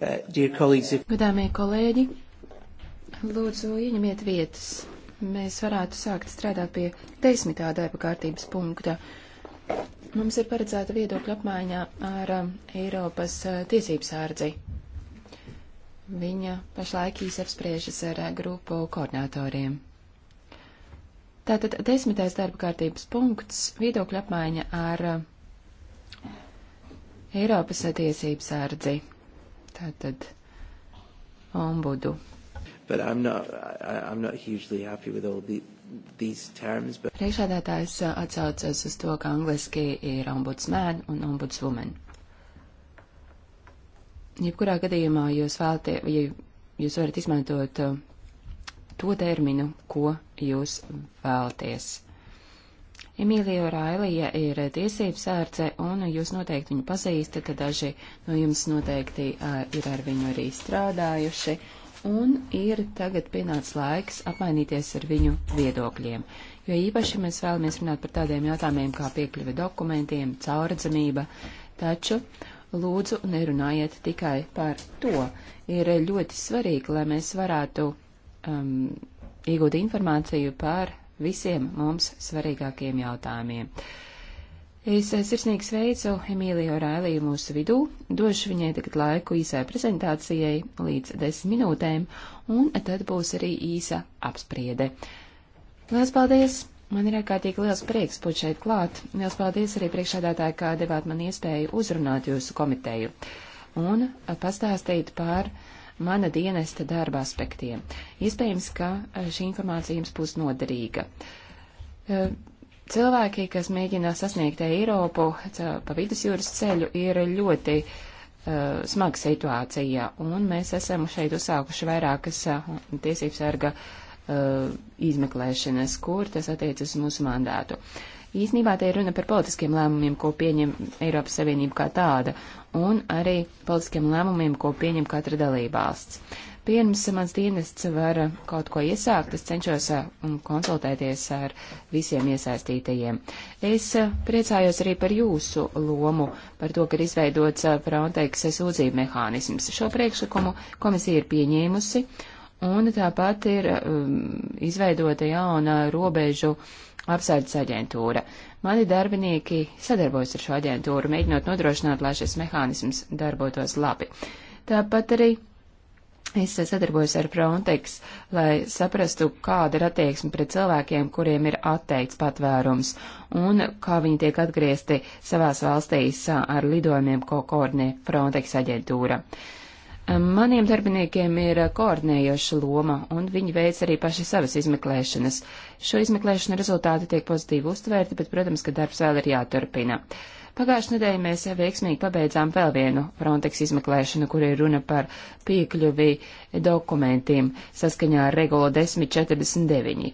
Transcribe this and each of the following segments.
Uh, Godāmie kolēģi, lūdzu, ieņemiet vietas. Mēs varētu sākt strādāt pie desmitā darba kārtības punkta. Mums ir paredzēta viedokļa apmaiņā ar um, Eiropas uh, tiesības sārdzi. Viņa pašlaik īs apspriežas ar uh, grupu koordinatoriem. Tātad desmitais darba kārtības punkts - viedokļa apmaiņa ar um, Eiropas tiesības sārdzi tātad ombudu. But I'm not, I, I'm not hugely happy with all the, these terms. But... Priekšādātājs uh, atsaucas uz to, ka angliski ir ombudsman un ombudswoman. Jebkurā gadījumā jūs vēlatie, ja jūs varat izmantot uh, to terminu, ko jūs vēlaties. Emīlija Orailija ir tiesības ārce, un jūs noteikti viņu pazīstat, daži no jums noteikti uh, ir ar viņu arī strādājuši, un ir tagad pienācis laiks apmainīties ar viņu viedokļiem, jo īpaši mēs vēlamies runāt par tādiem jautājumiem kā piekļuve dokumentiem, cauradzamība, taču lūdzu nerunājiet tikai par to. Ir ļoti svarīgi, lai mēs varētu um, iegūt informāciju par visiem mums svarīgākiem jautājumiem. Es sirsnīgi sveicu Emīliju Rēliju mūsu vidū, došu viņai tagad laiku īsai prezentācijai līdz desmit minūtēm, un tad būs arī īsa apspriede. Lielas paldies! Man ir ārkārtīgi liels prieks būt šeit klāt. Lielas paldies arī priekšādātāji, kā devāt man iespēju uzrunāt jūsu komiteju un pastāstīt par uh, mana dienesta darba aspektiem. Iespējams, ka eh, šī informācija jums būs noderīga. Eh, cilvēki, kas mēģina sasniegt Eiropu pa vidusjūras ceļu, ir ļoti uh, smaga situācija, un mēs esam šeit uzsākuši vairākas uh, tiesības sarga uh, izmeklēšanas, kur tas attiecas mūsu mandātu. Īsnībā te ir runa par politiskiem lēmumiem, ko pieņem Eiropas Savienība kā tāda, un arī politiskiem lēmumiem, ko pieņem katra dalībvalsts. Pirms mans dienests var kaut ko iesākt, es cenšos uh, konsultēties ar visiem iesaistītajiem. Es uh, priecājos arī par jūsu lomu, par to, ka ir izveidots uh, Frontex sūdzību mehānisms. Šo priekšlikumu komisija ir pieņēmusi, un tāpat ir um, izveidota jauna robežu apsardzes aģentūra. Uh, Mani darbinieki sadarbojas ar šo aģentūru, mēģinot nodrošināt, lai šis mehānisms darbotos labi. Tāpat arī es sadarbojos ar Frontex, lai saprastu, kāda ir attieksme pret cilvēkiem, kuriem ir atteikts patvērums, un kā viņi tiek atgriezti savās valstīs ar lidojumiem, ko koordinē Frontex aģentūra. Uh, Maniem darbiniekiem ir koordinējoša loma, un viņi veic arī paši savas izmeklēšanas. Šo izmeklēšanu rezultāti tiek pozitīvi uztvērti, bet, protams, ka darbs vēl ir jāturpina. Pagājušajā nedēļā mēs veiksmīgi pabeidzām vēl vienu Frontex izmeklēšanu, kur ir runa par piekļuvi dokumentiem saskaņā ar regulu 1049.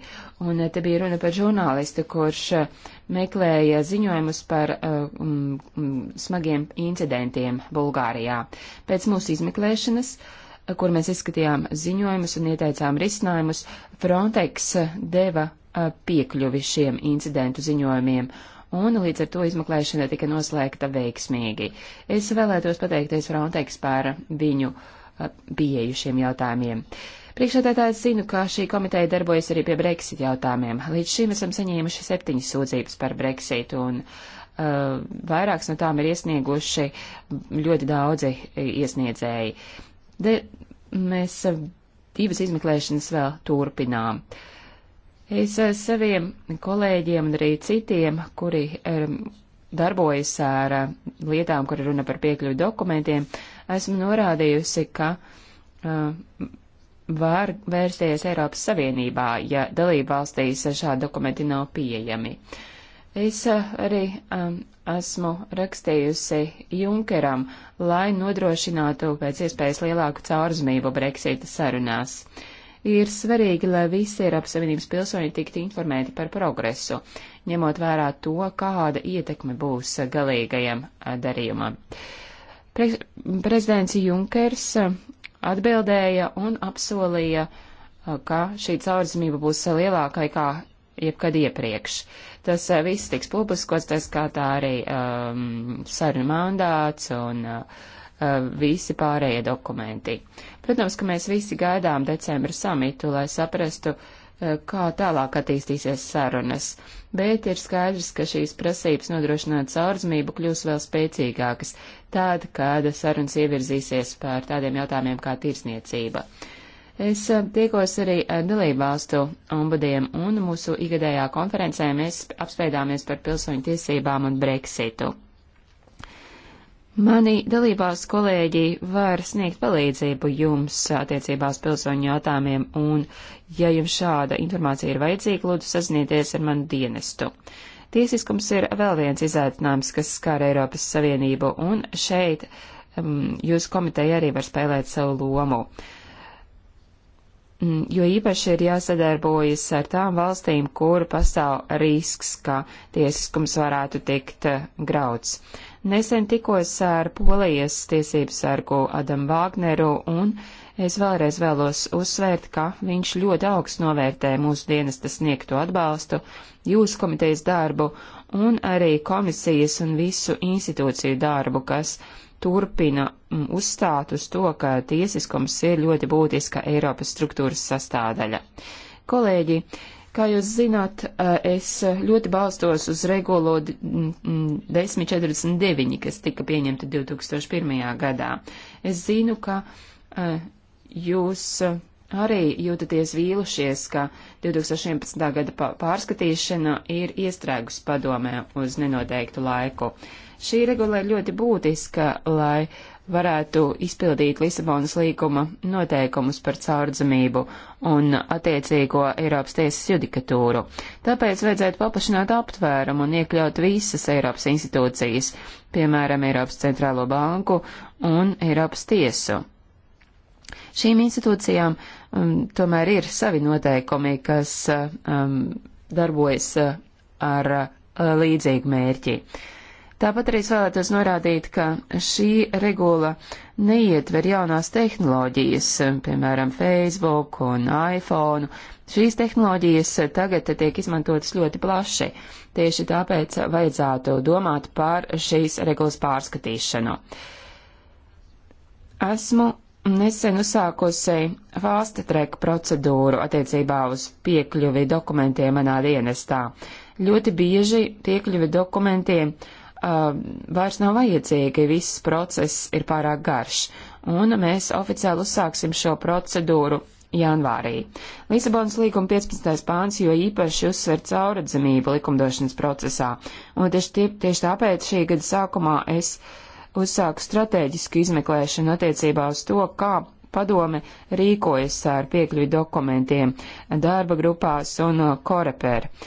Un te bija runa par žurnālistu, kurš uh, meklēja ziņojumus par uh, um, um, smagiem incidentiem Bulgārijā. Pēc mūsu izmeklēšanas, uh, kur mēs izskatījām ziņojumus un ieteicām risinājumus, Frontex uh, deva piekļuvi šiem incidentu ziņojumiem. Un līdz ar to izmeklēšana tika noslēgta veiksmīgi. Es vēlētos pateikties Frontex par viņu pieeju šiem jautājumiem. Uh, Priekšsēdētājs zinu, ka šī komiteja darbojas arī pie Brexit jautājumiem. Līdz šim esam saņēmuši septiņas sūdzības par Brexit, un uh, vairākas no tām ir iesnieguši ļoti daudzi iesniedzēji. De, mēs uh, divas izmeklēšanas vēl turpinām. Es uh, saviem kolēģiem un arī citiem, kuri um, darbojas ar uh, lietām, kur runa par piekļuvi dokumentiem, esmu norādījusi, ka uh, var vērsties Eiropas Savienībā, ja dalībvalstīs šādi dokumenti nav pieejami. Es eh, arī um, esmu rakstījusi Junkeram, lai nodrošinātu pēc iespējas lielāku caurzmību Brexita sarunās. Ir svarīgi, lai visi Eiropas Savienības pilsoņi tiktu informēti par progresu, ņemot vērā to, kāda ietekme būs galīgajam eh, darījumam. Pre prezidents Junkers eh, atbildēja un apsolīja, uh, ka šī caurzemība būs lielākai kā jebkad iepriekš. Tas uh, viss tiks publiskots, tas kā tā arī um, saruna mandāts un uh, uh, visi pārējie dokumenti. Protams, ka mēs visi gaidām decembra samitu, lai saprastu, uh, Eh, kā tālāk attīstīsies sarunas, bet ir skaidrs, ka šīs prasības nodrošināt caurzmību kļūs vēl spēcīgākas, tad, kad sarunas ievirzīsies par tādiem jautājumiem kā tirsniecība. Es eh, tiekos arī dalībvalstu ombudiem un mūsu igadējā konferencē mēs apspēdāmies par pilsoņu tiesībām un Brexitu. Mani dalībās kolēģi var sniegt palīdzību jums attiecībās pilsoņu jautājumiem, un, ja jums šāda informācija ir vajadzīga, lūdzu saznieties ar manu dienestu. Tiesiskums ir vēl viens izaicinājums, kas skar Eiropas Savienību, un šeit um, jūs komiteja arī var spēlēt savu lomu. Mm, jo īpaši ir jāsadarbojas ar tām valstīm, kur pastāv risks, ka tiesiskums varētu tikt uh, grauds. Uh, Nesen tikos ar Polijas tiesību sargu Adamu Vāgneru un es vēlreiz vēlos uzsvērt, ka viņš ļoti augsts novērtē mūsu dienesta sniegto atbalstu, jūsu komitejas darbu un arī komisijas un visu institūciju darbu, kas turpina mm, uzstāt uz to, ka tiesiskums ir ļoti būtiska Eiropas struktūras sastādaļa. Kolēģi, Kā jūs zināt, eh, es ļoti balstos uz regulu 1049, kas tika pieņemta 2001. gadā. Es zinu, ka eh, jūs eh, arī jūtaties vīlušies, ka 2011. gada pārskatīšana ir iestrēgus padomē uz nenoteiktu laiku. Šī regula ir ļoti būtiska, lai varētu izpildīt Lisabonas līguma noteikumus par caurdzamību un attiecīgo Eiropas tiesas judikatūru. Tāpēc vajadzētu paplašināt aptvērumu un iekļaut visas Eiropas institūcijas, piemēram, Eiropas centrālo banku un Eiropas tiesu. Šīm institūcijām um, tomēr ir savi noteikumi, kas uh, um, darbojas uh, ar uh, līdzīgu mērķi. Uh, Tāpat arī es vēlētos norādīt, ka šī regula neietver jaunās tehnoloģijas, piemēram, Facebook un iPhone. Šīs tehnoloģijas tagad tiek izmantotas ļoti plaši, tieši tāpēc vajadzētu domāt par šīs regulas pārskatīšanu. Esmu nesen uzsākusi fast track procedūru attiecībā uz piekļuvi dokumentiem manā dienestā. Ļoti bieži piekļuvi dokumentiem uh, uh, vairs nav vajadzīgi, viss process ir pārāk garš, un mēs oficiāli uzsāksim šo procedūru janvārī. Lisabonas līguma 15. pāns jo īpaši uzsver cauradzamību likumdošanas procesā, un tieši, tie, tieši tāpēc šī gada sākumā es uzsāku strateģisku izmeklēšanu attiecībā uz to, kā padome rīkojas ar piekļuvi dokumentiem darba grupās un korepēru. Uh,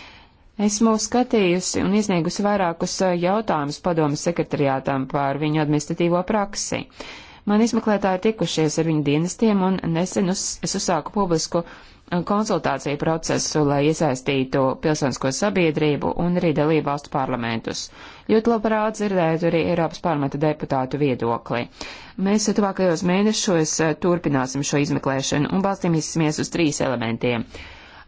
Esmu skatījusi un iesniegusi vairākus eh, jautājumus padomas sekretariātām par viņu administratīvo praksi. Man izmeklētāji tikušies ar viņu dienestiem un nesen uz, es uzsāku publisku eh, konsultāciju procesu, lai iesaistītu pilsonisko sabiedrību un arī dalību valstu parlamentus. Ļoti labprāt dzirdētu arī Eiropas parlamenta deputātu viedokli. Mēs eh, tuvākajos mēnešos turpināsim šo izmeklēšanu un balstīsimies uz trīs elementiem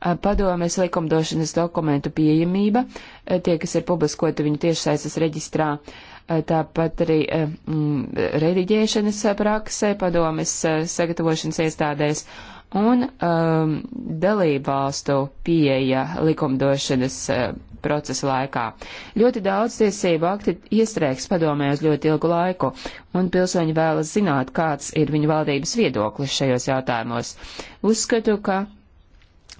Eh, padomes likumdošanas dokumentu pieejamība, eh, tie, kas ir publiskoti viņu tiešsaistes reģistrā, eh, tāpat arī mm, rediģēšanas praksē, padomes sagatavošanas iestādēs un um, ehm, dalību valstu pieeja likumdošanas procesa laikā. Ļoti daudz tiesību akti iestrēgs padomē uz ļoti ilgu laiku, un pilsoņi vēlas zināt, kāds ir viņu valdības viedoklis šajos jautājumos. Uzskatu, ka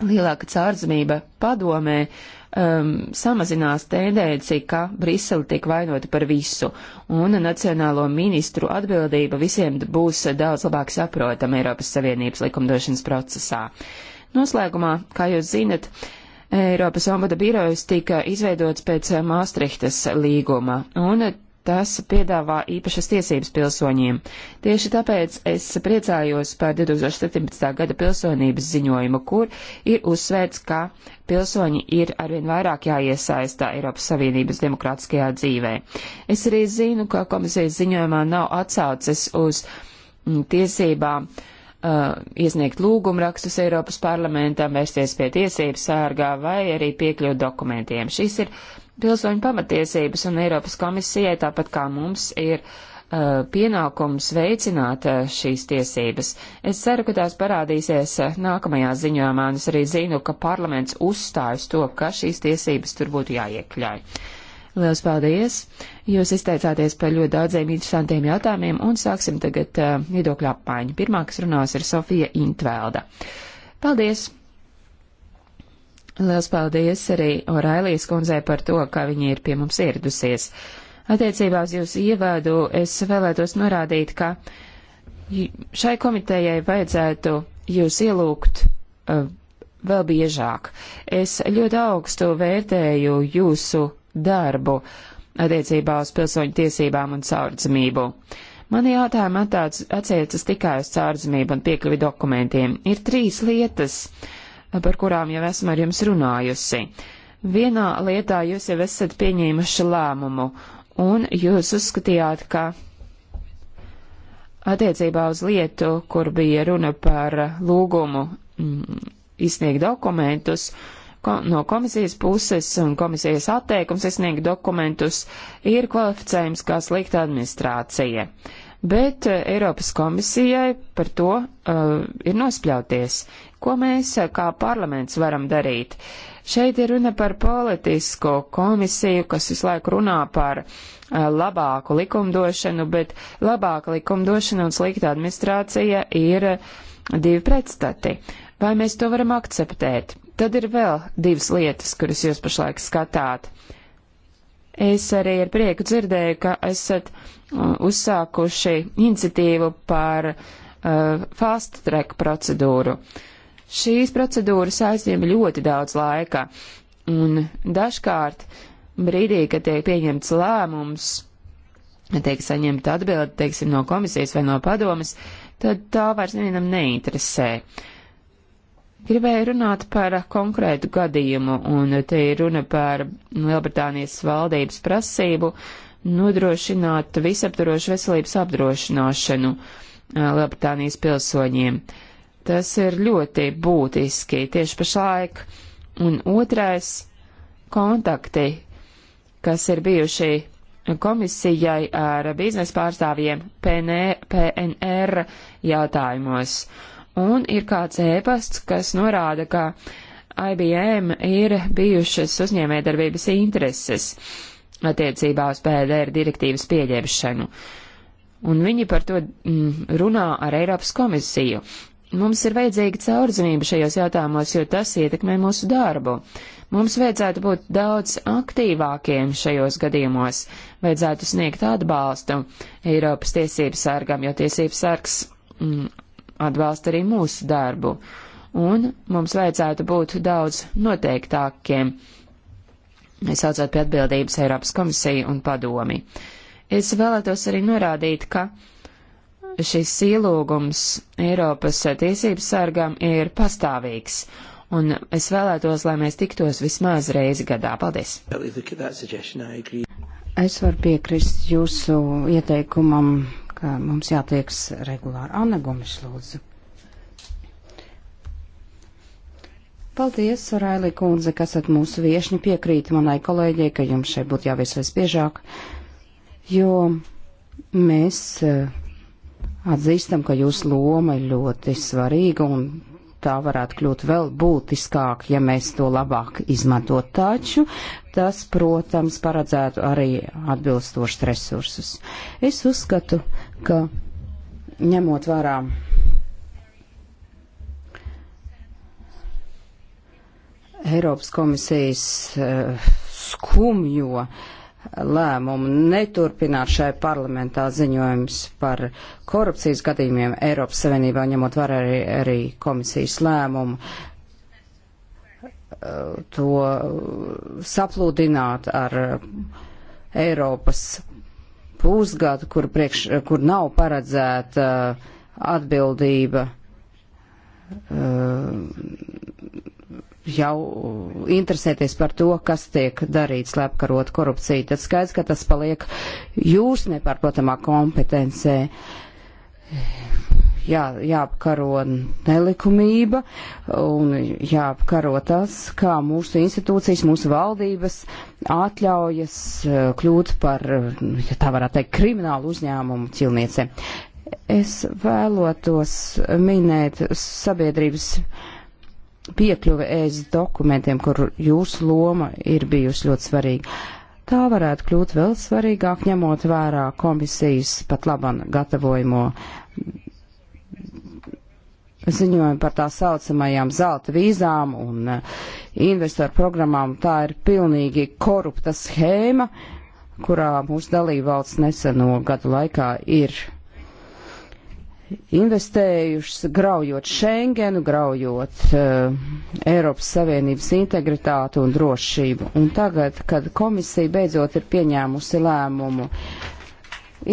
lielāka cārdzamība padomē um, samazinās tendenci, ka Brisele tiek vainota par visu, un nacionālo ministru atbildība visiem būs daudz labāk saprotama Eiropas Savienības likumdošanas procesā. Noslēgumā, kā jūs zinat, Eiropas ombuda birojas tika izveidots pēc Maastrichtas līguma, un tas piedāvā īpašas tiesības pilsoņiem. Tieši tāpēc es priecājos par 2017. gada pilsonības ziņojumu, kur ir uzsvērts, ka pilsoņi ir arvien vairāk jāiesaistā Eiropas Savienības demokrātiskajā dzīvē. Es arī zinu, ka komisijas ziņojumā nav atsauces uz mm, tiesībām uh, iesniegt lūgumrakstus Eiropas parlamentam, vērsties pie tiesības sārgā vai arī piekļūt dokumentiem. Šis ir uh, pilsoņu pamatiesības, un Eiropas komisijai, tāpat kā mums, ir uh, pienākums veicināt uh, šīs tiesības. Es ceru, ka tās parādīsies uh, nākamajā ziņojumā, un es arī zinu, ka parlaments uzstājas to, ka šīs tiesības tur būtu jāiekļauj. Lielas paldies! Jūs izteicāties par ļoti daudziem interesantiem jautājumiem, un sāksim tagad uh, viedokļu apmaiņu. Pirmā, kas runās, ir Sofija Intvelda. Paldies! Liels paldies arī Orailijas kundzei par to, ka viņa ir pie mums ieradusies. Attiecībā uz jūsu ievādu es vēlētos norādīt, ka šai komitejai vajadzētu jūs ielūgt uh, vēl biežāk. Es ļoti augstu vērtēju jūsu darbu attiecībā uz pilsoņu tiesībām un caurdzamību. Mani jautājumi attiecas tikai uz caurdzamību un piekļuvi dokumentiem. Ir trīs lietas, uh, par kurām jau esmu ar jums runājusi. Vienā lietā jūs jau esat pieņēmuši lēmumu, un jūs uzskatījāt, ka attiecībā uz lietu, kur bija runa par lūgumu mm, izsniegt dokumentus, ko, no komisijas puses un komisijas atteikums izsniegt dokumentus ir kvalificējums kā slikta administrācija. Bet eh, Eiropas komisijai par to uh, ir nospļauties. Ko mēs kā parlaments varam darīt? Šeit ir runa par politisko komisiju, kas visu laiku runā par eh, labāku likumdošanu, bet labāka likumdošana un slikta administrācija ir eh, divi pretstati. Vai mēs to varam akceptēt? Tad ir vēl divas lietas, kuras jūs pašlaik skatāt. Es arī ar prieku dzirdēju, ka esat eh, uzsākuši iniciatīvu par uh, fast track procedūru. Uh, Šīs procedūras aizņem ļoti daudz laika, un dažkārt brīdī, kad tiek pieņemts lēmums, tiek saņemta atbilde, teiksim, no komisijas vai no padomas, tad tā vairs nevienam neinteresē. Gribēju runāt par konkrētu gadījumu, un te ir runa par Lielbritānijas valdības prasību nodrošināt visaptvarošu veselības apdrošināšanu uh, Lielbritānijas pilsoņiem. Uh, Tas ir ļoti būtiski tieši pašlaik. Un otrais - kontakti, kas ir bijuši komisijai ar biznesa pārstāvjiem PNR e, jautājumos. Un ir kāds ēpasts, kas norāda, ka IBM ir bijušas uzņēmējdarbības intereses attiecībā uz PDR direktīvas pieņemšanu. Un viņi par to mm, runā ar Eiropas komisiju. Mums ir vajadzīga caurzinība šajos jautājumos, jo tas ietekmē mūsu darbu. Mums vajadzētu būt daudz aktīvākiem šajos gadījumos, vajadzētu sniegt atbalstu Eiropas tiesību sargam, jo tiesību sargs mm, atbalsta arī mūsu darbu. Un mums vajadzētu būt daudz noteiktākiem, saucot pie atbildības Eiropas komisiju un padomi. Es vēlētos arī norādīt, ka šis ielūgums Eiropas tiesības sargam ir pastāvīgs. Un es vēlētos, lai mēs tiktos vismaz reizi gadā. Paldies! Es varu piekrist jūsu ieteikumam, ka mums jātieks regulāri. Anna Gomes, lūdzu. Paldies, Raili kundze, kas esat mūsu viešņi. Piekrīt manai kolēģei, ka jums šeit būtu jāvies visbiežāk, jo mēs uh, Atzīstam, ka jūsu loma ir ļoti svarīga un tā varētu kļūt vēl būtiskāk, ja mēs to labāk izmantot. Taču tas, protams, paredzētu arī atbilstošas resursus. Es uzskatu, ka ņemot vērā Eiropas komisijas uh, skumjo uh, lēmumu neturpināt šai parlamentā ziņojums par korupcijas gadījumiem Eiropas Savienībā, ņemot vērā arī, arī komisijas lēmumu uh, to saplūdināt ar Eiropas pusgadu, kur, priekš, kur nav paredzēta atbildība uh, jau uh, interesēties par to, kas tiek darīts, lai apkarotu korupciju, tad skaidrs, ka tas paliek jūs nepārprotamā kompetencē. Jā, jāapkaro nelikumība un jāapkaro tas, kā mūsu institūcijas, mūsu valdības atļaujas uh, kļūt par, ja tā varētu teikt, kriminālu uzņēmumu cilniece. Es vēlotos minēt sabiedrības uh, piekļuve ēst dokumentiem, kur jūsu loma ir bijusi ļoti svarīga. Tā varētu kļūt vēl svarīgāk, ņemot vērā komisijas pat laban gatavojamo ziņojumi par tā saucamajām zelta vīzām un eh, investoru programmām. Tā ir pilnīgi korupta schēma, kurā mūsu dalībvalsts neseno gadu laikā ir investējušas, graujot Schengenu, graujot uh, Eiropas Savienības integritātu un drošību. Un tagad, kad komisija beidzot ir pieņēmusi lēmumu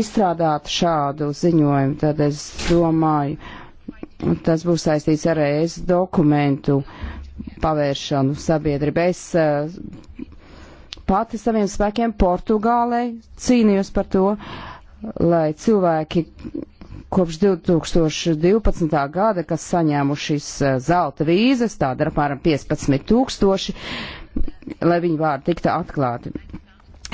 izstrādāt šādu ziņojumu, tad es domāju, tas būs saistīts ar ES dokumentu pavēršanu sabiedrībai. Es uh, pati saviem spēkiem Portugālei cīnījos par to, lai cilvēki kopš 2012. gada, kas saņēmušas eh, zelta vīzes, tāda apmēram 15 tūkstoši, lai viņu vārdi tiktu atklāti.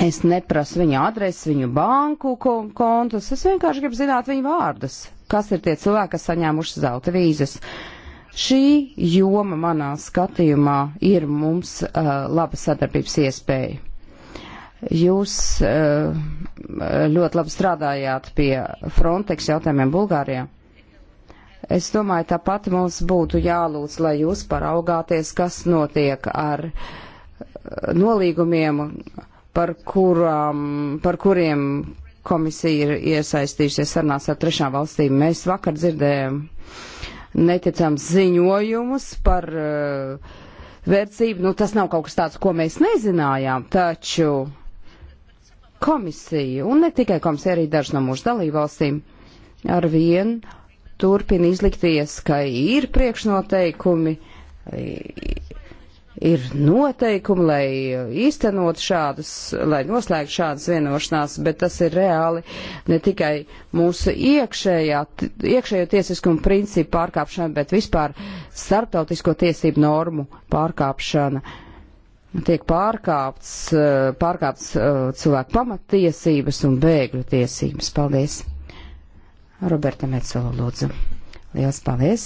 Es neprasu viņu adresi, viņu banku kontus, es vienkārši gribu zināt viņu vārdus, kas ir tie cilvēki, kas saņēmuši zelta vīzes. Šī joma manā skatījumā ir mums uh, laba sadarbības iespēja. Jūs eh, ļoti labi strādājāt pie Frontex jautājumiem Bulgārijā. Es domāju, tāpat mums būtu jālūdz, lai jūs paraugāties, kas notiek ar eh, nolīgumiem, par, kurām, par kuriem komisija ir iesaistījusies sarunās ar trešām valstīm. Mēs vakar dzirdējām neticams ziņojumus par uh, vērtību. Nu, tas nav kaut kas tāds, ko mēs nezinājām, taču komisija, un ne tikai komisija, arī daži no mūsu dalībvalstīm, ar vien turpina izlikties, ka ir priekšnoteikumi, ir noteikumi, lai īstenot šādas, lai noslēgtu šādas vienošanās, bet tas ir reāli ne tikai mūsu iekšējā, iekšējo tiesiskumu principu pārkāpšana, bet vispār starptautisko tiesību normu pārkāpšana. Uh, tiek pārkāpts, eh, pārkāpts eh, cilvēku pamattiesības un bēgļu tiesības. Paldies! Roberta Metzola lūdzu. Lielas paldies!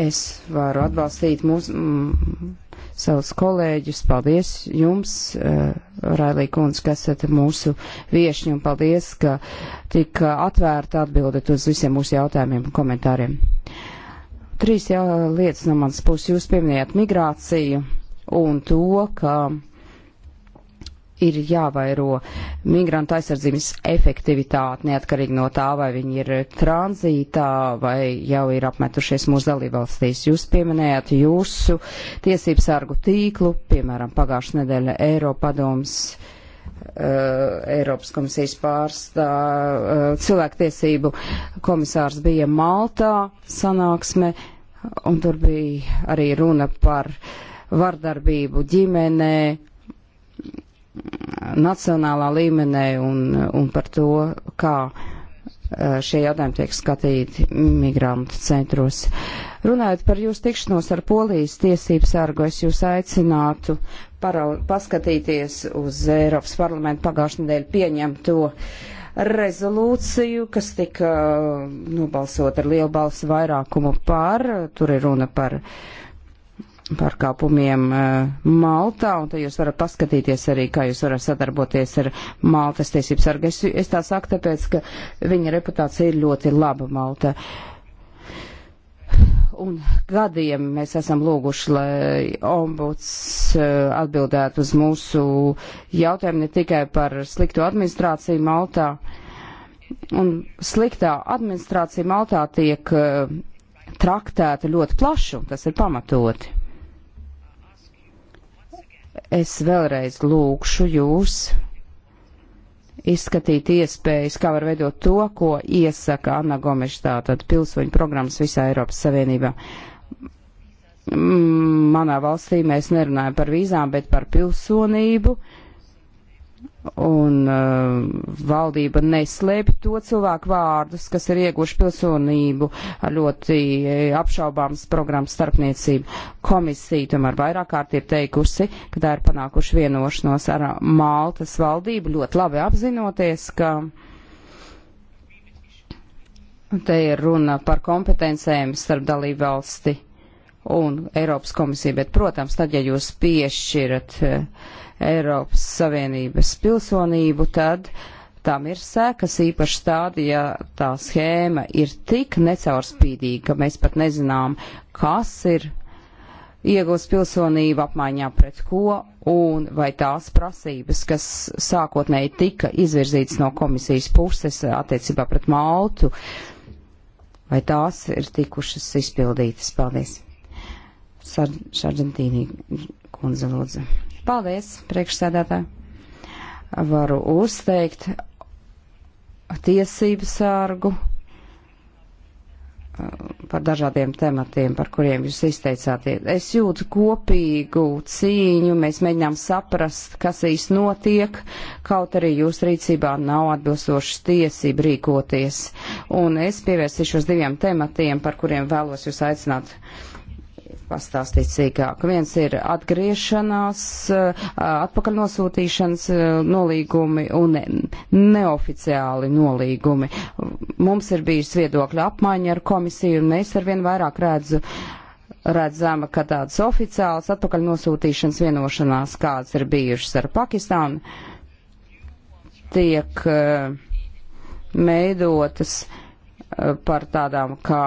Es varu atbalstīt mūsu mm, savus kolēģus. Paldies jums, uh, Railī kundze, ka esat mūsu viešņi un paldies, ka tik atvērta atbildat uz visiem mūsu jautājumiem un komentāriem. Trīs jau lietas no manas puses. Jūs pieminējāt migrāciju un to, ka ir jāvairo migrantu aizsardzības efektivitāte, neatkarīgi no tā, vai viņi ir tranzītā vai jau ir apmetušies mūsu dalībvalstīs. Jūs pieminējāt jūsu tiesību sargu tīklu, piemēram, pagājušā nedēļa Eiropadoms. Uh, Eiropas komisijas pārstā, uh, eh, cilvēktiesību komisārs bija Maltā sanāksme, un tur bija arī runa par uh, vardarbību ģimenē, nacionālā līmenē un, un par to, kā eh, šie jautājumi tiek skatīti migrantu centros. Runājot par jūsu tikšanos ar polijas tiesību sargu, es jūs aicinātu parau, paskatīties uz Eiropas parlamentu pagājušajā nedēļu pieņemto rezolūciju, kas tika eh, nobalsot ar lielu balsu vairākumu par, tur ir runa par uh, pārkāpumiem eh, Maltā, un te jūs varat paskatīties arī, kā jūs varat sadarboties ar Maltas tiesību sargu. Es, es tā saku, tāpēc, ka viņa reputācija ir ļoti laba Malta. Un gadiem mēs esam lūguši, lai ombuds eh, atbildētu uz mūsu jautājumu ne tikai par sliktu administrāciju Maltā. Un sliktā administrācija Maltā tiek eh, traktēta ļoti plaši, un tas ir pamatoti. Es vēlreiz lūgšu jūs izskatīt iespējas, kā var veidot to, ko iesaka Anna Gomeša, tātad pilsoņu programmas visā Eiropas Savienībā. Manā valstī mēs nerunājam par vīzām, bet par pilsonību. Uh, un uh, valdība neslēpj to cilvēku vārdus, kas ir ieguši pilsonību ar ļoti e, apšaubāmas programmas starpniecību. Komisija tomēr vairāk kārt ir teikusi, ka tā ir panākuši vienošanos ar Maltas valdību, ļoti labi apzinoties, ka te ir runa par kompetencēm starp dalību valsti un Eiropas komisiju, bet, protams, tad, ja jūs piešķirat uh, Eiropas Savienības pilsonību, tad tam ir sekas īpaši tādi, ja tā schēma ir tik necaurspīdīga, ka mēs pat nezinām, kas ir iegūst pilsonību apmaiņā pret ko un vai tās prasības, kas sākotnēji tika izvirzītas no komisijas puses attiecībā pret Maltu, vai tās ir tikušas izpildītas. Paldies. Sargentīnī kundze lūdzu. Paldies, priekšsēdētāji. Varu uzteikt tiesību sārgu uh, par dažādiem tematiem, par kuriem jūs izteicāties. Es jūtu kopīgu cīņu, mēs mēģinām saprast, kas īsti notiek, kaut arī jūs rīcībā nav atbilstošas tiesība rīkoties. Un es pievērsīšos diviem tematiem, par kuriem vēlos jūs aicināt pastāstīt sīkāk. Viens ir atgriešanās, eh, atpakaļ nosūtīšanas eh, nolīgumi un neoficiāli nolīgumi. Mums ir bijis viedokļa apmaiņa ar komisiju, un mēs arvien vairāk redzu, redzam, ka tādas oficiālas atpakaļ nosūtīšanas vienošanās, kādas ir bijušas ar Pakistānu, tiek veidotas. Eh, uh, Eh, par tādām kā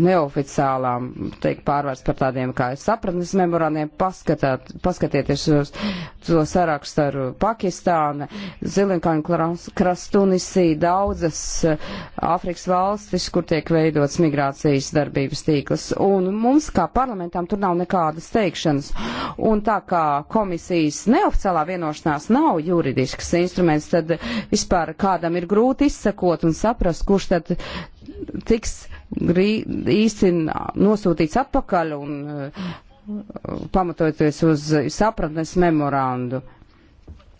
neoficiālām, teikt, pārvērst par tādiem kā sapratnes memorandiem, paskatāt, paskatieties uz to sarakstu ar Pakistānu, Zilinkāņu krastunisī, daudzas eh, Āfrikas valstis, kur tiek veidots migrācijas darbības tīkls. Un mums kā parlamentām tur nav nekādas teikšanas. Un tā kā komisijas neoficiālā vienošanās nav juridisks instruments, tad vispār kādam ir grūti izsakot un saprast, kurš tad tiks īsti nosūtīts atpakaļ un uh, pamatojoties uz sapratnes memorandu.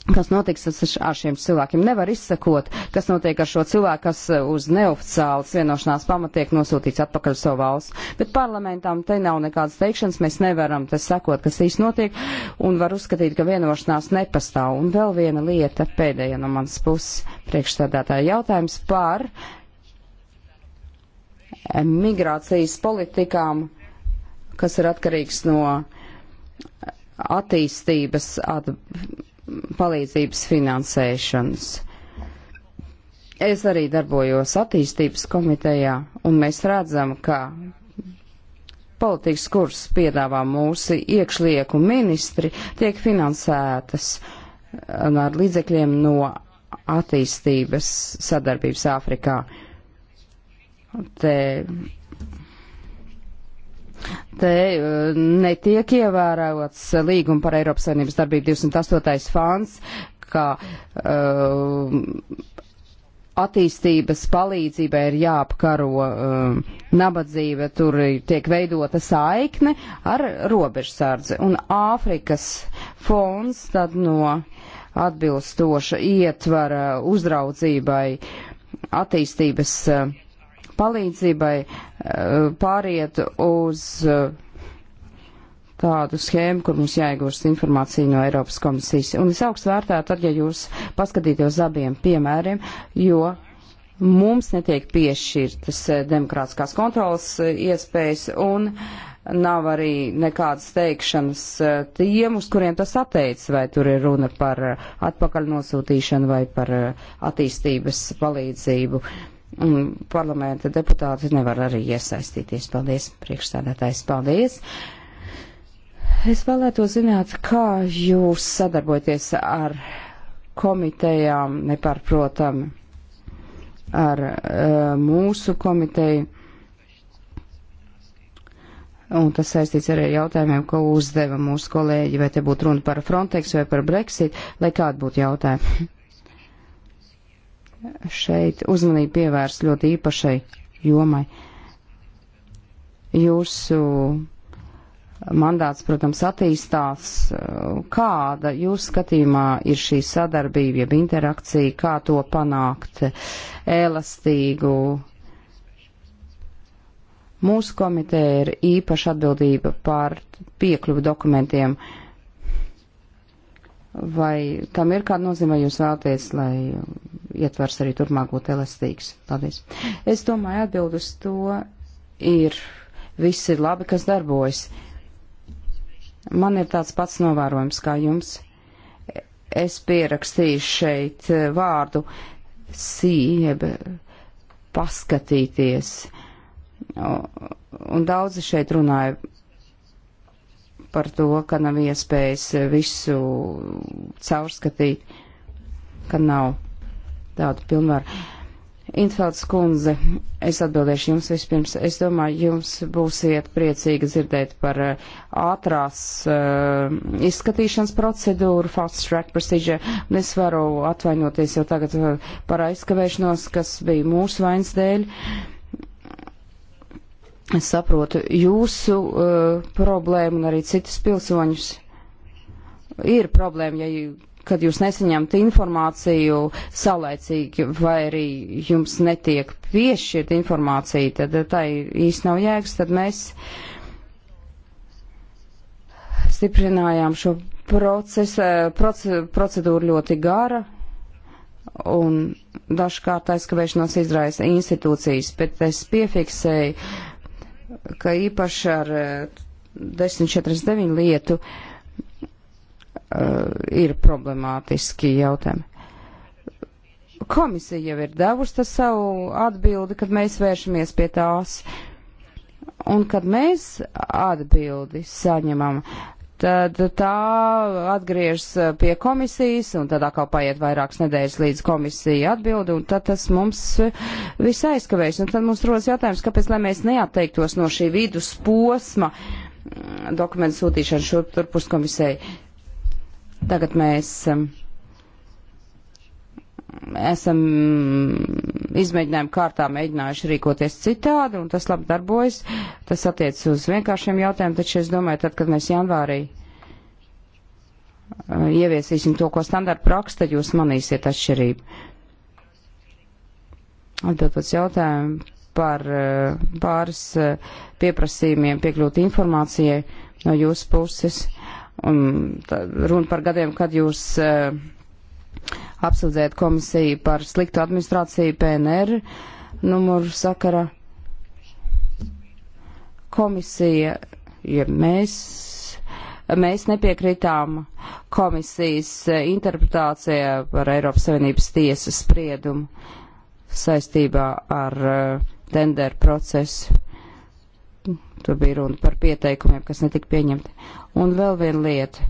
Kas notiks ar šiem cilvēkiem? Nevar izsakot, kas notiek ar šo cilvēku, kas uh, uz neoficiālas vienošanās pamatiek nosūtīts atpakaļ savu valsts. Bet parlamentām te nav nekādas teikšanas, mēs nevaram te sakot, kas īsti notiek, un var uzskatīt, ka vienošanās nepastāv. Un vēl viena lieta pēdējā no manas puses priekšstādātāja jautājums par uh, migrācijas politikām, kas ir atkarīgs no attīstības at, palīdzības finansēšanas. Es arī darbojos attīstības komitejā, un mēs redzam, ka politikas kurs piedāvā mūsu iekšlieku ministri tiek finansētas uh, ar līdzekļiem no attīstības sadarbības Āfrikā. Uh, Te, te eh, netiek ievērots līguma par Eiropas Savienības darbību 208. fāns, kā uh, eh, attīstības palīdzībai ir jāapkaro uh, nabadzība, tur tiek veidota saikne ar robežsardzi. Un Āfrikas fonds tad no atbilstoša ietvara uzraudzībai attīstības uh, palīdzībai eh, pāriet uz eh, tādu schēmu, kur mums jāiegūst informācija no Eiropas komisijas. Un es augstu vērtētu, tad, ja jūs paskatītos abiem piemēriem, jo mums netiek piešķirtas eh, demokrātiskās kontrolas iespējas un nav arī nekādas teikšanas tiem, uz kuriem tas atteic, vai tur ir runa par atpakaļ nosūtīšanu vai par attīstības palīdzību. Uh, un parlamenta deputāti nevar arī iesaistīties. Paldies, priekšstādātājs, paldies! Es vēlētos zināt, kā jūs sadarbojaties ar komitejām, nepārprotam, ar uh, mūsu komiteju. Un tas saistīts arī ar jautājumiem, ko uzdeva mūsu kolēģi, vai te būtu runa par Frontex vai par Brexit, lai kādi būtu jautājumi šeit uzmanību pievērst ļoti īpašai jomai. Jūsu mandāts, protams, attīstās. Kāda jūs skatījumā ir šī sadarbība, jeb interakcija, kā to panākt elastīgu? Mūsu komiteja ir īpaša atbildība par piekļuvu dokumentiem. Uh, Vai tam ir kāda nozīme, vai jūs vēlaties, lai ietvers arī turpmāk būtu elastīgs? Paldies. Es domāju, atbild uz to ir viss ir labi, kas darbojas. Man ir tāds pats novērojums kā jums. Es pierakstīju šeit vārdu sība paskatīties. Un daudzi šeit runāja par to, ka nav iespējas visu caurskatīt, ka nav tādu pilnvaru. Infelds kundze, es atbildēšu jums vispirms. Es domāju, jums būsiet priecīgi dzirdēt par eh, ātrās uh, izskatīšanas procedūru, fast track procedure, un es varu atvainoties jau tagad eh, par aizkavēšanos, kas bija mūsu vainas dēļ. Uh, Es saprotu jūsu uh, problēmu un arī citus pilsoņus. Ir problēma, ja, kad jūs nesaņemat informāciju saulēcīgi vai arī jums netiek piešķirt informācija, tad tā īsti nav jēgas, tad mēs stiprinājām šo procesu, eh, proce, procedūru ļoti gara, un dažkārt aizkavēšanos izraisa institūcijas, bet es piefiksēju ka īpaši ar 1049 eh, lietu eh, ir problemātiski jautājumi. Komisija jau ir devusi savu atbildi, kad mēs vēršamies pie tās. Un kad mēs atbildi saņemam, tad tā atgriežas uh, pie komisijas, un tad atkal paiet vairākas nedēļas līdz komisija atbildi, un tad tas mums uh, viss aizkavējas. Un tad mums rodas jautājums, kāpēc, lai mēs neatteiktos no šī vidus posma mm, dokumentu sūtīšanu šurp turpus komisijai. Tagad mēs. Um, esam mm, izmēģinājumu kārtā mēģinājuši rīkoties citādi, un tas labi darbojas. Tas attiec uz vienkāršiem jautājumiem, taču es domāju, tad, kad mēs janvārī uh, ieviesīsim to, ko standarta praksa, tad jūs manīsiet atšķirību. Atbildot jautājumu par uh, pāris uh, pieprasījumiem piekļūt informācijai no jūsu puses, un runa par gadiem, kad jūs uh, apsūdzēt komisiju par sliktu administrāciju PNR numuru sakara. Komisija ir mēs. Mēs nepiekritām komisijas interpretācijā par Eiropas Savienības tiesas spriedumu saistībā ar uh, tenderu procesu. Tur bija runa par pieteikumiem, kas netika pieņemti. Un vēl viena lieta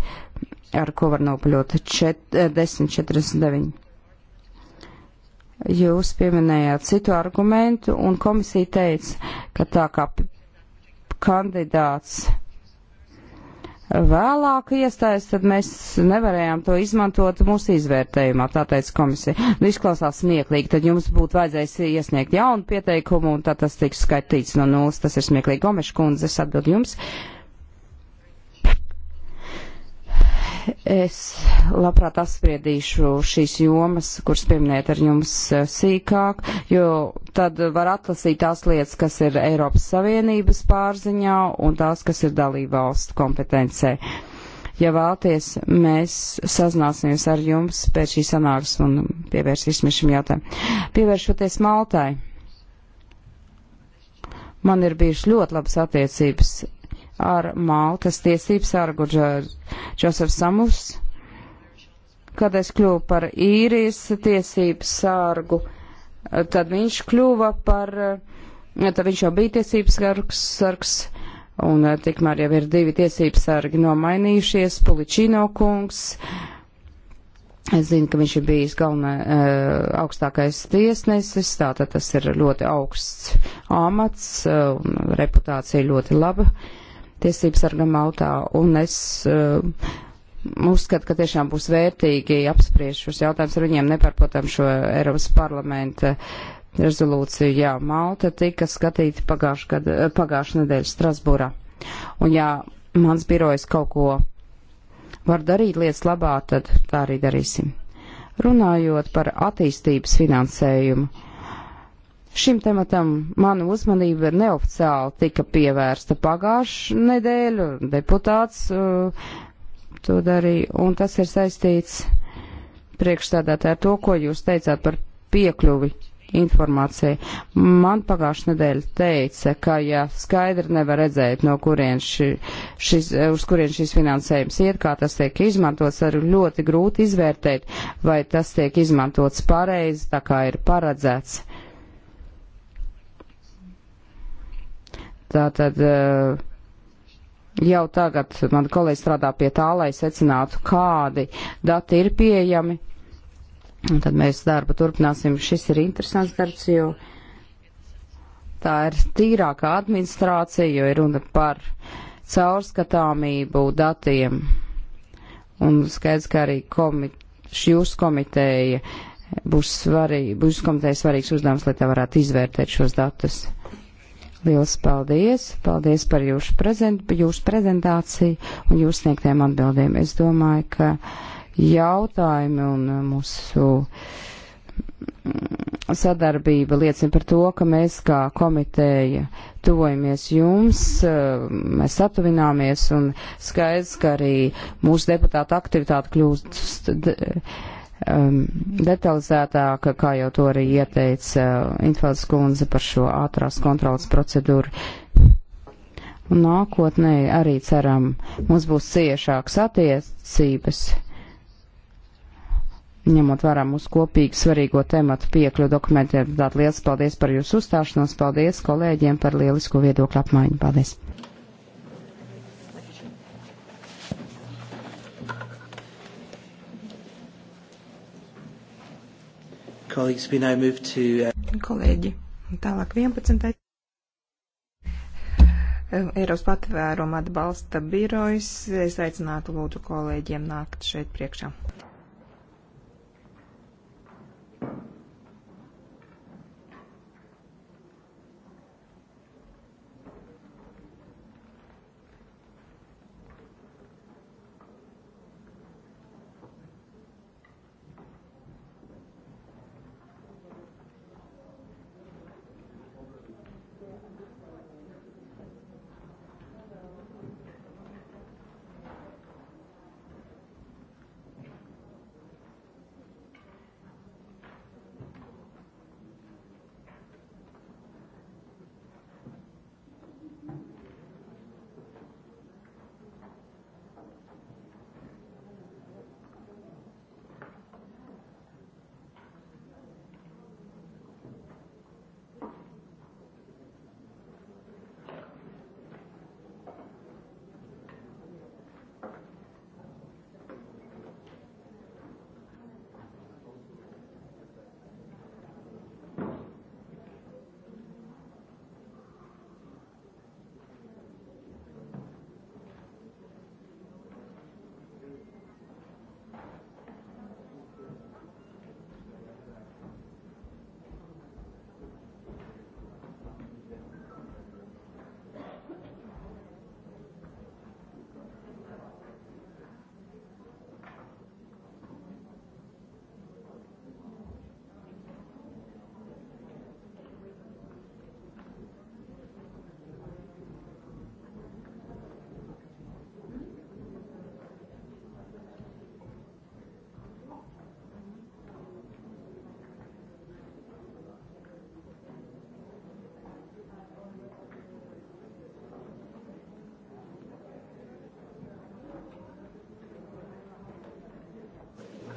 ar ko var nopļūt 10.49. Eh, Jūs pieminējāt citu argumentu, un komisija teica, ka tā kā kandidāts vēlāk iestājas, tad mēs nevarējām to izmantot mūsu izvērtējumā, tā teica komisija. Nu, izklausās smieklīgi, tad jums būtu vajadzējis iesniegt jaunu pieteikumu, un tad tas tiks skaitīts no nulles. Tas ir smieklīgi. Gomeša kundze, es atbildu jums. Uh, Es labprāt apspriedīšu šīs jomas, kuras pieminēt ar jums eh, sīkāk, jo tad var atlasīt tās lietas, kas ir Eiropas Savienības pārziņā un tās, kas ir dalībvalstu kompetencē. Ja vēlties, mēs sazināsimies ar jums pēc šīs sanāks un pievērsīsim šim jautājumam. Pievēršoties Maltai. Man ir bijušas ļoti labas attiecības ar Maltas tiesību sargu Džosefs Samus, kad es kļuvu par īrijas tiesību sargu, tad viņš kļuva par, tad viņš jau bija tiesību sargs, sargs un tikmēr jau ir divi tiesību sargi nomainījušies, Puličino kungs, Es zinu, ka viņš ir bijis galvenā, uh, augstākais tiesnesis, tātad tas ir ļoti augsts amats, uh, reputācija ļoti laba. Uh, tiesības sargam Maltā, un es uh, uzskatu, ka tiešām būs vērtīgi apspriest šos jautājumus ar viņiem, nepārprotam šo Eiropas parlamenta rezolūciju. Jā, Malta tika skatīta pagājušā eh, nedēļa Strasbūrā. Un jā, mans birojs kaut ko var darīt lietas labā, tad tā arī darīsim. Runājot par attīstības finansējumu Šim tematam mana uzmanība neoficiāli tika pievērsta pagājušu nedēļu, deputāts uh, to darīja, un tas ir saistīts priekšstādātā ar to, ko jūs teicāt par piekļuvi informācijai. Man pagājušā nedēļa teica, ka ja skaidri nevar redzēt, no kurien ši, šis, uh, uz kurien šis finansējums iet, kā tas tiek izmantots, arī ļoti grūti izvērtēt, vai tas tiek izmantots pareizi, tā kā ir paredzēts. Tātad eh, jau tagad man kolēģi strādā pie tā, lai secinātu, kādi dati ir pieejami. Un tad mēs darbu turpināsim. Šis ir interesants darbs, jo tā ir tīrākā administrācija, jo ir runa par caurskatāmību datiem. Un skaidrs, ka arī komit, jūsu komiteja būs svarīga, būs komiteja svarīgs uzdevums, lai tā varētu izvērtēt šos datus. Liels paldies! Paldies par jūsu, prezent, jūsu prezentāciju un jūsu sniegtiem atbildēm. Es domāju, ka jautājumi un mūsu mm, sadarbība liecina par to, ka mēs kā komiteja tuvojamies jums, mm, mēs satuvināmies un skaidrs, ka arī mūsu deputāta aktivitāte kļūst um, detalizētāk, kā jau to arī ieteica uh, Infelds kundze par šo ātrās kontrolas procedūru. Un nākotnē arī ceram, mums būs ciešāks attiecības, ņemot vērā mūsu kopīgi svarīgo tematu piekļu dokumentiem. Tātad liels paldies par jūsu uzstāšanos, paldies kolēģiem par lielisko viedokļu apmaiņu. Paldies! Colleagues, we now move to... Uh... Kolēģi, tālāk 11. Ehm, Eiropas patvēruma atbalsta birojas. Es aicinātu lūdzu kolēģiem nākt šeit priekšā.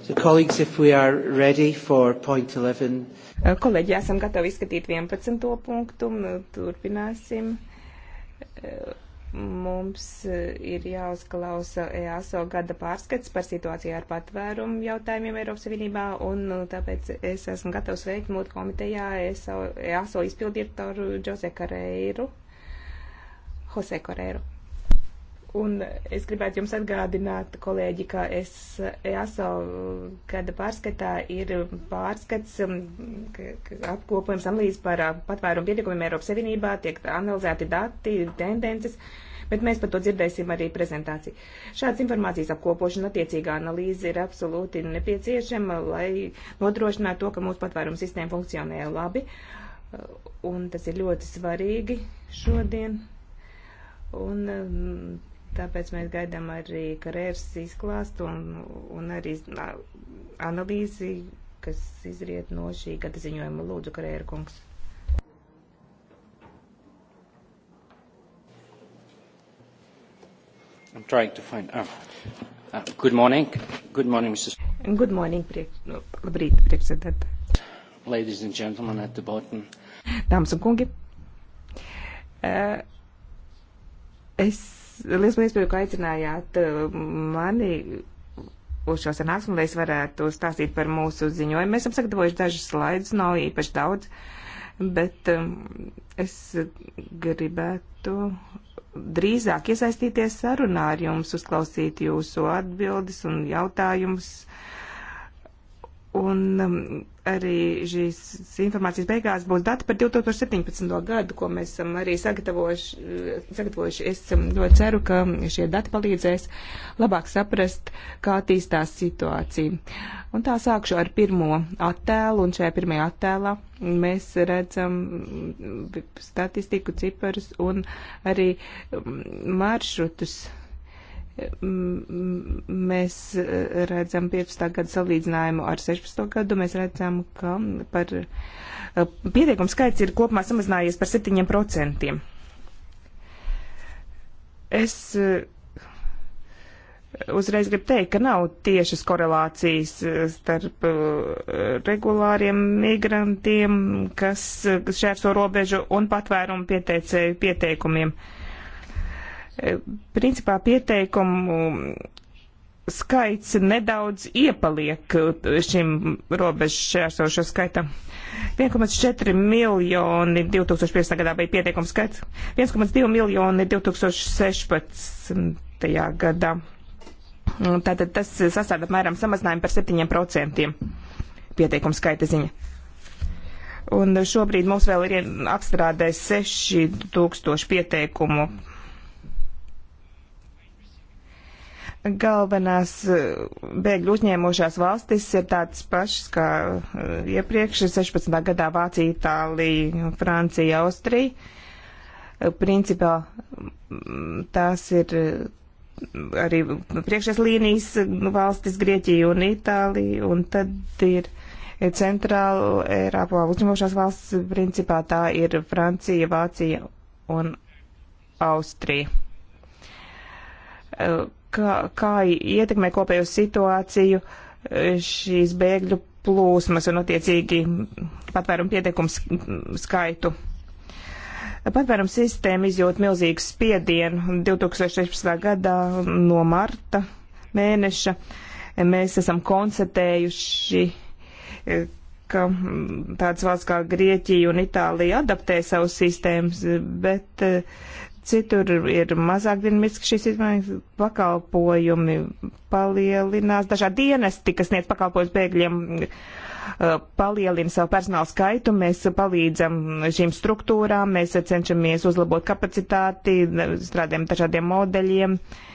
So, colleagues, if we are ready for point 11. Kolēģi, esam gatavi izskatīt 11. punktu. Turpināsim. Mums ir jāuzklausa EASO gada pārskats par situāciju ar patvērumu jautājumiem Eiropas Savienībā, un nu, tāpēc es esmu gatavs veikt mūtu komitejā EASO e izpildirektoru Džose Kareiru, Jose Kareiru. Un es gribētu jums atgādināt, kolēģi, ka es EASO gada pārskatā ir pārskats, um, apkopojums analīzes par um, patvērumu pietiekumiem Eiropas Savienībā, tiek analizēti dati, tendences, bet mēs par to dzirdēsim arī prezentāciju. Šāds informācijas apkopošana, attiecīgā analīze ir absolūti nepieciešama, lai nodrošinātu to, ka mūsu patvērumu sistēma funkcionē labi, un tas ir ļoti svarīgi šodien. Un um, Tāpēc mēs gaidām arī karjeras izklāstu un, un arī analīzi, kas izriet no šī gada ziņojuma. Lūdzu, karjeru kungs. I'm trying to find. Oh. Uh, good morning. Good morning, Mrs. Good morning, priek... Nu, labrīt, priekšsēdētāji. Ladies and gentlemen at the bottom. Dāmas un kungi. Uh, es Liels paldies, ka aicinājāt eh, mani uz šo sanāksmu, lai es varētu stāstīt par mūsu ziņojumu. Mēs esam sagatavojuši dažus slaidus, nav īpaši daudz, bet eh, es gribētu drīzāk iesaistīties sarunā ar jums, uzklausīt jūsu atbildes un jautājumus. Uh, Un um, arī šīs informācijas beigās būs dati par 2017. gadu, ko mēs esam um, arī sagatavojuši. Uh, es um, ļoti ceru, ka šie dati palīdzēs labāk saprast, kā attīstās situācija. Un tā sākšu ar pirmo attēlu, un šajā pirmajā attēlā mēs redzam statistiku, ciparus un arī maršrutus Mm, mm, mēs eh, redzam 15. gadu salīdzinājumu ar 16. gadu, mēs redzam, ka par eh, pieteikumu skaits ir kopumā samazinājies par 7%. Es eh, uzreiz gribu teikt, ka nav tiešas korelācijas starp regulāriem migrantiem, kas šērso robežu un patvērumu pieteicēju pieteikumiem. Uh, Eh, principā pieteikumu skaits nedaudz iepaliek eh, šim robežšķērsošo skaitam. 1,4 miljoni 2015. gadā bija pieteikums skaits, 1,2 miljoni 2016. gadā. Tātad tas sastāda apmēram samazinājumu par 7% pieteikumu skaita ziņa. Un šobrīd mums vēl ir apstrādē 6000 pieteikumu Galvenās eh, bēgļu uzņēmošās valstis ir tādas pašas kā eh, iepriekš 16. gadā Vācija, Itālija, Francija, Austrija. Eh, principā mm, tās ir arī priekšējās līnijas nu, valstis Grieķija un Itālija, un tad ir centrāla Eiropā uzņemošās valsts, principā tā ir Francija, Vācija un Austrija kā, kā ietekmē kopējo situāciju e, šīs bēgļu plūsmas un attiecīgi patvērumu pieteikumu skaitu. Patvērums sistēma izjūt milzīgu spiedienu 2016. gadā no marta mēneša. Mēs esam konstatējuši, e, ka tādas valsts kā Grieķija un Itālija adaptē savus sistēmas, bet e, citur ir mazāk dinamiski šīs izmaiņas, pakalpojumi palielinās, dažādi dienesti, kas sniedz pakalpojumus bēgļiem, uh, palielina savu personālu skaitu, mēs palīdzam šīm struktūrām, mēs cenšamies uzlabot kapacitāti, strādājam dažādiem modeļiem. Uh,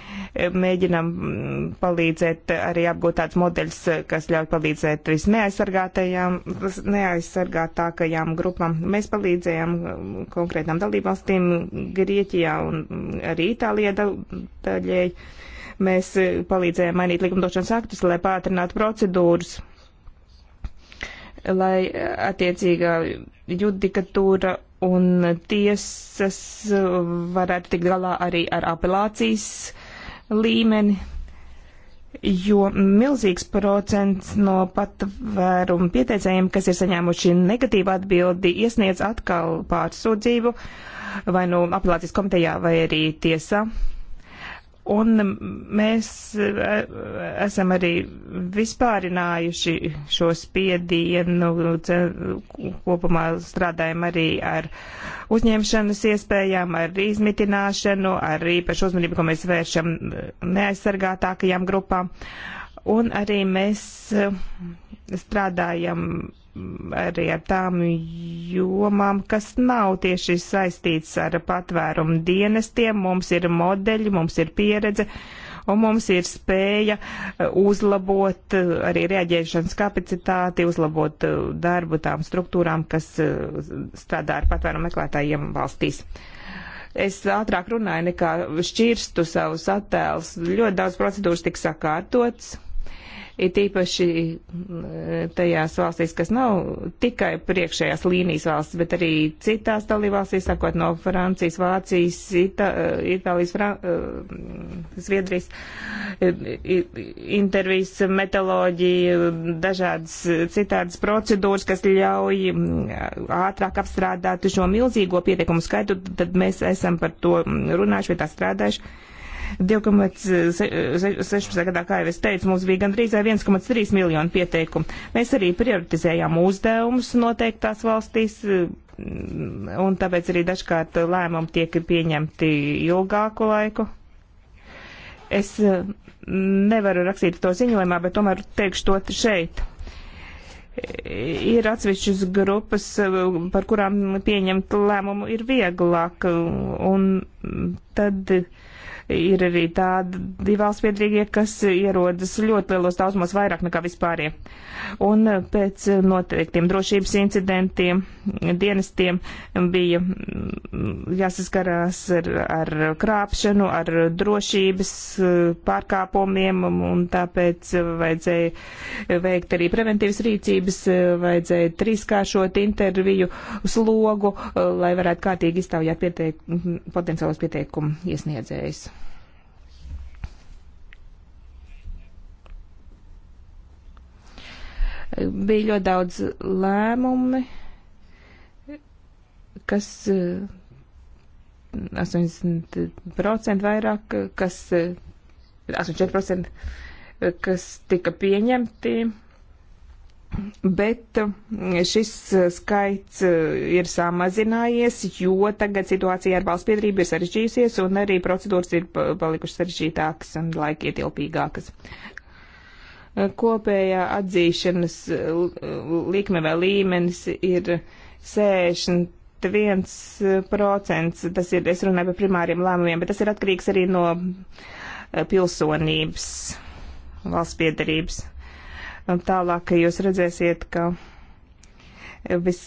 mēģinam mm, palīdzēt arī apgūt tāds modeļs, kas ļauj palīdzēt visneaizsargātajām, neaizsargātākajām grupām. Mēs palīdzējām mm, konkrētām dalībvalstīm Grieķijā un mm, arī Itālijā daļēji. Mēs e, palīdzējām mainīt likumdošanas aktus, lai pātrinātu procedūras lai e, attiecīgā judikatūra un tiesas e, varētu tikt galā arī ar apelācijas uh, līmeni, jo milzīgs procents no patvērumu pieteicējiem, kas ir saņēmuši negatīvu atbildi, iesniedz atkal pārsūdzību vai nu apelācijas komitejā vai arī tiesā. Un mēs eh, esam arī vispārinājuši šo spiedienu, kopumā strādājam arī ar uzņemšanas iespējām, ar izmitināšanu, ar īpašu uzmanību, ko mēs vēršam neaizsargātākajām grupām. Un arī mēs eh, strādājam arī ar tām jomām, kas nav tieši saistīts ar patvērumu dienestiem. Mums ir modeļi, mums ir pieredze, un mums ir spēja eh, uzlabot eh, arī rēģēšanas kapacitāti, uzlabot eh, darbu tām struktūrām, kas strādā ar patvērumu meklētājiem valstīs es ātrāk runāju nekā šķirstu savus attēlus. Ļoti daudz procedūras tika sakārtotas it īpaši mm, tajās valstīs, kas nav tikai priekšējās līnijas valsts, bet arī citās dalībvalstīs, sakot no Francijas, Vācijas, Ita, Itālijas, Fran mm, Zviedrijas, intervijas, metaloģija, dažādas citādas procedūras, kas ļauj mm, ātrāk apstrādāt šo milzīgo pietiekumu skaitu, tad mēs esam par to runājuši, pie tā strādājuši 2,16 gadā, kā jau es teicu, mums bija gandrīz 1,3 miljonu pieteikumu. Mēs arī prioritizējām uzdevumus noteiktās valstīs, mm, un tāpēc arī dažkārt lēmumi tiek pieņemti ilgāku laiku. Es mm, nevaru rakstīt to ziņojumā, bet tomēr teikšu to šeit ir atsevišķas grupas, par kurām pieņemt lēmumu ir vieglāk, un tad ir arī tādi valsts piedrīgie, kas ierodas ļoti lielos daudzumos vairāk nekā vispārie. Un eh, pēc noteiktiem drošības incidentiem dienestiem bija mm, jāsaskarās ar, ar krāpšanu, ar drošības eh, pārkāpumiem, un tāpēc vajadzēja veikt arī preventīvas rīcības, eh, vajadzēja trīskāršot interviju slogu, lai varētu kārtīgi iztaujāt pieteik potenciālos pieteikumu iesniedzējus. Bija ļoti daudz lēmumi, kas 80% eh, vairāk, kas 84%, eh, eh, kas tika pieņemti, bet šis skaits ir samazinājies, jo tagad situācija ar valsts piedrību ir sarežģījusies un arī procedūras ir palikušas sarežģītākas un laikietilpīgākas. Uh, kopējā atzīšanas likme vai līmenis ir 61%. Tas ir, es runāju par primāriem lēmumiem, bet tas ir atkarīgs arī no eh, pilsonības, valsts piedarības. Un tālāk, ka jūs redzēsiet, ka vis,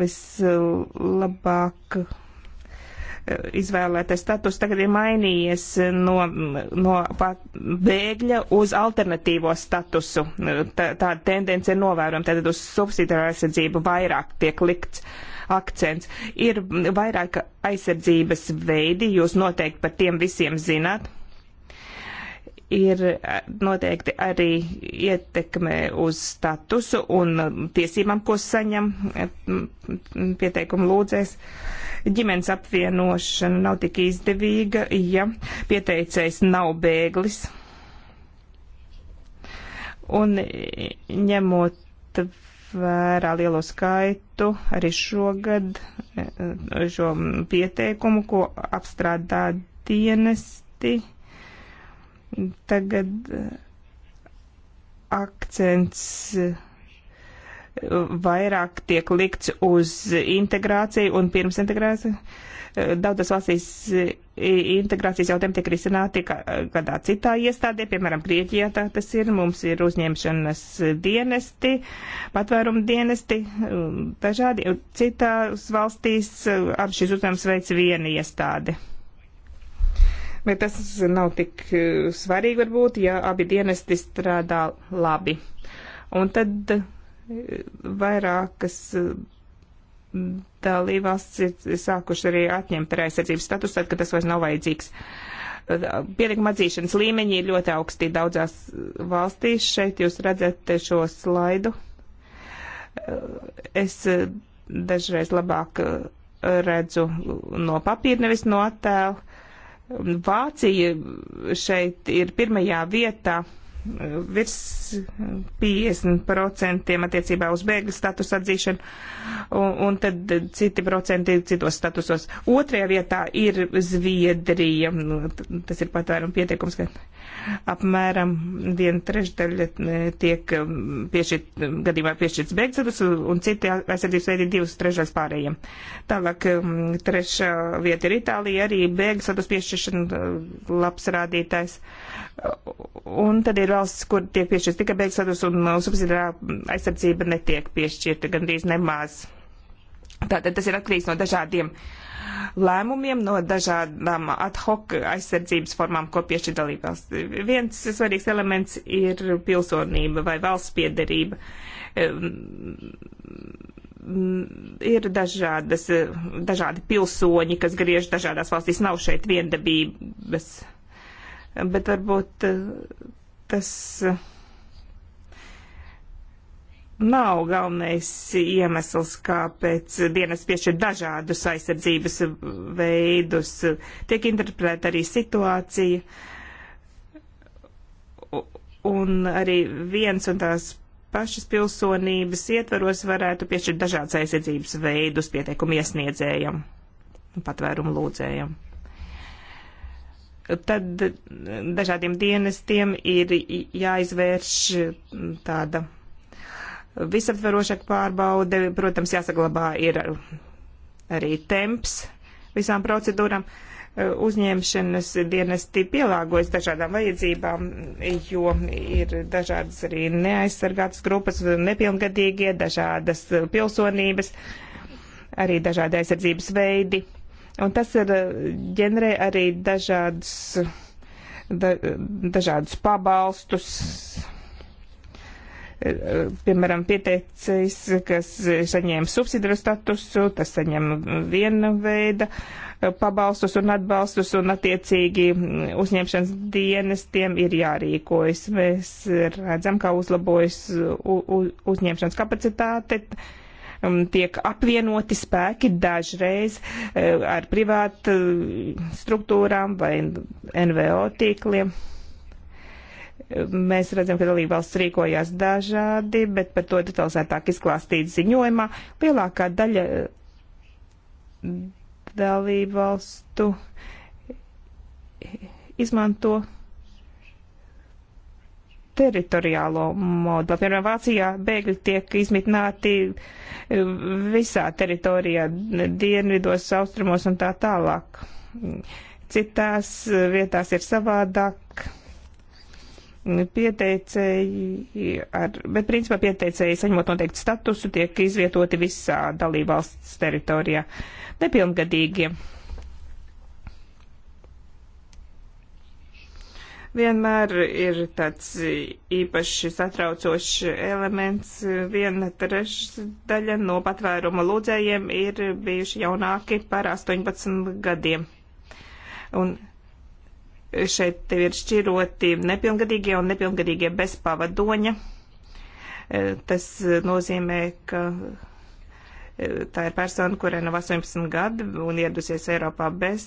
vislabāk. Vis eh, izvēlētais status tagad ir mainījies no, no bēgļa uz alternatīvo statusu. Tā, tāda tendence ir novērojama, tad uz subsidiāru aizsardzību vairāk tiek likts akcents. Ir vairāk aizsardzības veidi, jūs noteikti par tiem visiem zināt. Ir eh, noteikti arī ietekme uz statusu un tiesībām, ko saņem eh, pieteikumu lūdzēs. Uh, ģimenes apvienošana nav tik izdevīga, ja pieteicējs nav bēglis. Un ņemot vērā lielo skaitu arī šogad šo pieteikumu, ko apstrādā dienesti, tagad akcents vairāk tiek likts uz integrāciju un pirms integrāciju. Eh, daudzas valstīs eh, integrācijas jautājumi tiek risināti kādā citā iestādē, piemēram, Grieķijā tā tas ir, mums ir uzņemšanas dienesti, patvērumu dienesti, um, dažādi, citās valstīs eh, ap šis uzdevums veic viena iestāde. Bet tas nav tik svarīgi varbūt, ja abi dienesti strādā labi. Un tad Vairākas mm, dalībvalsts ir sākuši arī atņemt ar aizsardzības status, tad, kad tas vairs nav vajadzīgs. Pielikuma atzīšanas līmeņi ir ļoti augsti daudzās valstīs. Šeit jūs redzat šo slaidu. Es dažreiz labāk redzu no papīra, nevis no attēla. Vācija šeit ir pirmajā vietā virs 50% attiecībā uz bēgļu statusu atzīšanu, un, un tad citi procenti citos statusos. Otrajā vietā ir Zviedrija, nu, tas ir patvērumu pietiekums, ka apmēram viena trešdaļa e, tiek piešķirt, gadījumā piešķirts bēgļu status, un citi aizsardzības veidi divas trešdaļas pārējiem. Tālāk trešā vieta ir Itālija, arī bēgļu status piešķiršana labs rādītājs. Uh, Un tad ir valsts, kur tiek piešķirts tikai beigas status un subsidiārā aizsardzība netiek piešķirta gandrīz nemaz. Tātad tas ir atkarīgs no dažādiem lēmumiem, no dažādām ad hoc aizsardzības formām, ko piešķir dalībvalsts. Viens svarīgs elements ir pilsonība vai valsts piederība. Ir dažādas, dažādi pilsoņi, kas griež dažādās valstīs, nav šeit viendabības bet varbūt eh, tas eh, nav galvenais iemesls, kāpēc dienas piešķir dažādus aizsardzības veidus. Tiek interpretēta arī situācija un arī viens un tās pašas pilsonības ietvaros varētu piešķirt dažādas aizsardzības veidus pieteikumu iesniedzējam un patvērumu lūdzējam tad dažādiem dienestiem ir jāizvērš tāda visaptverošāka pārbaude. Protams, jāsaglabā ir arī temps visām procedūram. Uzņemšanas dienesti pielāgojas dažādām vajadzībām, jo ir dažādas arī neaizsargātas grupas, nepilngadīgie, dažādas pilsonības, arī dažādi aizsardzības veidi. Un tas ir eh, ģenerē arī dažādas, da, dažādus pabalstus. Eh, piemēram, pieteicējs, kas saņēma subsidiaru statusu, tas saņem viena veida eh, pabalstus un atbalstus, un attiecīgi mm, uzņemšanas dienestiem ir jārīkojas. Mēs redzam, kā uzlabojas uzņemšanas kapacitāte. Uh, Um, tiek apvienoti spēki dažreiz uh, ar privātu uh, struktūrām vai NVO tīkliem. Mēs redzam, ka dalībvalsts rīkojās dažādi, bet par to detalizētāk izklāstīt ziņojumā. Lielākā daļa dalībvalstu izmanto teritoriālo modu. Piemēram, Vācijā bēgļi tiek izmitināti eh, visā teritorijā, dienvidos, austrumos un tā tālāk. Citās eh, vietās ir savādāk pieteicēji, ar, bet principā pieteicēji saņemot noteiktu statusu tiek izvietoti visā dalībvalsts teritorijā nepilngadīgiem vienmēr ir tāds īpaši satraucošs elements. Viena trešdaļa no patvēruma lūdzējiem ir bijuši jaunāki par 18 gadiem. Un šeit ir šķiroti nepilngadīgie un nepilngadīgie bez pavadoņa. Tas nozīmē, ka Tā ir persona, kurai nav 18 gadi un ieradusies Eiropā bez,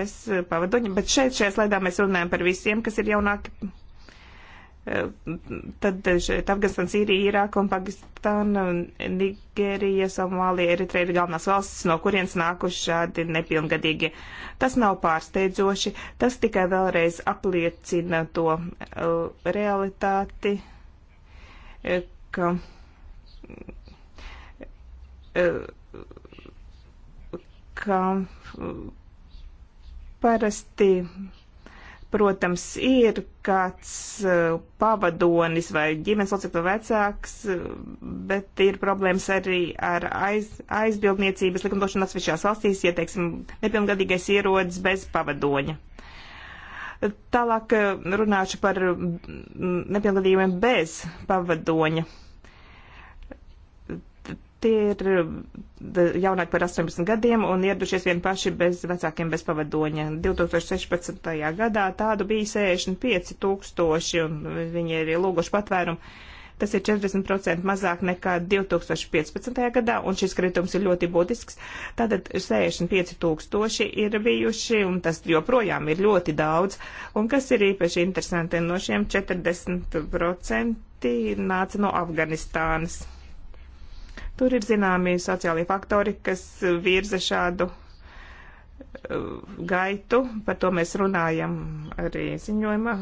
bez pavadoņa. Bet šeit, šajā slaidā mēs runājam par visiem, kas ir jaunāki. Tad šeit Afganistāna, Sīrija, Irāka un Pakistāna, Nigērija, Somālija, Eritreja ir galvenās valstis, no kurienes nākuši šādi nepilngadīgi. Tas nav pārsteidzoši, tas tikai vēlreiz apliecina to uh, realitāti, eh, ka ka parasti, protams, ir kāds uh, pavadonis vai ģimenes locekļu vecāks, uh, bet ir problēmas arī ar aiz, aizbildniecības likumdošanu atsevišķās valstīs, ja, teiksim, nepilngadīgais ierodas bez pavadoņa. Tālāk uh, runāšu par mm, nepilngadījumiem bez pavadoņa. Tie ir jaunāki par 18 gadiem un ieradušies vien paši bez vecākiem bez pavadoņa. 2016. gadā tādu bija 65 tūkstoši un viņi ir lūguši patvērumu. Tas ir 40% mazāk nekā 2015. gadā, un šis kritums ir ļoti būtisks. Tātad 65 tūkstoši ir bijuši, un tas joprojām ir ļoti daudz. Un kas ir īpaši interesanti, no šiem 40% nāca no Afganistānas. Tur ir zināmi sociālie faktori, kas virza šādu uh, gaitu, par to mēs runājam arī ziņojumā.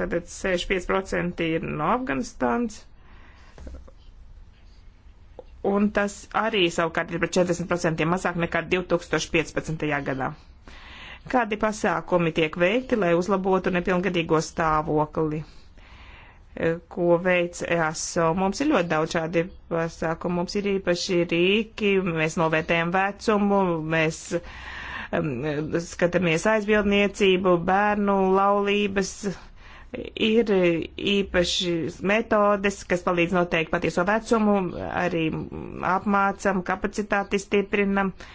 Tātad 65% ir no Afganistāns, un tas arī savukārt ir par 40% mazāk nekā 2015. gadā. Kādi pasākumi tiek veikti, lai uzlabotu nepilngadīgo stāvokli? ko veic ESO. Mums ir ļoti daudz šādi pasākumi, mums ir īpaši rīki, mēs novērtējam vecumu, mēs um, skatāmies aizbildniecību, bērnu laulības. Ir īpaši metodes, kas palīdz noteikt patieso vecumu, arī apmācam, kapacitāti stiprinam. Uh,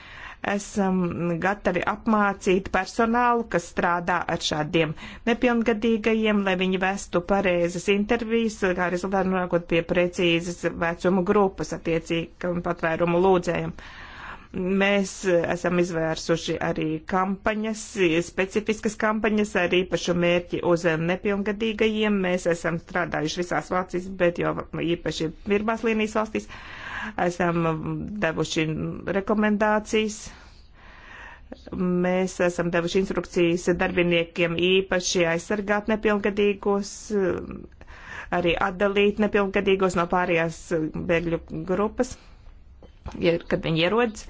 esam gatavi apmācīt personālu, kas strādā ar šādiem nepilngadīgajiem, lai viņi vestu pareizas intervijas, kā rezultātā nonākot pie precīzas vecuma grupas attiecīgam patvērumu lūdzējiem. Mēs esam izvērsuši arī kampaņas, specifiskas kampaņas ar īpašu mērķi uz nepilngadīgajiem. Mēs esam strādājuši visās valstīs, bet jau īpaši pirmās līnijas valstīs. Uh, esam devuši rekomendācijas. Mēs esam devuši instrukcijas darbiniekiem īpaši aizsargāt nepilngadīgos, arī atdalīt nepilngadīgos no pārējās bēgļu grupas, kad viņi ierodas.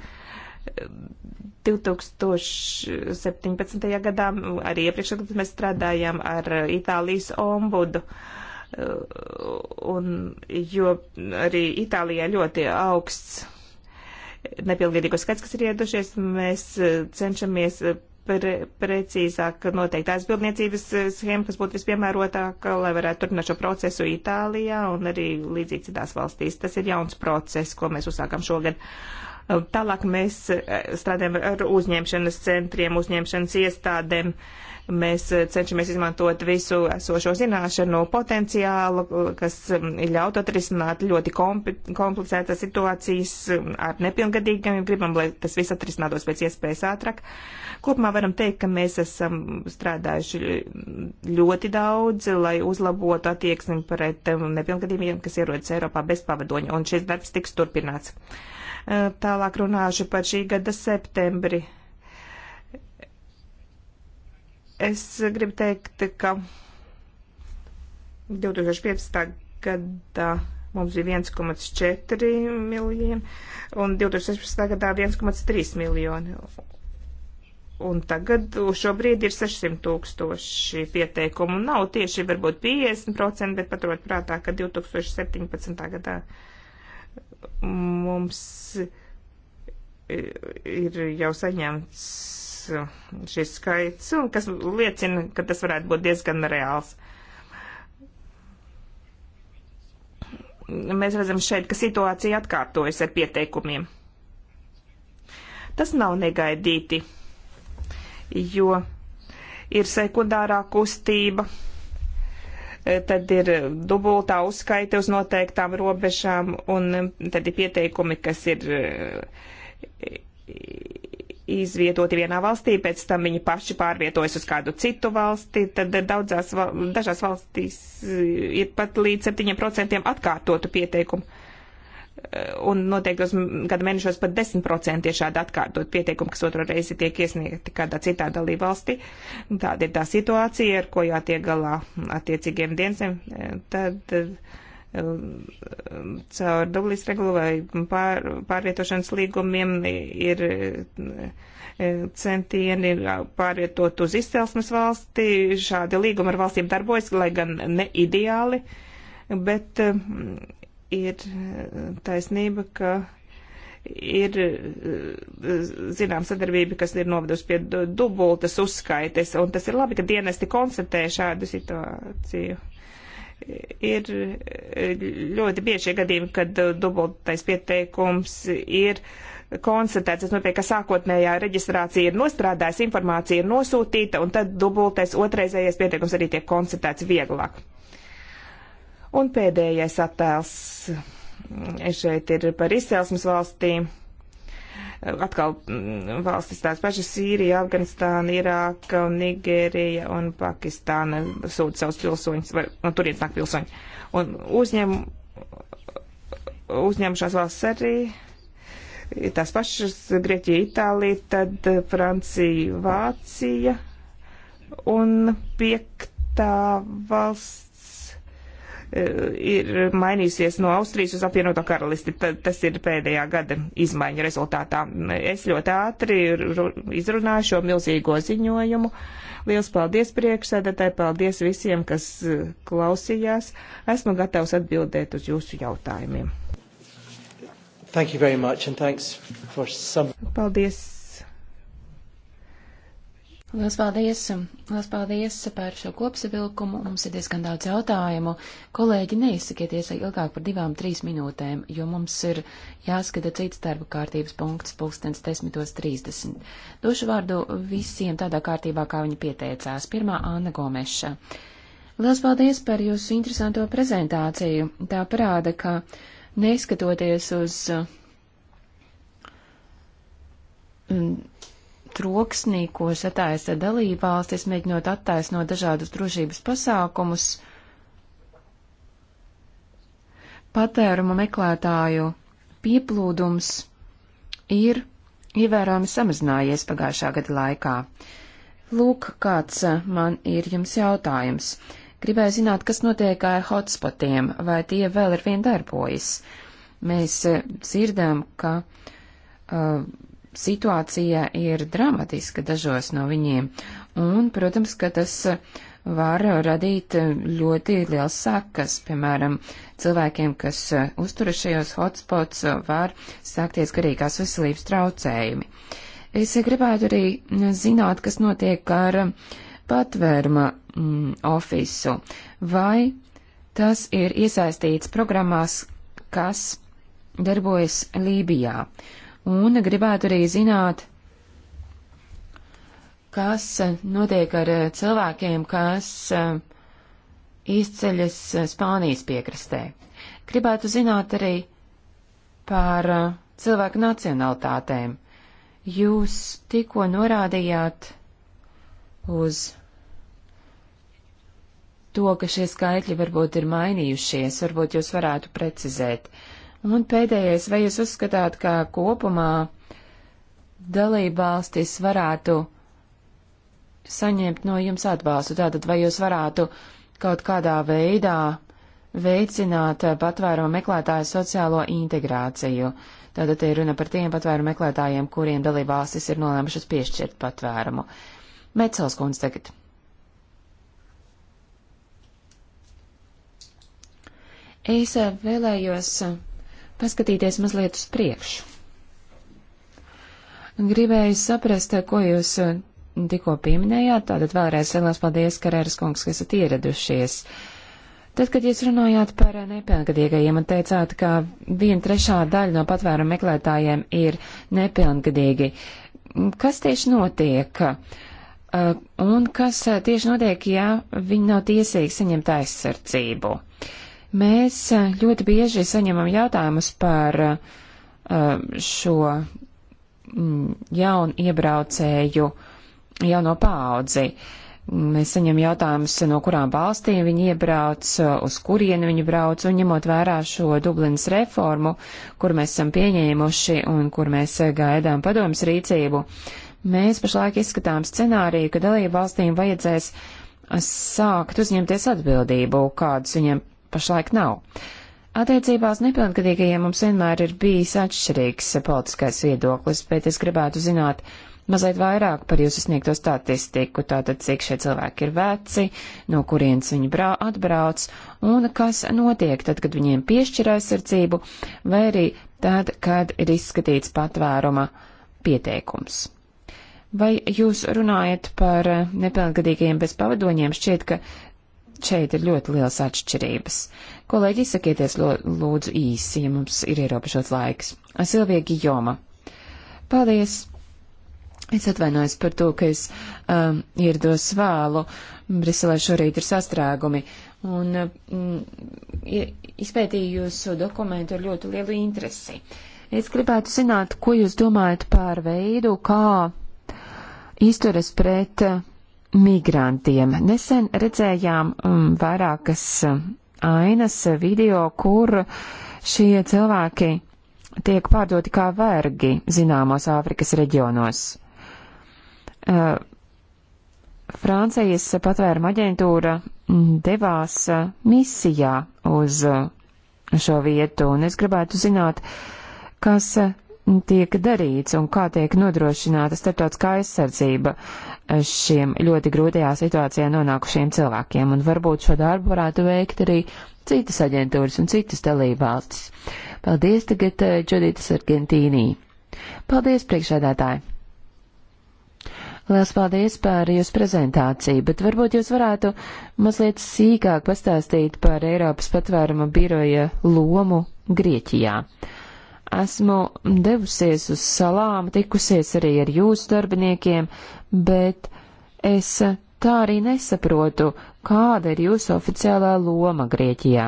2017. gadā arī iepriekšējā gadā mēs strādājām ar Itālijas ombudu. Uh, un jo arī Itālijā ļoti augsts nepilngadīgo skaits, kas ir ieradušies, mēs e, cenšamies e, pre precīzāk noteikt aizbildniecības e, schēmu, kas būtu vispiemērotāka, lai varētu turpināt šo procesu Itālijā un arī līdzīgi citās valstīs. Tas ir jauns process, ko mēs uzsākam šogad. Tālāk mēs strādājam ar uzņemšanas centriem, uzņemšanas iestādēm. Uh, Mēs eh, cenšamies izmantot visu esošo zināšanu potenciālu, eh, kas mm, ļaut atrisināt ļoti komplicētas situācijas mm, ar nepilngadīgiem. Gribam, lai tas viss atrisinātos pēc iespējas ātrāk. Kopumā varam teikt, ka mēs esam strādājuši mm, ļoti daudz, lai uzlabotu attieksmi pret nepilngadīgiem, kas ierodas Eiropā bez pavadoņa. Un šis darbs tiks turpināts. Eh, tālāk runāšu par šī gada septembri Es gribu teikt, ka 2015. gadā mums bija 1,4 miljoni, un 2016. gadā 1,3 miljoni. Un tagad šobrīd ir 600 tūkstoši pieteikumu. Nav tieši varbūt 50%, bet paturot prātā, ka 2017. gadā mums ir jau saņemts šis skaits, un kas liecina, ka tas varētu būt diezgan reāls. Mēs redzam šeit, ka situācija atkārtojas ar pieteikumiem. Tas nav negaidīti, jo ir sekundārā kustība, tad ir dubultā uzskaite uz noteiktām robežām, un tad ir pieteikumi, kas ir izvietoti vienā valstī, pēc tam viņi paši pārvietojas uz kādu citu valsti, tad daudzās, dažās valstīs eh, ir pat līdz 7% atkārtotu pieteikumu. Eh, un noteiktos gada mēnešos pat 10% ir šādi atkārtot pieteikumi, kas otro reizi tiek iesniegti kādā citā dalība valstī. Tāda ir tā situācija, ar ko jātiek galā attiecīgiem dienasiem. Eh, tad, uh, Um, caur Dublīs regulu vai pār, pārvietošanas līgumiem ir uh, centieni pārvietot uz izcelsmes valsti. Šādi līgumi ar valstīm darbojas, lai gan ne ideāli, bet um, ir uh, taisnība, ka ir uh, zinām sadarbība, kas ir novedusi pie dubultas uzskaites, un tas ir labi, ka dienesti konstatē šādu situāciju ir ļoti bieži gadījumi, kad dubultais pieteikums ir konstatēts. Tas notiek, ka sākotnējā reģistrācija ir nostrādājusi, informācija ir nosūtīta, un tad dubultais otrreizējais pieteikums arī tiek konstatēts vieglāk. Un pēdējais attēls šeit ir par izcelsmes valstīm atkal mm, valstis tās pašas Sīrija, Afganistāna, Irāka, Nigērija un Pakistāna sūta savus pilsoņus, vai no nu, turienes nāk pilsoņi. Un uzņem, uzņemšās valsts arī tās pašas Grieķija, Itālija, tad eh, Francija, Vācija un piektā valsts Eh, ir mainīsies no Austrijas uz apvienoto karalisti. T tas ir pēdējā gada izmaiņa rezultātā. Es ļoti ātri izrunāju šo milzīgo ziņojumu. Liels paldies priekšsēdētāji, paldies visiem, kas eh, klausījās. Esmu gatavs atbildēt uz jūsu jautājumiem. Thank you very much and thanks for some... Paldies Lielas paldies! Lielas paldies par šo kopsavilkumu. Mums ir diezgan daudz jautājumu. Kolēģi, neizsakieties ilgāk par divām, trīs minūtēm, jo mums ir jāskata cits darba kārtības punkts pulkstens 10.30. Došu vārdu visiem tādā kārtībā, kā viņi pieteicās. Pirmā Anna Gomeša. Lielas paldies par jūsu interesanto prezentāciju. Tā parāda, ka neskatoties uz mm, troksnī, ko sataisa dalībvalstis, mēģinot attaisnot dažādus drošības pasākumus, patērumu meklētāju pieplūdums ir ievērojami samazinājies pagājušā gada laikā. Lūk, kāds eh, man ir jums jautājums. Gribēju zināt, kas notiek ar hotspotiem, vai tie vēl ir vien darbojas. Mēs eh, dzirdam, ka uh, situācija ir dramatiska dažos no viņiem, un, protams, ka tas var radīt ļoti liels sakas, piemēram, cilvēkiem, kas uzturas šajos hotspots, var sākties garīgās veselības traucējumi. Es gribētu arī zināt, kas notiek ar patvērma mm, ofisu, vai tas ir iesaistīts programmās, kas darbojas Lībijā. Uh, un gribētu arī zināt, kas notiek ar eh, cilvēkiem, kas eh, izceļas eh, Spānijas piekrastē. Gribētu zināt arī par cilvēku nacionalitātēm. Jūs tikko norādījāt uz to, ka šie skaitļi varbūt ir mainījušies, varbūt jūs varētu precizēt. Uh, Un pēdējais, vai jūs uzskatāt, ka kopumā dalībvalstis varētu saņemt no jums atbalstu? Tātad, vai jūs varētu kaut kādā veidā veicināt eh, patvērumu meklētāju sociālo integrāciju? Tātad ir runa par tiem patvērumu meklētājiem, kuriem dalībvalstis ir nolēmušas piešķirt patvērumu. Mecels kundze tagad. Es eh, vēlējos eh, paskatīties mazliet uz priekšu. Gribēju saprast, ko jūs eh, tikko pieminējāt, tātad vēlreiz liels paldies, Karēras kungs, ka esat ieradušies. Tad, kad jūs runājāt par nepilngadīgajiem un teicāt, ka viena trešā daļa no patvēru meklētājiem ir nepilngadīgi, kas tieši notiek? Eh, un kas eh, tieši notiek, ja viņi nav tiesīgi saņemt aizsardzību? Uh, Mēs eh, ļoti bieži saņemam jautājumus par eh, šo mm, jaunu iebraucēju, jauno paudzi. Mēs saņem jautājumus, no kurām valstīm viņi iebrauc, uz kurieni viņi brauc, un ņemot vērā šo Dublinas reformu, kur mēs esam pieņēmuši un kur mēs eh, gaidām padomas rīcību, mēs pašlaik izskatām scenāriju, ka dalību valstīm vajadzēs sākt uzņemties atbildību, kādus viņiem pašlaik nav. Attiecībās nepilngadīgajiem mums vienmēr ir bijis atšķirīgs politiskais viedoklis, bet es gribētu zināt mazliet vairāk par jūsu sniegto statistiku, tātad cik šie cilvēki ir veci, no kurienes viņi brā, atbrauc un kas notiek tad, kad viņiem piešķir aizsardzību vai arī tad, kad ir izskatīts patvēruma pieteikums. Vai jūs runājat par nepilngadīgajiem bez pavadoņiem? Šķiet, ka šeit ir ļoti liels atšķirības. Kolēģi, izsakieties lūdzu īsi, ja mums ir ierobežots laiks. Silvija Gijoma. Paldies! Es atvainojos par to, ka es um, ierados vēlu. Briselē šorīt ir sastrēgumi. Un mm, izpētīju jūsu dokumentu ar ļoti lielu interesi. Es gribētu zināt, ko jūs domājat par veidu, kā izturas pret uh, migrantiem. Nesen redzējām um, vairākas mm, ainas video, kur šie cilvēki tiek pārdoti kā vergi zināmos Āfrikas reģionos. Uh, Francijas patvēruma aģentūra mm, devās misijā uz šo vietu, un es gribētu zināt, kas tiek darīts un kā tiek nodrošināta starptautiskā aizsardzība šiem ļoti grūtajā situācijā nonākušiem cilvēkiem, un varbūt šo darbu varētu veikt arī citas aģentūras un citas dalībvalstis. Paldies tagad Džudītas eh, Argentīnī. Paldies, priekšēdētāji! Lielas paldies par jūsu prezentāciju, bet varbūt jūs varētu mazliet sīkāk pastāstīt par Eiropas patvēruma biroja lomu Grieķijā. Uh, Esmu devusies uz salām, tikusies arī ar jūsu darbiniekiem, bet es tā arī nesaprotu, kāda ir jūsu oficiālā loma Grieķijā.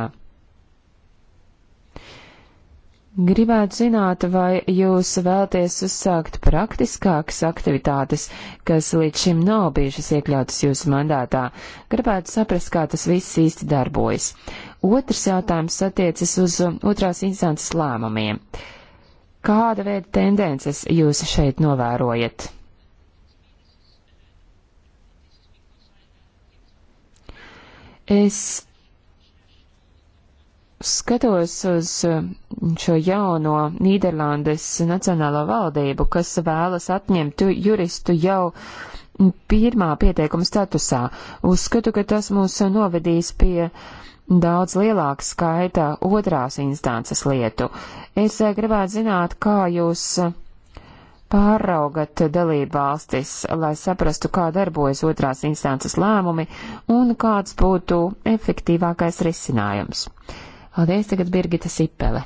Gribētu zināt, vai jūs vēlaties uzsākt praktiskākas aktivitātes, kas līdz šim nav bijušas iekļautas jūsu mandātā. Gribētu saprast, kā tas viss īsti darbojas. Otrs jautājums attiecas uz um, otrās instances lēmumiem. Kāda veida tendences jūs šeit novērojat? Es skatos uz um, šo jauno Nīderlandes nacionālo valdību, kas vēlas atņemt juristu jau pirmā pieteikuma statusā. Uzskatu, ka tas mūs novedīs pie uh, daudz lielāka skaita otrās instances lietu. Es eh, gribētu zināt, kā jūs eh, pāraugat dalību valstis, lai saprastu, kā darbojas otrās instances lēmumi un kāds būtu efektīvākais risinājums. Paldies, tagad Birgita Sipele.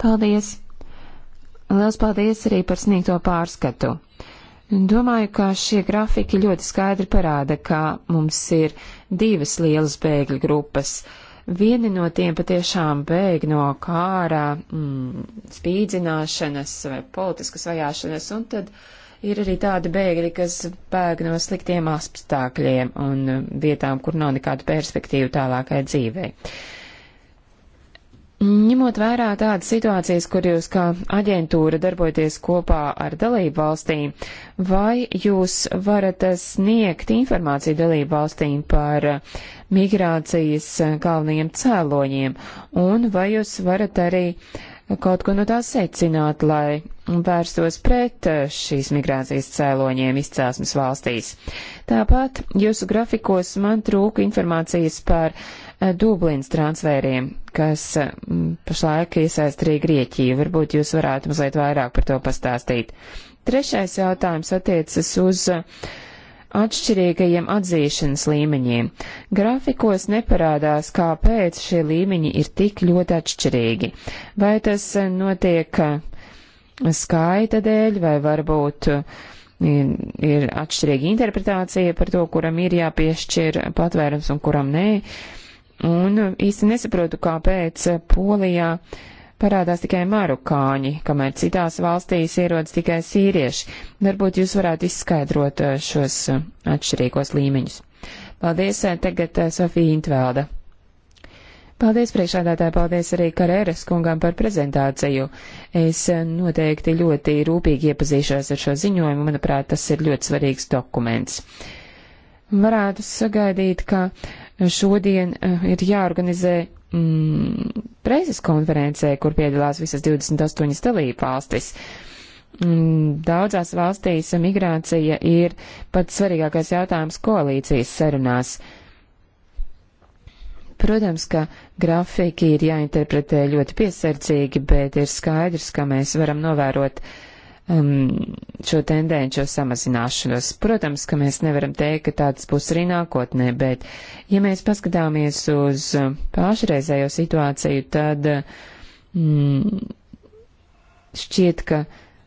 Paldies! Liels paldies arī par sniegto pārskatu. Domāju, ka šie grafiki ļoti skaidri parāda, ka mums ir divas lielas bēgļu grupas. Vieni no tiem patiešām bēg no kāra, mm, spīdzināšanas vai politiskas vajāšanas, un tad ir arī tādi bēgļi, kas bēg no sliktiem apstākļiem un vietām, kur nav nekādu perspektīvu tālākai dzīvei. Uh, Ņemot vērā tādas situācijas, kur jūs kā aģentūra darbojaties kopā ar dalību valstīm, vai jūs varat sniegt informāciju dalību valstīm par migrācijas galvenajiem cēloņiem, un vai jūs varat arī kaut ko no tā secināt, lai vērstos pret šīs migrācijas cēloņiem izcelsmes valstīs? Tāpat jūsu grafikos man trūka informācijas par Eh, Dublīnas transfēriem, kas eh, pašlaik iesaist arī Grieķiju. Varbūt jūs varētu mazliet vairāk par to pastāstīt. Trešais jautājums attiecas uz eh, atšķirīgajiem atzīšanas līmeņiem. Grafikos neparādās, kāpēc šie līmeņi ir tik ļoti atšķirīgi. Vai tas notiek skaita dēļ, vai varbūt ir, ir atšķirīga interpretācija par to, kuram ir jāpiešķir patvērums un kuram nē. Uh, Un uh, īsti nesaprotu, kāpēc uh, Polijā parādās tikai marukāņi, kamēr citās valstīs ierodas tikai sīrieši. Varbūt jūs varētu izskaidrot uh, šos atšķirīgos līmeņus. Paldies, tagad Sofija Intvelda. Paldies priekšādātāji, paldies arī Karēras kungam par prezentāciju. Es noteikti ļoti rūpīgi iepazīšos ar šo ziņojumu, manuprāt, tas ir ļoti svarīgs dokuments. Varētu sagaidīt, ka šodien eh, ir jāorganizē mm, preses konferencē, kur piedalās visas 28 dalība valstis. Mm, daudzās valstīs migrācija ir pats svarīgākais jautājums koalīcijas sarunās. Protams, ka grafiki ir jāinterpretē ļoti piesardzīgi, bet ir skaidrs, ka mēs varam novērot uh, um, šo tendenci samazināšanos. Protams, ka mēs nevaram teikt, ka tāds būs arī nākotnē, bet ja mēs paskatāmies uz uh, pašreizējo situāciju, tad mm, šķiet, ka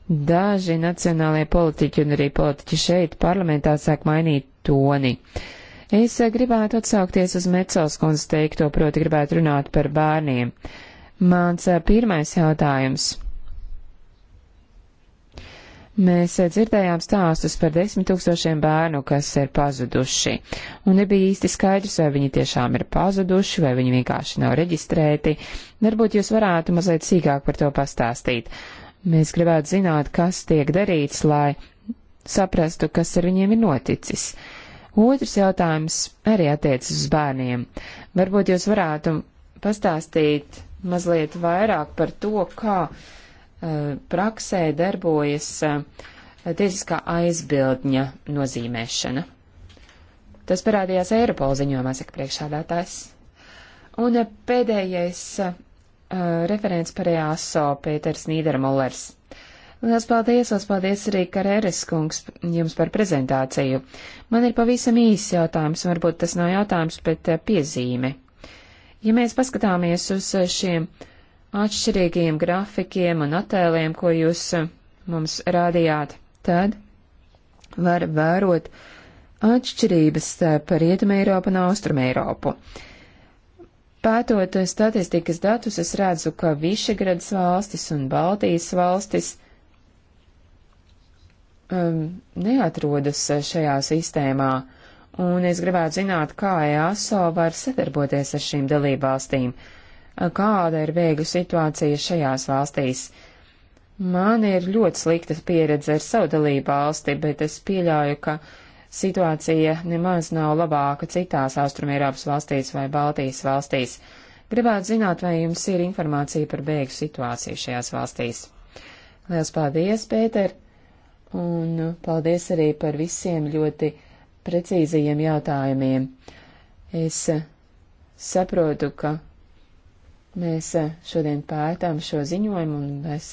daži nacionālajie politiķi un arī politiķi šeit parlamentā sāk mainīt toni. Es uh, gribētu atsaukties uz Mecels kundzes teikto, proti gribētu runāt par bērniem. Mans uh, pirmais jautājums Mēs eh, dzirdējām stāstus par desmit tūkstošiem bērnu, kas ir pazuduši, un nebija īsti skaidrs, vai viņi tiešām ir pazuduši, vai viņi vienkārši nav reģistrēti. Varbūt jūs varētu mazliet sīkāk par to pastāstīt. Mēs gribētu zināt, kas tiek darīts, lai saprastu, kas ar viņiem ir noticis. Otrs jautājums arī attiecas uz bērniem. Varbūt jūs varētu pastāstīt mazliet vairāk par to, kā. Ka Eh, praksē darbojas eh, tiesiskā aizbildņa nozīmēšana. Tas parādījās Eiropola ziņojumā, saka priekšādātājs. Un eh, pēdējais uh, referents par EASO Pēters Nīdermullers. Lielas paldies, lielas paldies arī Karēres kungs jums par prezentāciju. Man ir pavisam īsts jautājums, varbūt tas nav jautājums, bet piezīme. Ja mēs paskatāmies uz šiem uh, atšķirīgiem grafikiem un attēliem, ko jūs eh, mums rādījāt. Tad var vērot atšķirības starp Rietumē Eiropu un Austrumē Eiropu. Pētot statistikas datus, es redzu, ka Višegrads valstis un Baltijas valstis um, neatrodas šajā sistēmā, un es gribētu zināt, kā EASO var sadarboties ar šīm dalībvalstīm. valstīm kāda ir bēgļu situācija šajās valstīs. Man ir ļoti slikta pieredze ar savu dalību valsti, bet es pieļauju, ka situācija nemaz nav labāka citās Austrumierāpas valstīs vai Baltijas valstīs. Gribētu zināt, vai jums ir informācija par bēgļu situāciju šajās valstīs. Lielas paldies, Pēter, un paldies arī par visiem ļoti precīzajiem jautājumiem. Es saprotu, ka Mēs eh, šodien pētām šo ziņojumu un mēs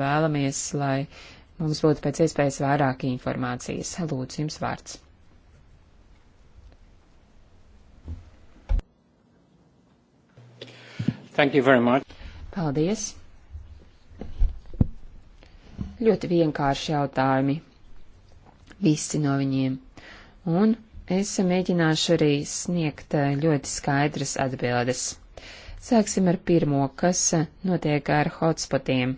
vēlamies, lai mums būtu pēc iespējas vairāk informācijas. Lūdzu, jums vārds. Thank you very much. Paldies. Ļoti vienkārši jautājumi. Visi no viņiem. Un es mēģināšu arī sniegt eh, ļoti skaidras atbildes. Sāksim ar pirmo, kas notiek ar hotspotiem.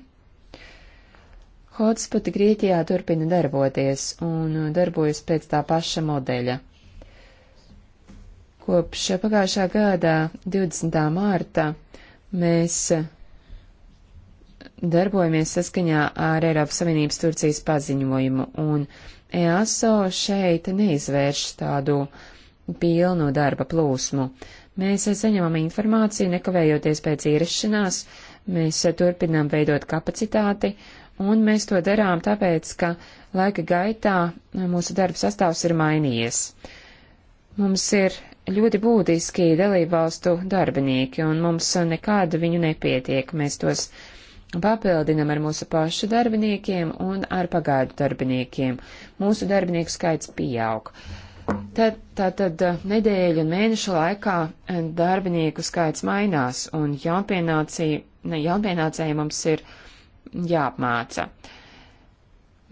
Hotspoti Grieķijā turpina darboties un darbojas pēc tā paša modeļa. Kopš pagājušā gada 20. mārta mēs darbojamies saskaņā ar Eiropas Savienības Turcijas paziņojumu, un EASO šeit neizvērš tādu pilnu darba plūsmu. Mēs saņemam informāciju, nekavējoties pēc ierašanās, mēs turpinām veidot kapacitāti, un mēs to darām tāpēc, ka laika gaitā mūsu darba sastāvs ir mainījies. Mums ir ļoti būtiski dalībvalstu darbinieki, un mums nekādu viņu nepietiek. Mēs tos papildinam ar mūsu pašu darbiniekiem un ar pagaidu darbiniekiem. Mūsu darbinieku skaits pieaug. Uh, Tad, tātad eh, nedēļu un mēnešu laikā eh, darbinieku skaits mainās, un jaunpienācēji mums ir jāapmāca.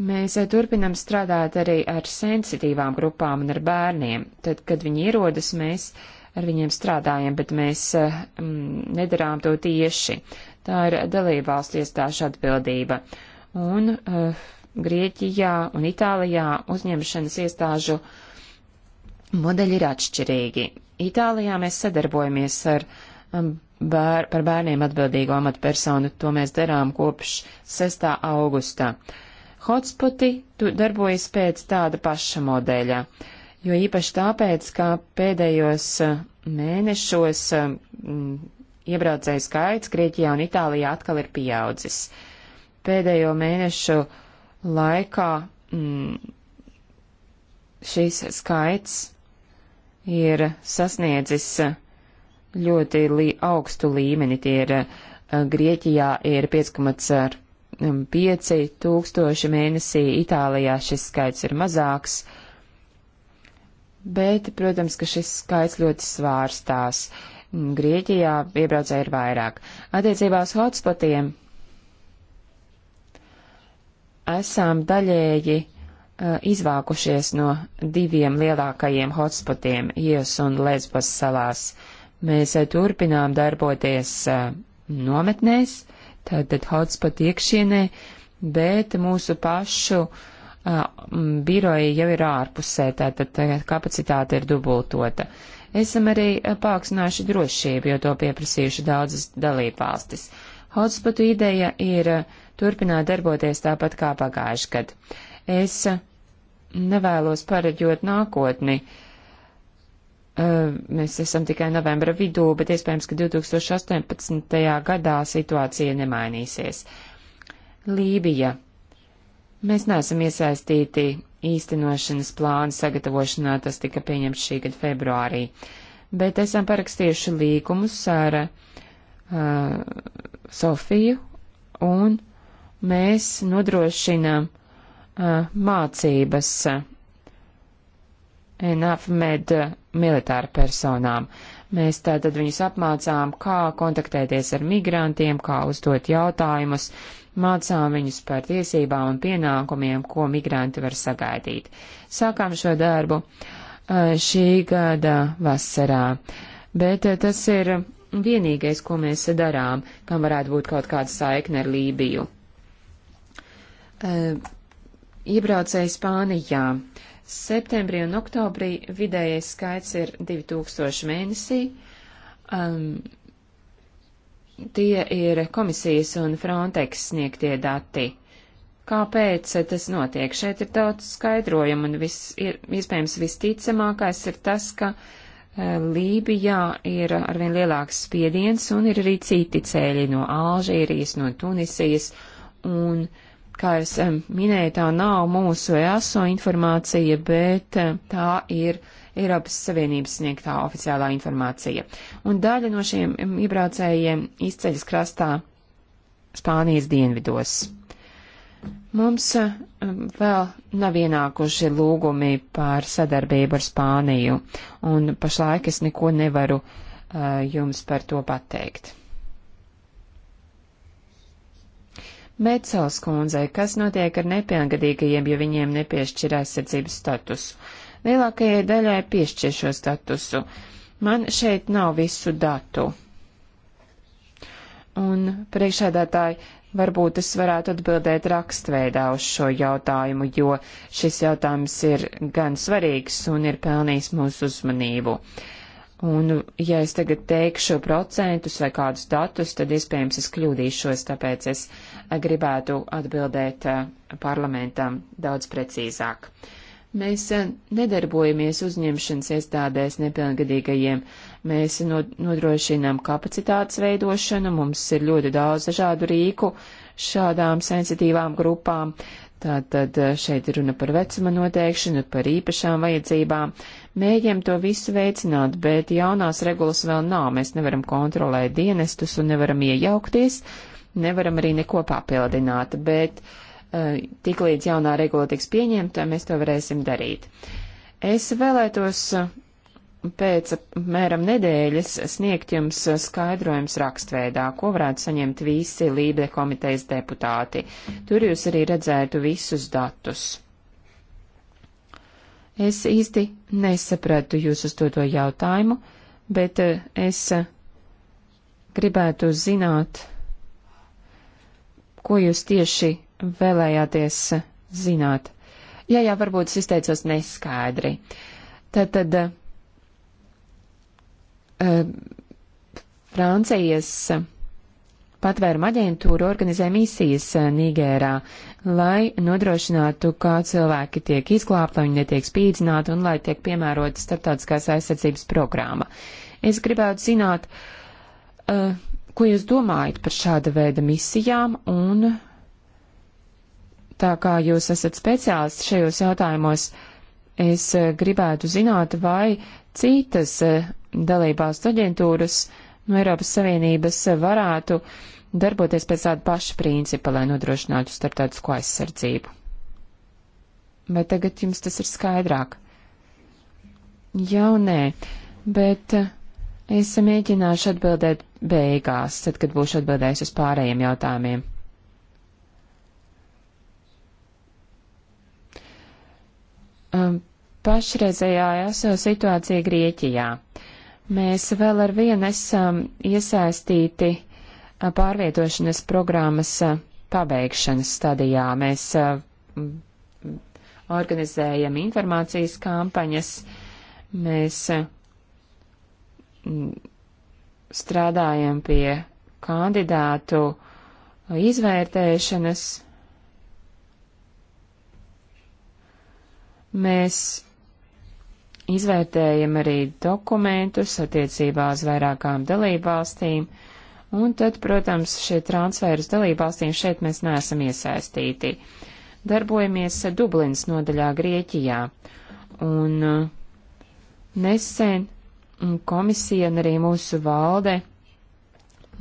Mēs eh, turpinam strādāt arī ar sensitīvām grupām un ar bērniem. Tad, kad viņi ierodas, mēs ar viņiem strādājam, bet mēs mm, nedarām to tieši. Tā ir dalībvalstu iestāšu atbildība. Un uh, Grieķijā un Itālijā uzņemšanas iestāžu uh, Modeļi ir atšķirīgi. Itālijā mēs sadarbojamies ar um, bēr, par bērniem atbildīgo amatpersonu, to mēs darām kopš 6. augustā. Hotspoti darbojas pēc tāda paša modeļa, jo īpaši tāpēc, ka pēdējos uh, mēnešos m, um, iebraucēju skaits Grieķijā un Itālijā atkal ir pieaudzis. Pēdējo mēnešu laikā m, mm, šis skaits ir sasniedzis ļoti lī, augstu līmeni. Tie ir eh, Grieķijā ir 5,5 tūkstoši mēnesī, Itālijā šis skaits ir mazāks. Bet, protams, ka šis skaits ļoti svārstās. Grieķijā iebraucēji ir vairāk. Attiecībā uz hotspotiem esam daļēji Uh, izvākušies no diviem lielākajiem hotspotiem Ies un Lesbos salās. Mēs uh, turpinām darboties uh, nometnēs, tātad hotspot iekšienē, bet mūsu pašu biroji jau ir ārpusē, tātad kapacitāte ir dubultota. Esam arī paaugstinājuši drošību, jo to pieprasījuši daudzas dalībvalstis. Hotspotu ideja ir turpināt darboties tāpat kā pagājuši gadu. Es nevēlos pareģot nākotni. Mēs esam tikai novembra vidū, bet iespējams, ka 2018. gadā situācija nemainīsies. Lībija. Mēs neesam iesaistīti īstenošanas plāna sagatavošanā, tas tika pieņemts šī gada februārī, bet esam parakstījuši līgumus ar uh, Sofiju un mēs nodrošinām uh, mācības NAFMED militāra personām. Mēs tātad viņus apmācām, kā kontaktēties ar migrantiem, kā uzdot jautājumus, mācām viņus par tiesībām un pienākumiem, ko migranti var sagaidīt. Sākām šo darbu šī gada vasarā, bet tas ir vienīgais, ko mēs darām, kam varētu būt kaut kāda saikne ar Lībiju iebraucēji Spānijā. Septembrī un oktobrī vidējais skaits ir 2000 mēnesī. Um, tie ir komisijas un Frontex sniegtie dati. Kāpēc tas notiek? Šeit ir daudz skaidrojumu, un vis, ir, iespējams visticamākais ir tas, ka uh, Lībijā ir arvien lielāks spiediens, un ir arī citi ceļi no Alžīrijas, no Tunisijas, un uh, kā es minēju, tā nav mūsu ESO informācija, bet tā ir Eiropas Savienības sniegtā oficiālā informācija. Un daļa no šiem iebraucējiem izceļas krastā Spānijas dienvidos. Mums vēl nav ienākuši lūgumi par sadarbību ar Spāniju, un pašlaik es neko nevaru uh, jums par to pateikt. Mecels kundzei, kas notiek ar nepilngadīgajiem, ja viņiem nepiešķir aizsardzības statusu? Lielākajai daļai piešķir šo statusu. Man šeit nav visu datu. Un priekšādātāji, varbūt es varētu atbildēt rakstveidā uz šo jautājumu, jo šis jautājums ir gan svarīgs un ir pelnījis mūsu uzmanību. Un, ja es tagad teikšu procentus vai kādus datus, tad iespējams es kļūdīšos, tāpēc es gribētu atbildēt eh, parlamentam daudz precīzāk. Mēs eh, nedarbojamies uzņemšanas iestādēs nepilngadīgajiem. Mēs nodrošinām kapacitātes veidošanu, mums ir ļoti daudz dažādu rīku šādām sensitīvām grupām. Tātad eh, šeit runa par vecuma noteikšanu, par īpašām vajadzībām. Mēģinām to visu veicināt, bet jaunās regulas vēl nav. Mēs nevaram kontrolēt dienestus un nevaram iejaukties. Uh, nevaram arī neko papildināt, bet uh, tiklīdz jaunā regula tiks pieņemta, mēs to varēsim darīt. Es vēlētos eh, pēc mēram nedēļas sniegt jums skaidrojums rakstveidā, ko varētu saņemt visi Lībe komitejas deputāti. Tur jūs arī redzētu visus datus. Es īsti nesapratu jūs uz to, to jautājumu, bet eh, es gribētu zināt, ko jūs tieši vēlējāties zināt. Jā, jā, varbūt es izteicos neskaidri. Tad, tad uh, Francijas patvēruma aģentūra organizē misijas eh, Nigērā, lai nodrošinātu, kā cilvēki tiek izglābti, lai viņi netiek spīdzināti un lai tiek piemērota starptautiskās aizsardzības programma. Es gribētu zināt, uh, Ko jūs domājat par šāda veida misijām un tā kā jūs esat speciālists šajos jautājumos, es eh, gribētu zināt, vai citas eh, dalībās aģentūras no Eiropas Savienības eh, varētu darboties pēc tāda paša principa, lai nodrošinātu starptautisko aizsardzību. Vai tagad jums tas ir skaidrāk? Jau nē, bet es mēģināšu atbildēt beigās, tad, kad būšu atbildējis uz pārējiem jautājumiem. Um, pašreizējā situācija Grieķijā. Mēs vēl ar vienu esam iesaistīti uh, pārvietošanas programmas uh, pabeigšanas stadijā. Mēs uh, organizējam informācijas kampaņas, mēs strādājam pie kandidātu izvērtēšanas, mēs izvērtējam arī dokumentus attiecībā uz vairākām dalībvalstīm, un tad, protams, šie transferus dalībvalstīm šeit mēs neesam iesaistīti. Darbojamies Dublinas nodaļā Grieķijā, un uh, nesen komisija un arī mūsu valde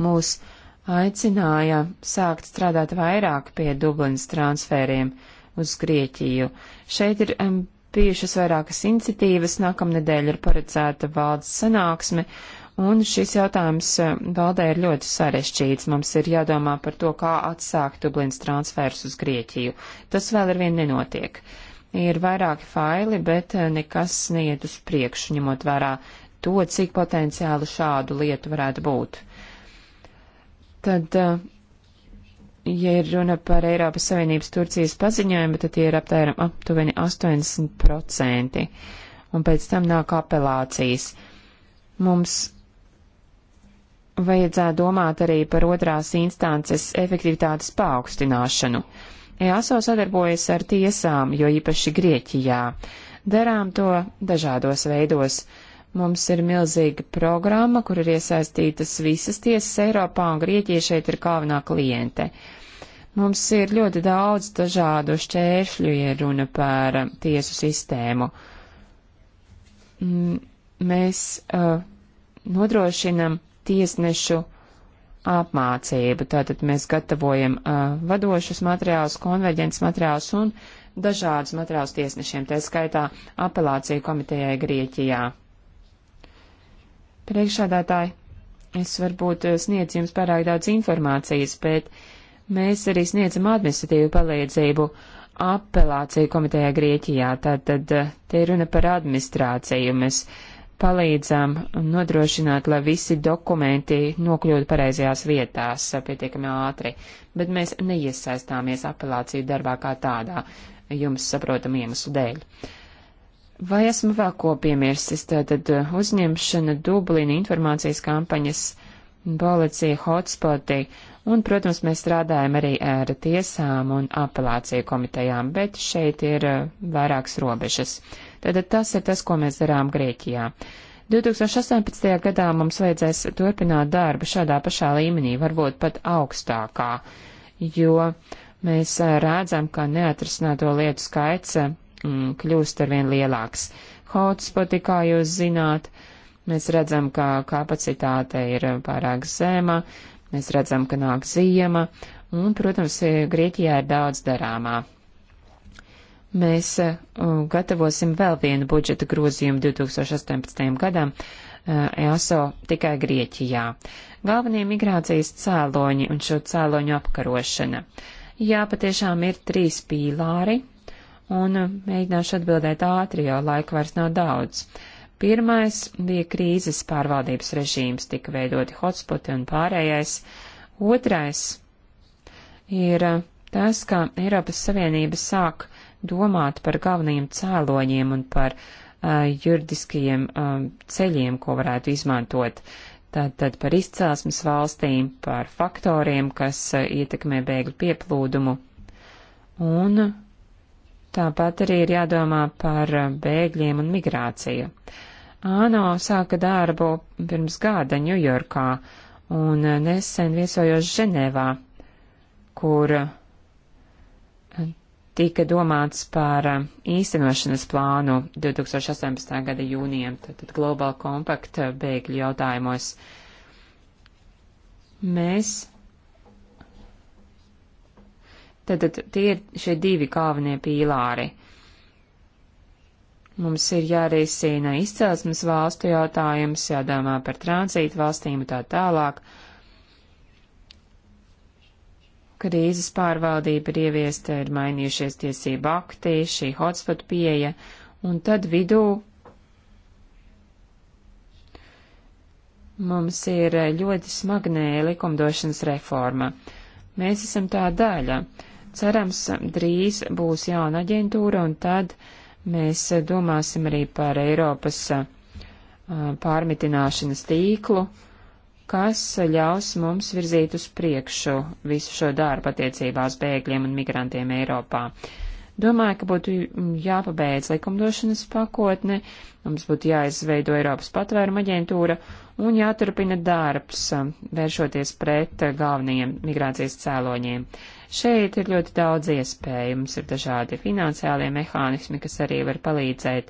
mūs aicināja sākt strādāt vairāk pie Dublinas transfēriem uz Grieķiju. Šeit ir bijušas vairākas iniciatīvas, nākamnedēļ ir paredzēta valdes sanāksme, un šis jautājums valdē ir ļoti sarešķīts. Mums ir jādomā par to, kā atsākt Dublinas transfērus uz Grieķiju. Tas vēl ar vien nenotiek. Ir vairāki faili, bet eh, nekas neiet uz priekšu, ņemot vērā to, cik potenciāli šādu lietu varētu būt. Tad, eh, ja ir runa par Eiropas Savienības Turcijas paziņojumu, tad tie ir aptēram aptuveni 80%, un pēc tam nāk apelācijas. Mums vajadzētu domāt arī par otrās instances efektivitātes paaugstināšanu. EASO sadarbojas ar tiesām, jo īpaši Grieķijā. Darām to dažādos veidos. Mums ir milzīga programma, kur ir iesaistītas visas tiesas Eiropā, un Grieķija šeit ir galvenā kliente. Mums ir ļoti daudz dažādu šķēršļu, ja runa par um, tiesu sistēmu. Mēs uh, nodrošinam tiesnešu apmācību, tātad mēs gatavojam uh, vadošus materiālus, konverģents materiālus un dažādus materiālus tiesnešiem, tā skaitā apelāciju komitejai Grieķijā. Priekšādātāji, es varbūt sniedzu jums pārāk daudz informācijas, bet mēs arī sniedzam administratīvu palīdzību apelāciju komitejā Grieķijā. Tātad eh, te ir runa par administrāciju. Mēs palīdzam nodrošināt, lai visi dokumenti nokļūtu pareizajās vietās eh, pietiekami ātri, bet mēs neiesaistāmies apelāciju darbā kā tādā, jums saprotam iemeslu dēļ. Uh, Vai esmu vēl ko piemirsis? Tātad uh, uzņemšana, Dublina informācijas kampaņas, policija, hotspoti, un, protams, mēs strādājam arī ar tiesām un apelāciju komitejām, bet šeit ir uh, vairākas robežas. Tātad tas ir tas, ko mēs darām Grieķijā. 2018. gadā mums vajadzēs turpināt darbu šādā pašā līmenī, varbūt pat augstākā, jo mēs uh, redzam, ka neatrisināto lietu skaits mm, kļūst arvien lielāks. Hotspoti, kā jūs zināt, mēs redzam, ka kapacitāte ir pārāk zema, mēs redzam, ka nāk ziema, un, protams, Grieķijā ir daudz darāmā. Mēs uh, gatavosim vēl vienu budžeta grozījumu 2018. gadam, uh, EASO tikai Grieķijā. Galvenie migrācijas cēloņi un šo cēloņu apkarošana. Jā, patiešām ir trīs pīlāri, un uh, mēģināšu atbildēt ātri, jo laika vairs nav daudz. Pirmais bija krīzes pārvaldības režīms, tika veidoti hotspoti un pārējais. Otrais ir uh, tas, ka Eiropas Savienība sāk domāt par galvenajiem cēloņiem un par uh, juridiskajiem uh, ceļiem, ko varētu izmantot. Tātad par izcelsmes valstīm, par faktoriem, kas uh, ietekmē bēgļu pieplūdumu. Un Tāpat arī ir jādomā par bēgļiem un migrāciju. ANO sāka darbu pirms gada Ņujorkā un nesen viesojos Ženēvā, kur tika domāts par īstenošanas plānu 2018. gada jūnijam, tātad Global Compact bēgļu jautājumos. Mēs Tātad tie ir šie divi galvenie pīlāri. Mums ir jārisina izcelsmes valstu jautājums, jādomā par tranzītu valstīm un tā tālāk. Krīzes pārvaldība ir ieviesta, ir mainījušies tiesība akti, šī hotspot pieeja, un tad vidū mums ir ļoti smagnēja likumdošanas reforma. Mēs esam tā daļa. Uh, Cerams, drīz būs jauna aģentūra, un tad mēs domāsim arī par Eiropas pārmitināšanas tīklu, kas ļaus mums virzīt uz priekšu visu šo darbu attiecībās bēgļiem un migrantiem Eiropā. Domāju, ka būtu jāpabeidz likumdošanas pakotne, mums būtu jāizveido Eiropas patvēruma aģentūra, un jāturpina darbs, um, vēršoties pret uh, galvenajiem migrācijas cēloņiem. Šeit ir ļoti daudz iespēju, mums ir dažādi finansiālie mehānismi, kas arī var palīdzēt.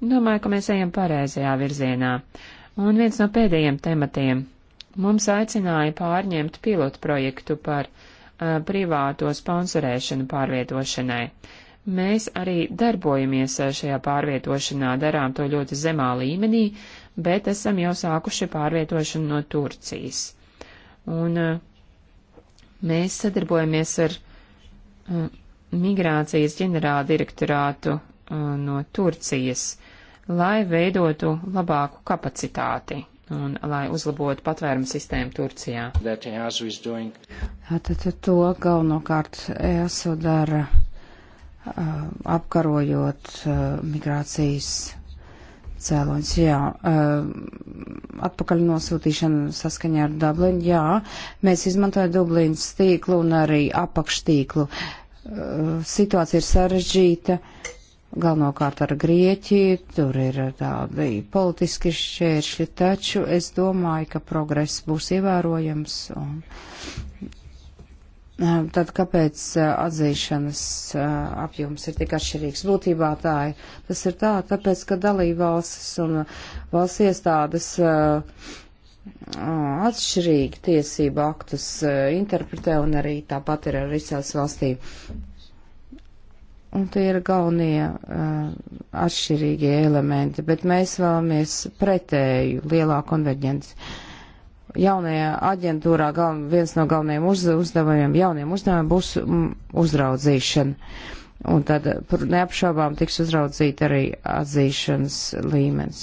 Domāju, ka mēs ejam pareizajā virzienā. Un viens no pēdējiem tematiem mums aicināja pārņemt pilotu projektu par uh, privāto sponsorēšanu pārvietošanai. Mēs arī darbojamies uh, šajā pārvietošanā, darām to ļoti zemā līmenī, uh, bet esam jau sākuši pārvietošanu no Turcijas. Un uh, mēs sadarbojamies ar uh, migrācijas ģenerāla direktorātu uh, no Turcijas, lai veidotu labāku kapacitāti un lai uzlabotu patvērumu sistēmu Turcijā. E Tātad to galvenokārt ESO dara apkarojot migrācijas cēloņus, jā. Uh, atpakaļ nosūtīšana saskaņā ar Dublinu, jā. Mēs izmantojam Dublinas tīklu un arī apakštīklu. Uh, situācija ir sarežģīta, galvenokārt ar Grieķiju, tur ir tādi politiski šķēršļi, taču es domāju, ka progress būs ievērojams un tad kāpēc atzīšanas apjoms ir tik atšķirīgs? Būtībā tā ir. Tas ir tā, tāpēc, ka dalībvalstis un valsts iestādes atšķirīgi tiesību aktus interpretē un arī tāpat ir ar visās valstī. Un tie ir galvenie uh, atšķirīgie elementi, bet mēs vēlamies pretēju lielā konverģenci. Uh, jaunajā aģentūrā gal, viens no galvenajiem uz, uzdevumiem, jauniem uzdevumiem būs mm, uzraudzīšana. Un tad neapšaubām tiks uzraudzīta arī atzīšanas līmenis.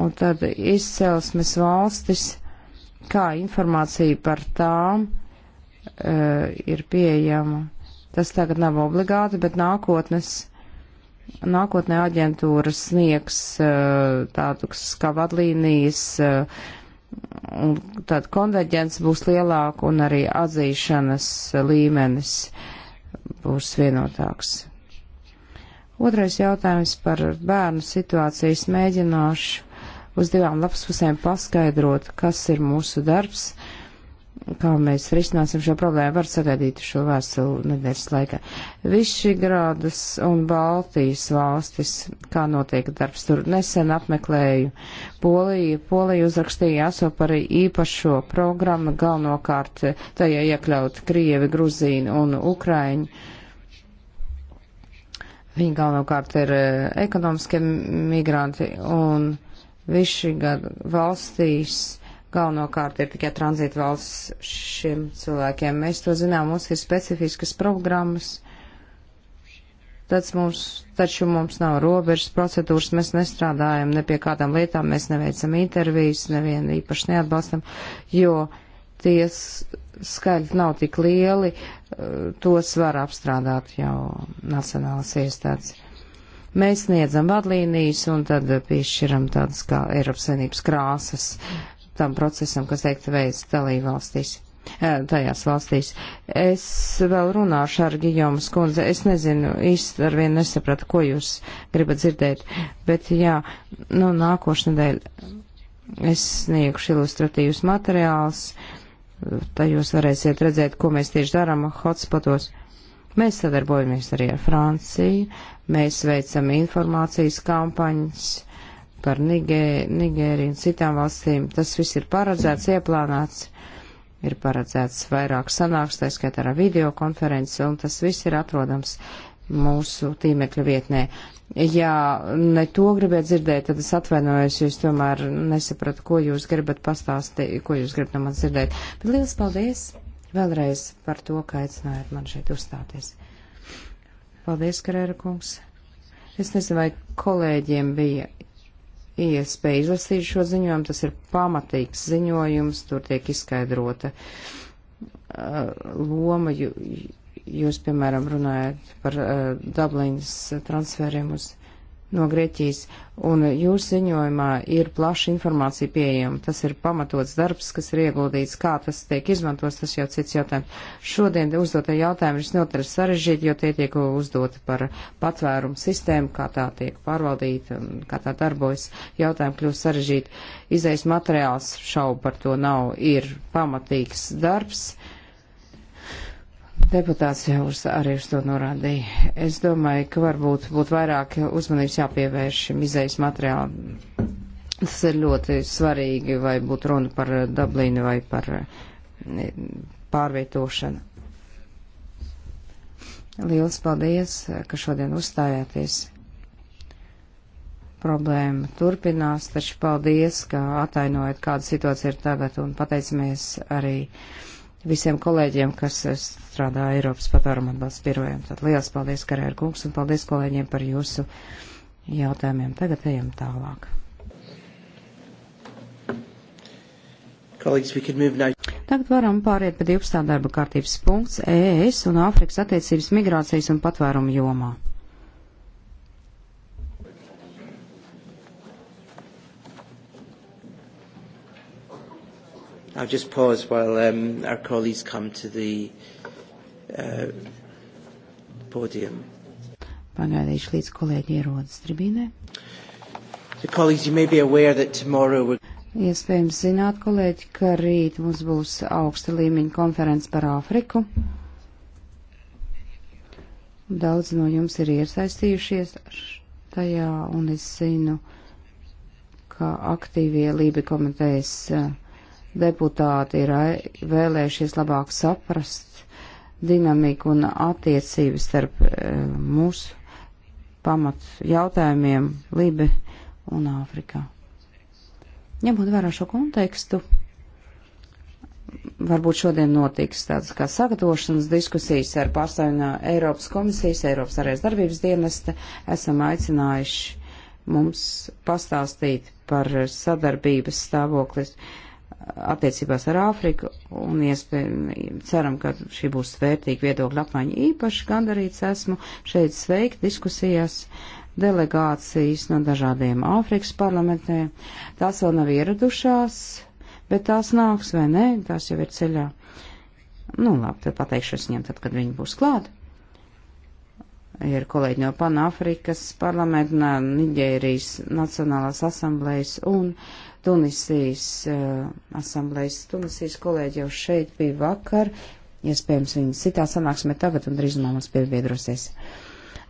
Un tad izcelsmes valstis, kā informācija par tām uh, ir pieejama. Tas tagad nav obligāti, bet nākotnes nākotnē aģentūras sniegs e, tādus kā vadlīnijas e, un tad konverģents būs lielāka un arī atzīšanas līmenis būs vienotāks. Otrais jautājums par bērnu situācijas mēģināšu uz divām lapspusēm paskaidrot, kas ir mūsu darbs. Uh, kā mēs risināsim šo problēmu, var sagaidīt šo vēstuli nedēļas laikā. Višigrādas un Baltijas valstis, kā notiek darbs, tur nesen apmeklēju Poliju. Polija uzrakstīja ASO par īpašo programmu, galvenokārt tajā iekļaut Krievi, Gruzīni un Ukraiņu. Viņi galvenokārt ir eh, ekonomiskie migranti un Višigrāda valstīs galvenokārt ir tikai tranzīta valsts šiem cilvēkiem. Mēs to zinām, mums ir specifiskas programmas, tāds mums, taču mums nav robežas procedūras, mēs nestrādājam ne pie kādām lietām, mēs neveicam intervijas, nevienu īpaši neatbalstam, jo tie skaļi nav tik lieli, eh, tos var apstrādāt jau nacionālas iestādes. Mēs sniedzam vadlīnijas un tad piešķiram tādas kā Eiropas Savienības krāsas uh, tam procesam, kas teikta veids dalībvalstīs. Eh, tajās valstīs. Es vēl runāšu ar Gijomas kundze. Es nezinu, īsti ar vienu nesapratu, ko jūs gribat dzirdēt. Bet jā, nu nākošu nedēļu es sniegšu ilustratīvus materiālus. Tā jūs varēsiet redzēt, ko mēs tieši darām hotspotos. Mēs sadarbojamies arī ar Franciju, mēs veicam informācijas kampaņas par Nigē, Nigēriju un citām valstīm. Tas viss ir paredzēts, ieplānāts, ir paredzēts vairāk sanāks, tā skaitā ar videokonferenci, un tas viss ir atrodams mūsu tīmekļa vietnē. Ja ne to gribētu dzirdēt, tad es atvainojos, jo es tomēr nesapratu, ko jūs gribat pastāstīt, ko jūs gribat no manis dzirdēt. Bet liels paldies vēlreiz par to, ka aicinājāt man šeit uzstāties. Paldies, Karēra kungs. Es nezinu, vai kolēģiem bija iespēju izlasīt šo ziņojumu. Tas ir pamatīgs ziņojums, tur tiek izskaidrota uh, loma. Jū, jūs, piemēram, runājat par uh, Dublinas transferiem uz no Grieķijas, un jūsu ziņojumā ir plaša informācija pieejama. Tas ir pamatots darbs, kas ir ieguldīts, kā tas tiek izmantos, tas jau cits jautājums. Šodien uzdotie jautājumi ir notiek sarežģīti, jo tie tiek uzdoti par patvērumu sistēmu, kā tā tiek pārvaldīta, kā tā darbojas. Jautājumi kļūst sarežģīti. Izejas materiāls šaubu par to nav, ir pamatīgs darbs Deputāts jau uz, arī uz to norādīja. Es domāju, ka varbūt būtu vairāk uzmanības jāpievērš šim izējas materiālam. Tas ir ļoti svarīgi, vai būtu runa par Dublīnu vai par pārvietošanu. Liels paldies, ka šodien uzstājāties. Problēma turpinās, taču paldies, ka atainojat, kāda situācija ir tagad, un pateicamies arī visiem kolēģiem, kas eh, strādā Eiropas patāruma atbalsta birojiem. Tad liels paldies, Karēra kungs, un paldies kolēģiem par jūsu jautājumiem. Tagad ejam tālāk. Tagad varam pāriet pie 12. darba kārtības punkts ES un Āfrikas attiecības migrācijas un patvērumu jomā. I'll just pause while um, our colleagues come to the uh, podium. Pagaidīšu līdz kolēģi ierodas tribīnē. Iespējams zināt, kolēģi, ka rīt mums būs augsta līmeņa konference par Āfriku. Daudz no jums ir iesaistījušies tajā, un es zinu, ka aktīvie Lībi komitejas uh, deputāti ir vēlējušies labāk saprast dinamiku un attiecības starp eh, mūsu pamat jautājumiem Libe un Āfrikā. Ņemot vērā šo kontekstu, varbūt šodien notiks tādas kā sagatavošanas diskusijas ar pārstāvjiem no Eiropas komisijas, Eiropas arēs darbības dienesta. Esam aicinājuši mums pastāstīt par sadarbības stāvoklis attiecībās ar Āfriku un iespējams ceram, ka šī būs vērtīga viedokļa apmaiņa. Īpaši gandarīts esmu šeit sveikt diskusijās delegācijas no dažādiem Āfrikas parlamentiem. Tās vēl nav ieradušās, bet tās nāks vai nē, tās jau ir ceļā. Nu, labi, tad pateikšu es viņiem tad, kad viņi būs klāt. Ir kolēģi no Panāfrikas parlamenta, Niģērijas Nacionālās asamblējas un uh, Tunisijas uh, asamblējas. Tunisijas kolēģi jau šeit bija vakar, iespējams viņi citā sanāksmē tagad un drīzumā mums pievienosies.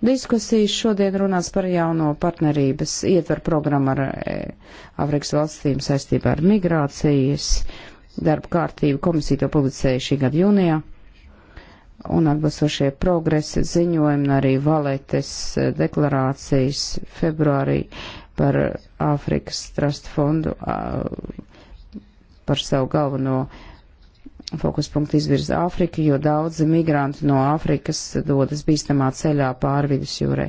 Diskusijas šodien runās par jauno partnerības ietver programmu ar eh, Afrikas valstīm saistībā ar migrācijas darba kārtību. Komisija to publicēja šī gada jūnijā un atbilstošie progresa ziņojumi, arī valetes eh, deklarācijas februārī par Āfrikas Trust fondu, par savu galveno fokuspunktu izvirza Āfrika, jo daudzi migranti no Āfrikas dodas bīstamā ceļā pāri vidusjūrai.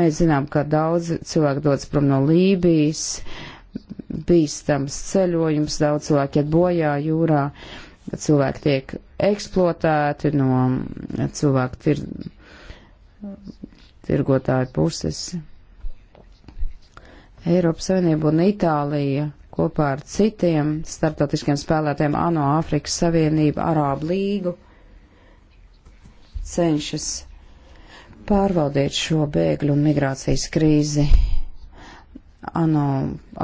Mēs zinām, ka daudzi cilvēki dodas prom no Lībijas, bīstams ceļojums, daudz cilvēki iet bojā jūrā. Uh, cilvēki tiek eksploatēti no cilvēku tir, tirgotāju puses. Eiropas Savienība un Itālija kopā ar citiem starptautiskiem spēlētiem ANO Āfrikas Savienība Arābu līgu cenšas pārvaldīt šo bēgļu un migrācijas krīzi ANO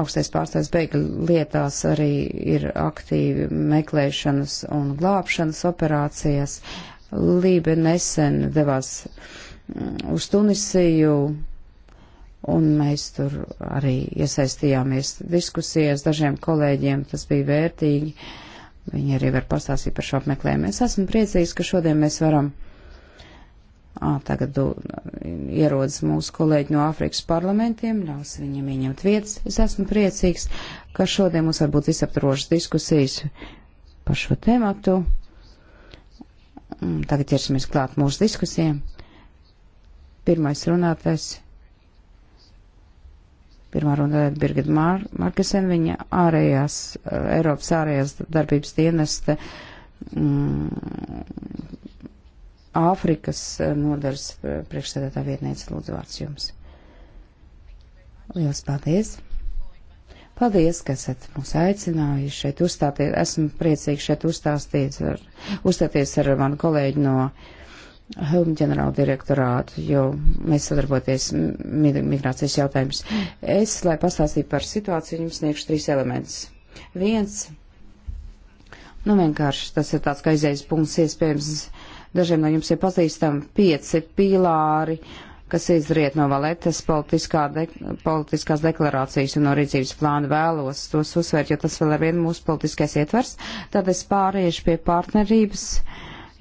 augstais pārstāvis bēgļu lietās arī ir aktīvi meklēšanas un glābšanas operācijas. Lībe nesen devās mm, uz Tunisiju, un mēs tur arī iesaistījāmies diskusijās dažiem kolēģiem, tas bija vērtīgi. Viņi arī var pastāstīt par šo apmeklējumu. Es esmu priecīgs, ka šodien mēs varam À, tagad do, ierodas mūsu kolēģi no Āfrikas parlamentiem, ļaus viņiem ieņemt vietas. Es esmu priecīgs, ka šodien mums var būt visaptrošas diskusijas par šo tēmatu. Mm, tagad ķersimies klāt mūsu diskusijām. Pirmais runātais. Pirmā runātāja Birgit Mar Markesen, viņa ārējās, Eiropas ārējās darbības dienesta mm, Āfrikas eh, nodaras eh, priekšsēdētā vietniece lūdzu vārds jums. Lielas paldies! Paldies, ka esat mūs aicinājuši šeit uzstāties. Esmu priecīgi šeit uzstāties ar, uzstāties ar manu kolēģi no Helma ģenerāla direktorātu, jo mēs sadarboties migrācijas jautājumus. Es, lai pastāstītu par situāciju, jums sniegšu trīs elementus. Viens, nu vienkārši tas ir tāds, ka aizējas punkts iespējams Dažiem no jums ir pazīstami pieci pīlāri, kas izriet no valetas politiskā de, politiskās deklarācijas un no rīcības plāna vēlos tos uzsvērt, jo tas vēl ar vienu mūsu politiskais ietvers. Tad es pāriešu pie partnerības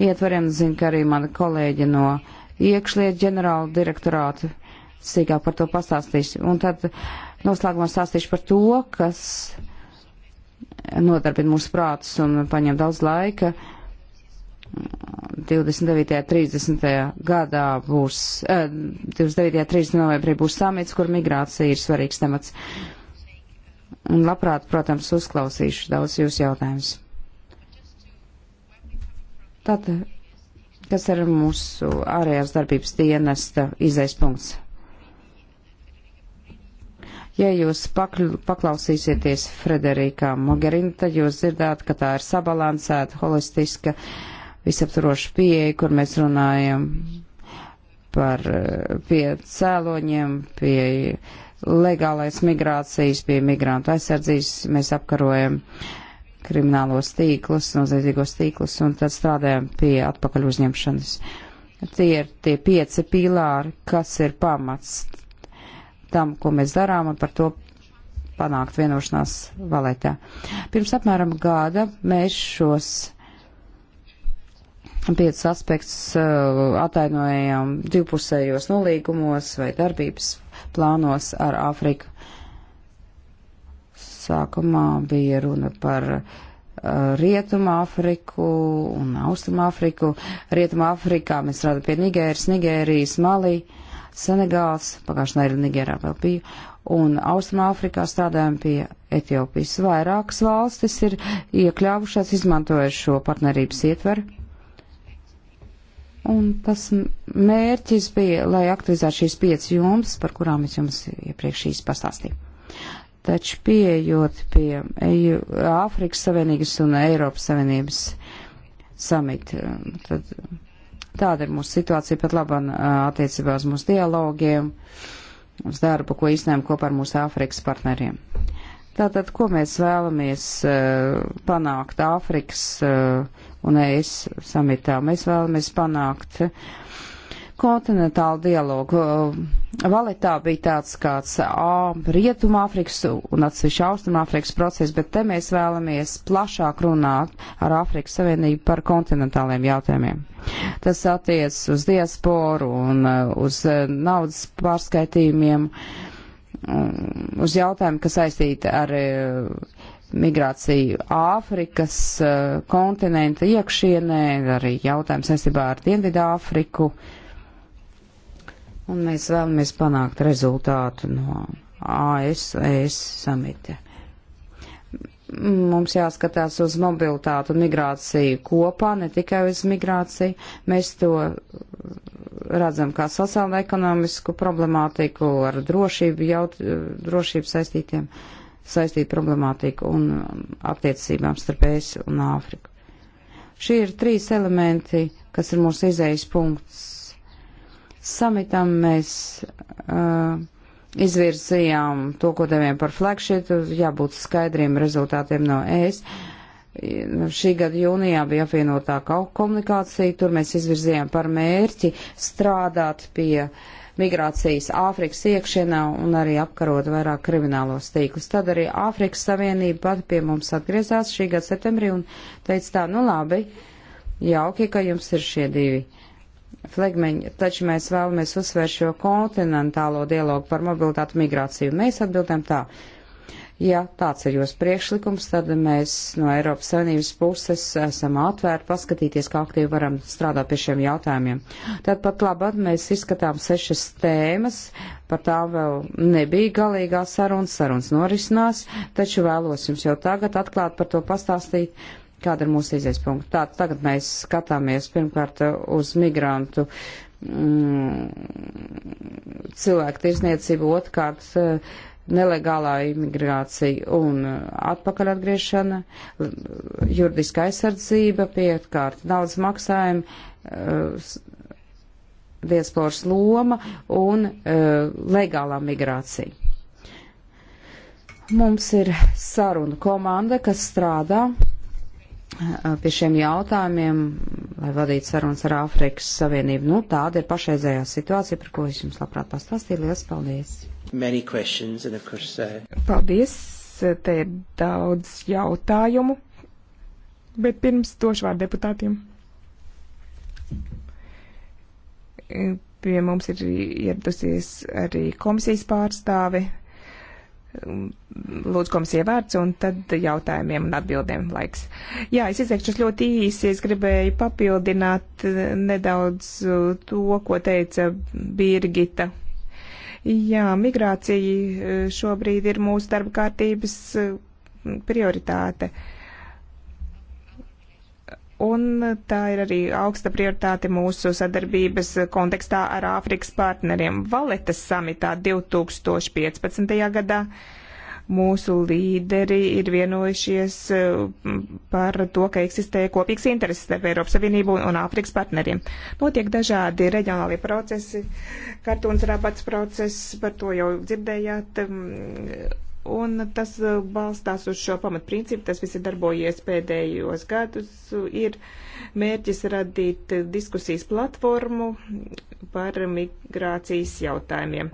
ietveriem, zinu, ka arī mani kolēģi no iekšliet ģenerāla direktorāta sīkāk par to pastāstīs. Un tad noslēgumā stāstīšu par to, kas nodarbina mūsu prātus un paņem daudz laika. Uh, 29. 30. gadā būs, eh, 29. 30. novembrī būs samits, kur migrācija ir svarīgs temats. Un labprāt, protams, uzklausīšu daudz jūsu jautājumus. Tad, kas ir mūsu ārējās darbības dienesta izējas punkts? Ja jūs pakl paklausīsieties Frederikā Mogherini, tad jūs dzirdāt, ka tā ir sabalansēta, holistiska. Uh, visaptvarošu pieeju, kur mēs runājam par eh, pie cēloņiem, pie legālais migrācijas, pie migrantu aizsardzības, mēs apkarojam kriminālos tīklus, noziedzīgos tīklus, un tad strādājam pie atpakaļ uzņemšanas. Tie ir tie pieci pīlāri, kas ir pamats tam, ko mēs darām, un par to panākt vienošanās valētā. Pirms apmēram gada mēs šos piecus aspektus uh, atainojām divpusējos nolīgumos vai darbības plānos ar Āfriku. Sākumā bija runa par uh, Rietumu Āfriku un Austrumu Āfriku. Rietumu Āfrikā mēs strādājam pie Nigēras, Nigērijas, Malī, Senegāls, pagājušajā nedēļā Nigērā vēl biju, un Austrumā Āfrikā strādājam pie Etiopijas. Vairākas valstis ir iekļāvušās, izmantojot šo partnerības ietveru Un tas mērķis bija, lai aktivizētu šīs piecas jomas, par kurām es jums iepriekš šīs pastāstīju. Taču pieejot pie e Āfrikas Savienības un Eiropas Savienības samita, tad tāda ir mūsu situācija pat laban attiecībā uz mūsu dialogiem, uz darbu, ko iznēm kopā ar mūsu Āfrikas partneriem. Tātad, ko mēs vēlamies uh, panākt Āfrikas uh, un ES samitā? Mēs vēlamies panākt kontinentālu dialogu. Uh, valetā bija tāds kāds Rietumā Āfrikas un atsevišķi Austrum Āfrikas process, bet te mēs vēlamies plašāk runāt ar Āfrikas Savienību par kontinentāliem jautājumiem. Tas attiec uz diasporu un uz naudas pārskaitījumiem. Uh, uz jautājumu, kas saistīti ar e, migrāciju Āfrikas e, kontinenta iekšienē, arī jautājums saistībā ar Dienvidu Āfriku. Un mēs vēlamies panākt rezultātu no ASES e samita. Mums jāskatās uz mobilitātu un migrāciju kopā, ne tikai uz migrāciju. Mēs to redzam kā sociāla ekonomisku problemātiku ar drošību, jaut, drošību saistītiem, saistītu problemātiku un attiecībām starp ES un Āfriku. Šie ir trīs elementi, kas ir mūsu izējas punkts. Samitam mēs uh, izvirzījām to, ko deviem par flagship, jābūt skaidriem rezultātiem no ES. Uh, Šī gada jūnijā bija apvienotā komunikācija, tur mēs izvirzījām par mērķi strādāt pie migrācijas Āfrikas iekšienā un arī apkarot vairāk kriminālos tīklus. Tad arī Āfrikas Savienība pat pie mums atgriezās šī gada septembrī un teica tā, nu labi, jauki, ka jums ir šie divi flegmeņi, taču mēs vēlamies uzsvērt šo kontinentālo dialogu par mobilitātu migrāciju. Mēs atbildam tā, Ja tāds ir jūsu priekšlikums, tad mēs no Eiropas Savienības puses esam atvērti paskatīties, kā aktīvi varam strādāt pie šiem jautājumiem. Tad pat labāk mēs izskatām sešas tēmas, par tām vēl nebija galīgā sarunas, sarunas norisinās, taču vēlos jums jau tagad atklāt par to pastāstīt. Kāda ir mūsu izies punkta? Tā, tagad mēs skatāmies pirmkārt uz migrantu mm, cilvēku tirsniecību, otrkārt uh, nelegālā imigrācija un uh, atpakaļ atgriešana, juridiska aizsardzība, pietkārt naudas maksājumi, uh, diasporas loma un uh, legālā migrācija. Mums ir saruna komanda, kas strādā Eh, pie šiem jautājumiem, lai vadītu sarunas ar Āfrikas Savienību. Nu, tāda ir pašreizējā situācija, par ko es jums labprāt pastāstīju. Lielas paldies! Course, uh... Paldies! Te ir daudz jautājumu, bet pirms došu vārdu deputātiem. Eh, pie mums ir ieradusies arī komisijas pārstāve. Lūdzu, komisija vārds un tad jautājumiem un atbildēm laiks. Jā, es izteikšos ļoti īsi. Es gribēju papildināt eh, nedaudz eh, to, ko teica Birgita. Jā, migrācija eh, šobrīd ir mūsu darba kārtības prioritāte. Uh, un tā ir arī augsta prioritāte mūsu sadarbības kontekstā ar Āfrikas partneriem. Valetas samitā 2015. gadā mūsu līderi ir vienojušies mm, par to, ka eksistē kopīgs intereses starp Eiropas Savienību un Āfrikas partneriem. Notiek dažādi reģionālie procesi, kartons rabats process, par to jau dzirdējāt mm, Un tas uh, balstās uz šo pamatprincipu, tas viss ir darbojies pēdējos gadus, ir mērķis radīt diskusijas platformu par migrācijas jautājumiem.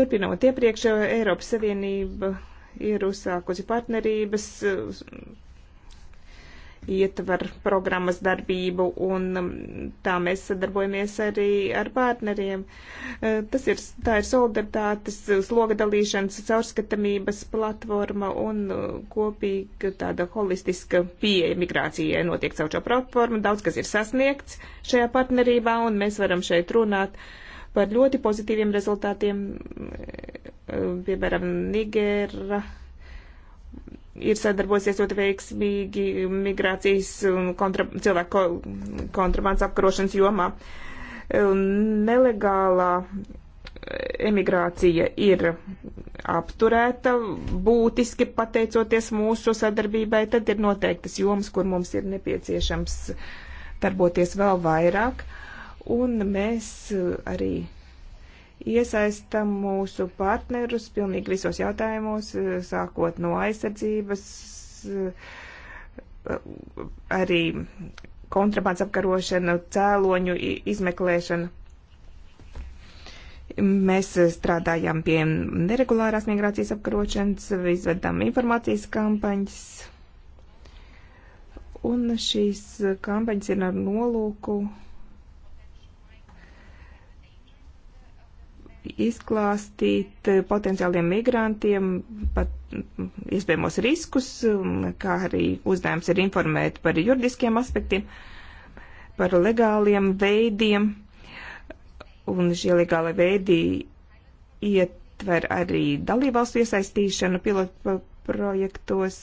Turpinot iepriekš, Eiropas Savienība ir uzsākusi partnerības uh, ietver programmas darbību, un um, tā mēs sadarbojamies arī ar partneriem. Uh, tas ir, tā ir solidaritātes, sloga dalīšanas, caurskatamības platforma un uh, kopīga tāda holistiska pieeja migrācijai notiek caur šo platformu. Daudz kas ir sasniegts šajā partnerībā, un mēs varam šeit runāt par ļoti pozitīviem rezultātiem, uh, piemēram, Nigēra ir sadarbosies ļoti veiksmīgi migrācijas un kontra, cilvēku kontrabandas apkarošanas jomā. Nelegālā emigrācija ir apturēta būtiski pateicoties mūsu sadarbībai, tad ir noteiktas jomas, kur mums ir nepieciešams darboties vēl vairāk. Un mēs arī iesaistam mūsu partnerus pilnīgi visos jautājumos, eh, sākot no aizsardzības, eh, arī kontrabandas apkarošana, cēloņu izmeklēšana. Mēs eh, strādājam pie neregulārās migrācijas apkarošanas, izvedam informācijas kampaņas. Un šīs kampaņas ir ar nolūku izklāstīt eh, potenciāliem migrantiem pat mm, iespējamos riskus, mm, kā arī uzdevums ir informēt par juridiskiem aspektiem, par legāliem veidiem. Un šie legāli veidi ietver arī dalībvalstu iesaistīšanu pilotu projektos,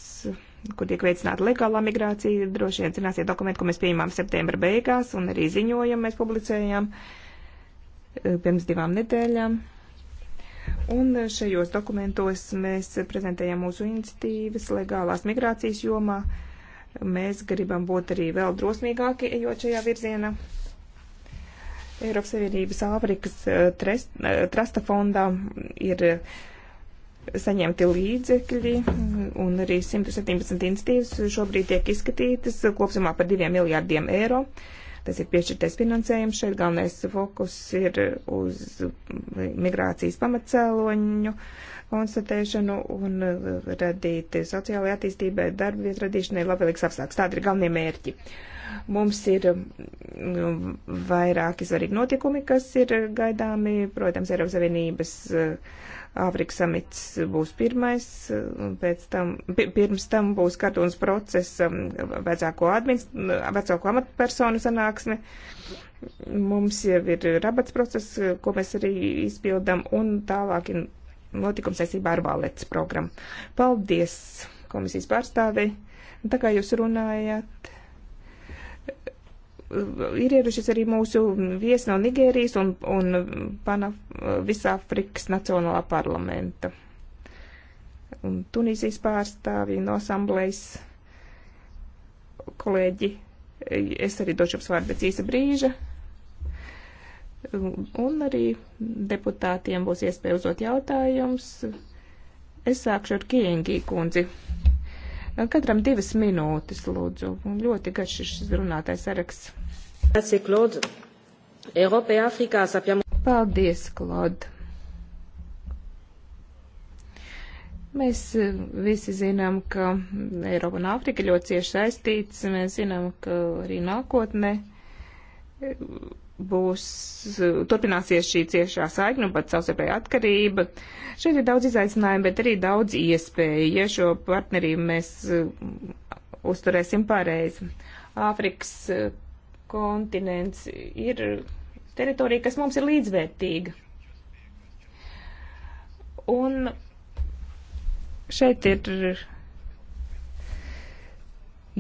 kur tiek veicināta legālā migrācija. Droši vien zināsiet dokumentu, ko mēs pieņemām septembra beigās un arī ziņojumu mēs publicējām. Uh, pirms divām nedēļām. Un šajos dokumentos mēs prezentējam mūsu iniciatīvas legālās migrācijas jomā. Mēs gribam būt arī vēl drosmīgāki, ejot šajā virzienā. Eiropas Savienības Āfrikas eh, eh, trasta fondā ir saņemti līdzekļi un arī 117 institīvas šobrīd tiek izskatītas kopsumā par 2 miljārdiem eiro. Uh, Tas ir piešķirtais finansējums. Šeit galvenais fokus ir uz migrācijas pamatcēloņu konstatēšanu un uh, radīt sociālajai attīstībai, darbvietu radīšanai labvēlīgs apstākļus. Tādi ir galvenie mērķi. Mums ir mm, vairāki svarīgi notikumi, kas ir gaidāmi, protams, Eiropas Savienības uh, Āfrikas samits būs pirmais, pēc tam, pirms tam būs Kartūnas procesa vecāko, administ, vecāko amatpersonu sanāksme. Mums jau ir rabats process, ko mēs arī izpildam, un tālāk ir notikums saistībā ar valets programmu. Paldies komisijas pārstāvei. Tā kā jūs runājat ir ieradušies arī mūsu viesi no Nigērijas un, un pana Visāfrikas Nacionālā parlamenta. Un Tunīsijas pārstāvji no asamblējas kolēģi, es arī došu jums vārdu pēc īsa brīža. Un arī deputātiem būs iespēja uzdot jautājumus. Es sākšu ar Kiengi kundzi. Katram divas minūtes, lūdzu. Un ļoti garš ir šis runātais saraksts. Paldies, Klod. Mēs e, visi zinām, ka Eiropa un Āfrika ļoti cieši saistītas. Mēs zinām, ka arī nākotnē būs, turpināsies šī ciešā saikna un pat savstarpēja atkarība. Šeit ir daudz izaicinājumu, bet arī daudz iespēju, ja šo partnerību mēs uh, uzturēsim pareizi. Āfrikas uh, kontinents ir teritorija, kas mums ir līdzvērtīga. Un šeit ir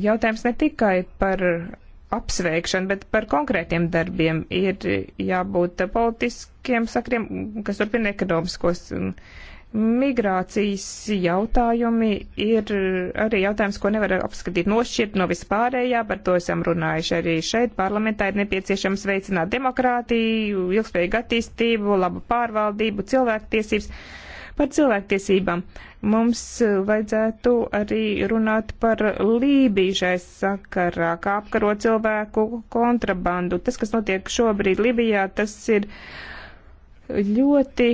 jautājums ne tikai par apsveikšanu, bet par konkrētiem darbiem ir jābūt politiskiem sakriem, kas turpina ekonomiskos. Migrācijas jautājumi ir arī jautājums, ko nevar apskatīt nošķirt no vispārējā, par to esam runājuši arī šeit. Parlamentā ir nepieciešams veicināt demokrātiju, ilgspējīgu attīstību, labu pārvaldību, cilvēktiesības Par cilvēktiesībām mums eh, vajadzētu arī runāt par Lībiju šai sakarā, kā apkaro cilvēku kontrabandu. Tas, kas notiek šobrīd Lībijā, tas ir ļoti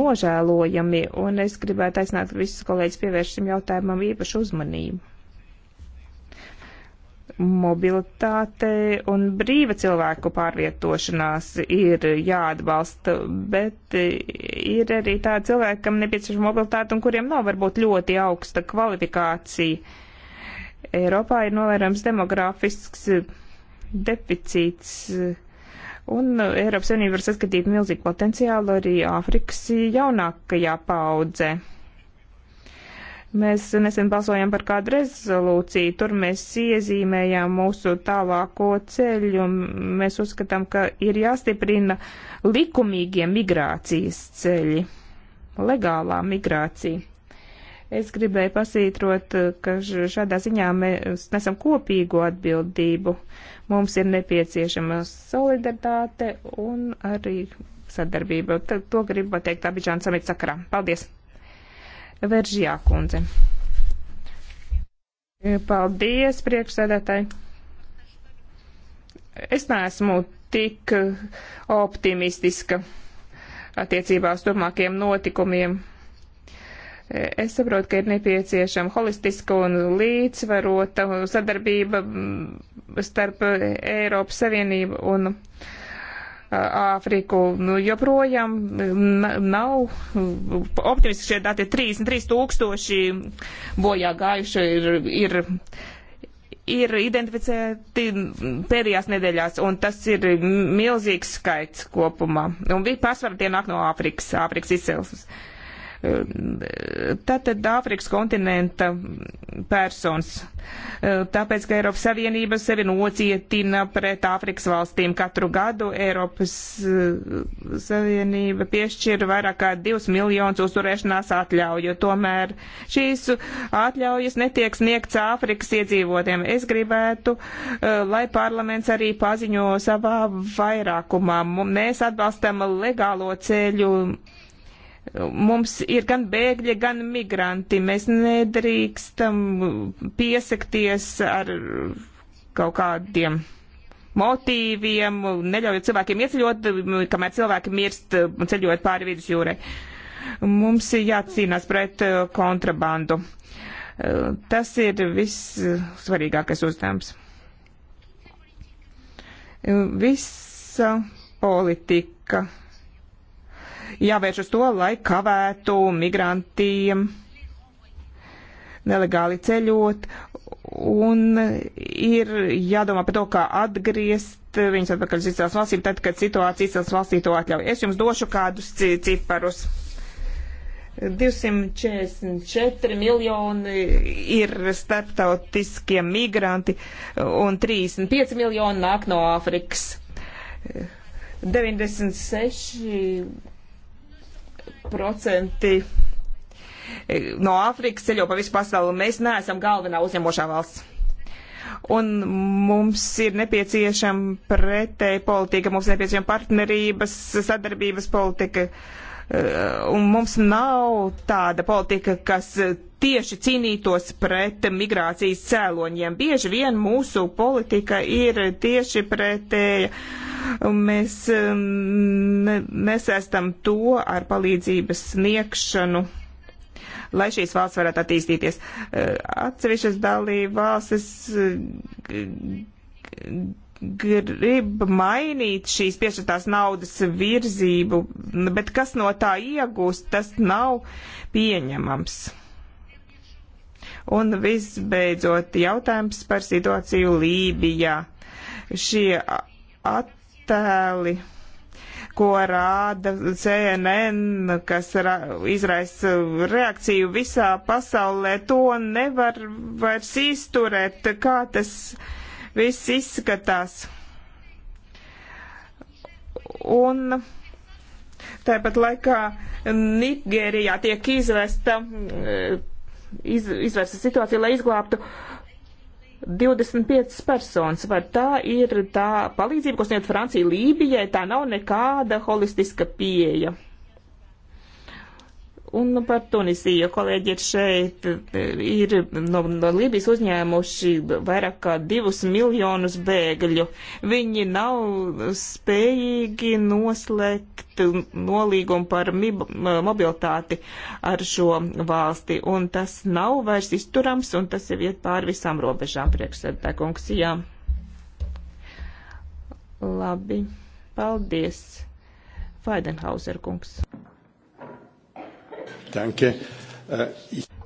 nožēlojami, un es gribētu aicināt visus kolēģis pievērst šim jautājumam īpašu uzmanību mobilitāte un brīva cilvēku pārvietošanās ir jāatbalsta, bet ir arī tādi cilvēki, kam nepieciešama mobilitāte un kuriem nav varbūt ļoti augsta kvalifikācija. Eiropā ir novērams demografisks deficīts. Un Eiropas Savienība var saskatīt milzīgu potenciālu arī Āfrikas jaunākajā paudze. Mēs nesen balsojām par kādu rezolūciju, tur mēs iezīmējām mūsu tālāko ceļu, un mēs uzskatām, ka ir jāstiprina likumīgie migrācijas ceļi, legālā migrācija. Es gribēju pasītrot, ka šādā ziņā mēs nesam kopīgu atbildību. Mums ir nepieciešama solidaritāte un arī sadarbība. Tad to gribu pateikt Abidžāna samita sakarā. Paldies! Veržjā kundze. Paldies, priekšsēdētāji. Es neesmu tik optimistiska attiecībā uz turpmākiem notikumiem. Es saprotu, ka ir nepieciešama holistiska un līdzsvarota sadarbība starp Eiropas Savienību un uh, Āfriku nu, joprojām nav optimistiski šie dati 33 tūkstoši bojā gājuši ir, ir ir identificēti pēdējās nedēļās, un tas ir milzīgs skaits kopumā. Un viņi pārsvarā tie nāk no Āfrikas, Āfrikas izcelsmes. Uh, Tātad Āfrikas kontinenta personas, tāpēc, ka Eiropas Savienība sevi nocietina pret Āfrikas valstīm katru gadu, Eiropas eh, Savienība piešķir vairāk kā 2 miljonus uzturēšanās atļauju, tomēr šīs atļaujas netiek sniegts Āfrikas iedzīvotiem. Es gribētu, eh, lai parlaments arī paziņo savā vairākumā. Mēs atbalstam legālo ceļu Mums ir gan bēgļi, gan migranti. Mēs nedrīkstam piesakties ar kaut kādiem motīviem, neļaujot cilvēkiem ieceļot, kamēr cilvēki mirst ceļot pāri vidusjūrai. Mums ir jācīnās pret uh, kontrabandu. Uh, tas ir viss svarīgākais uzdevums. Uh, visa politika jāvērš uz to, lai kavētu migrantiem nelegāli ceļot, un ir jādomā par to, kā atgriezt viņus atpakaļ uz izcelsmes valstīm, tad, kad situācija izcelsmes valstī to atļauj. Es jums došu kādus ciparus. 244 miljoni ir starptautiskie migranti un 35 miljoni nāk no Āfrikas. 96 40% eh, no Āfrikas ceļo pa visu pasauli, un mēs neesam galvenā uzņemošā valsts. Un mums ir nepieciešama pretēja politika, mums ir nepieciešama partnerības, sadarbības politika. Eh, un mums nav tāda politika, kas tieši cīnītos pret migrācijas cēloņiem. Bieži vien mūsu politika ir tieši pretēja. Mēs um, nesēstam to ar palīdzības sniegšanu lai šīs valsts varētu attīstīties. Uh, atsevišķas dalība valstis uh, grib mainīt šīs piešķirtās naudas virzību, bet kas no tā iegūst, tas nav pieņemams. Un visbeidzot jautājums par situāciju Lībijā. Šie attēli ko rāda CNN, kas ra izraisa reakciju visā pasaulē, to nevar vairs izturēt, kā tas viss izskatās. Un tāpat laikā Nigērijā tiek izvesta iz, izvērsta situācija, lai izglābtu 25 personas. Vai tā ir tā palīdzība, ko sniedz Francija Lībijai, tā nav nekāda holistiska pieeja. Un nu, par Tunisiju kolēģi ir šeit, ir no, no Libijas uzņēmuši vairāk kā divus miljonus bēgļu. Viņi nav spējīgi noslēgt nolīgumu par mobilitāti ar šo valsti. Un tas nav vairs izturams, un tas ir iet pāri visām robežām priekšsēdētāj kungs. Jā. Labi. Paldies. Faidenhauser kungs. Danke. Äh,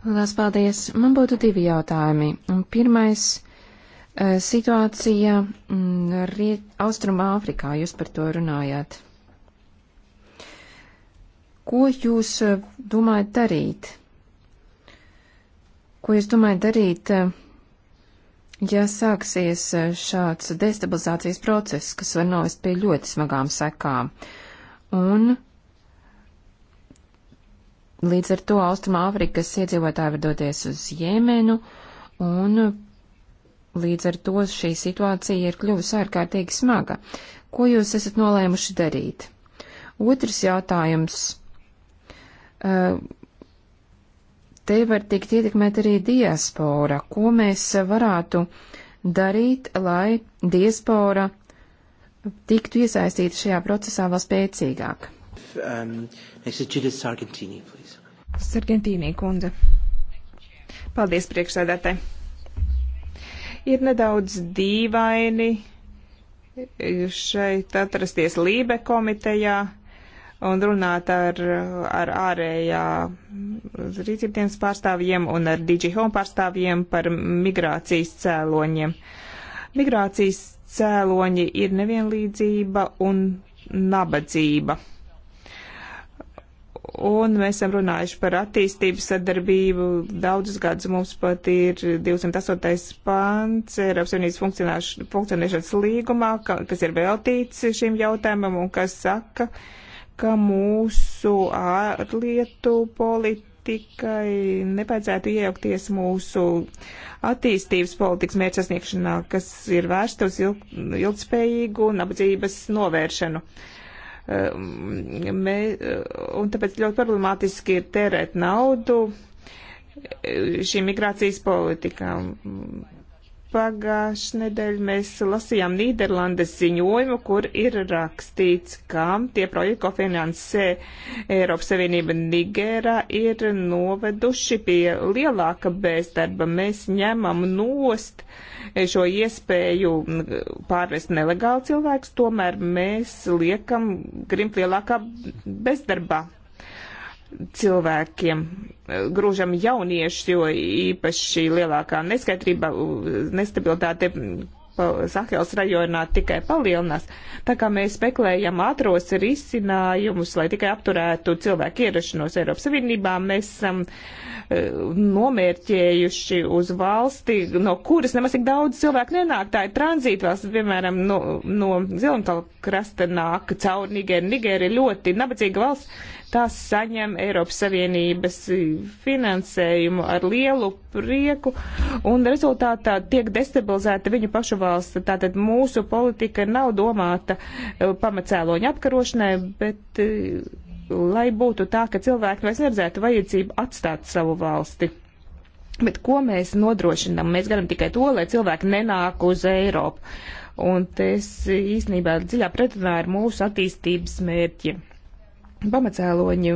Lielas paldies. Man būtu divi jautājumi. Pirmais e, - situācija mm, Austrumā Āfrikā. Jūs par to runājāt. Ko jūs e, domājat darīt? Ko jūs domājat darīt, e, ja sāksies šāds destabilizācijas process, kas var novest pie ļoti smagām sekām? Un Līdz ar to Austrumāfrikas iedzīvotāji var doties uz Jēmenu, un līdz ar to šī situācija ir kļuvusi ārkārtīgi smaga. Ko jūs esat nolēmuši darīt? Otrs jautājums. Uh, te var tikt ietekmēt arī diaspora. Ko mēs varētu darīt, lai diaspora tiktu iesaistīta šajā procesā vēl spēcīgāk? Um, vārds Sargentīnī kundze. Paldies priekšsēdētē. Ir nedaudz dīvaini eh, šeit atrasties Lībe komitejā un runāt ar, ar ārējā rīcībdienas pārstāvjiem un ar DigiHome pārstāvjiem par migrācijas cēloņiem. Migrācijas cēloņi ir nevienlīdzība un nabadzība un mēs esam runājuši par attīstības sadarbību. Daudzus gadus mums pat ir 208. pants Eiropas Savienības funkcionēšanas līgumā, ka, kas ir veltīts šim jautājumam un kas saka, ka mūsu ārlietu politikai nevajadzētu iejaukties mūsu attīstības politikas mērķa sasniegšanā, kas ir vērsta uz ilg, ilgspējīgu nabadzības novēršanu. Uh, Mē, ehm, eh, un tāpēc ļoti problemātiski ir tērēt naudu eh, šīm migrācijas politikām Pagājušajā nedēļā mēs lasījām Nīderlandes ziņojumu, kur ir rakstīts, ka tie projekti, ko finansē Eiropas Savienība Nigērā, ir noveduši pie lielāka bezdarba. Mēs ņemam nost šo iespēju pārvest nelegāli cilvēkus, tomēr mēs liekam grimt lielākā bezdarbā cilvēkiem, grūžam jauniešus, jo īpaši lielākā neskaidrība, nestabilitāte Sahels rajonā tikai palielinās. Tā kā mēs spekulējam ātros risinājumus, lai tikai apturētu cilvēku ierašanos Eiropas Savienībā, mēs esam e, nomērķējuši uz valsti, no kuras nemaz tik daudz cilvēku nenāk. Tā ir tranzītvalsts, piemēram, no, no Zilantala krasta nāk caur Nigēru. Nigēra ir ļoti nabadzīga valsts, tās saņem Eiropas Savienības finansējumu ar lielu prieku, un rezultātā tiek destabilizēta viņu pašu valsts. Tātad mūsu politika nav domāta eh, pamatcēloņu apkarošanai, bet eh, lai būtu tā, ka cilvēki vairs neredzētu vajadzību atstāt savu valsti. Bet ko mēs nodrošinām? Mēs gribam tikai to, lai cilvēki nenāk uz Eiropu. Un tas īstenībā dziļā pretrunā ar mūsu attīstības mērķiem pamatcēloņi.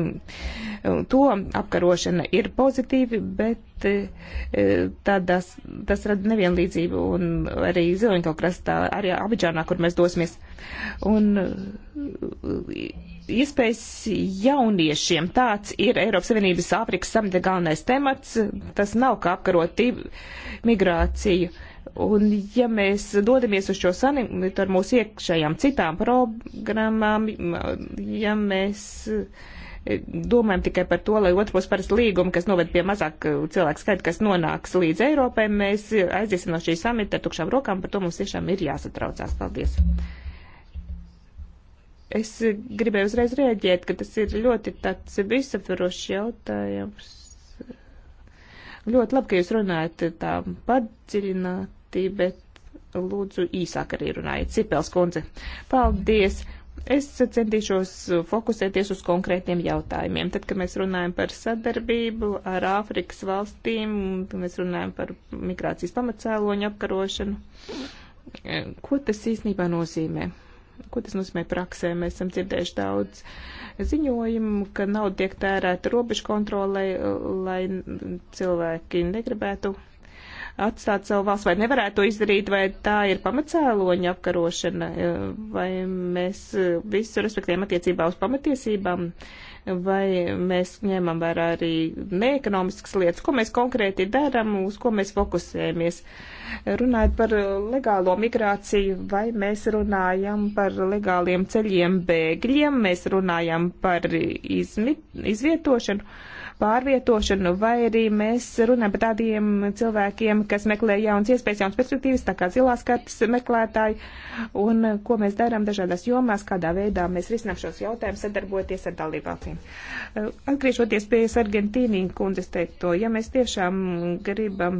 Um, to apkarošana ir pozitīvi, bet eh, tādās, tas rada nevienlīdzību un arī Ziloņkalkrastā, arī Abidžānā, kur mēs dosimies. Un eh, iespējas jauniešiem tāds ir Eiropas Savienības Āfrikas samita galvenais temats. Tas nav kā apkarot migrāciju Un ja mēs dodamies uz šo sanitāru ar mūsu iekšējām citām programmām, ja mēs e, domājam tikai par to, lai otrpus parast līgumu, kas noved pie mazāk e, cilvēku skaita, kas nonāks līdz Eiropai, mēs aiziesim no šī samita ar tukšām rokām, par to mums tiešām ir jāsatraucās. Paldies! Es gribēju uzreiz rēģēt, ka tas ir ļoti tāds visaptvarošs jautājums. Ļoti labi, ka jūs runājat tā padziļināt ļoti, bet lūdzu īsāk arī runājiet. Cipels kundze, paldies! Es centīšos fokusēties uz konkrētiem jautājumiem. Tad, kad mēs runājam par sadarbību ar Āfrikas valstīm, kad mēs runājam par migrācijas pamatcēloņu apkarošanu, ko tas īstenībā nozīmē? Ko tas nozīmē praksē? Mēs esam dzirdējuši daudz ziņojumu, ka nauda tiek tērēta robežu kontrolē, lai cilvēki negribētu atstāt savu valsts, vai nevarētu to izdarīt, vai tā ir pamatcēloņa apkarošana, eh, vai mēs eh, visu respektējam attiecībā uz pamatiesībām, vai mēs ņemam vērā arī neekonomiskas lietas, ko mēs konkrēti darām, uz ko mēs fokusējamies. Runājot par legālo migrāciju, vai mēs runājam par legāliem ceļiem bēgļiem, mēs runājam par izmi, izvietošanu pārvietošanu, vai arī mēs runājam par tādiem cilvēkiem, kas meklē jaunas iespējas, jaunas perspektīvas, tā kā zilās kartas meklētāji, un ko mēs darām dažādās jomās, kādā veidā mēs risinām šos jautājumus, sadarboties ar dalībvalstīm. Atgriežoties pie Argentīnī kundzes teikto, ja mēs tiešām gribam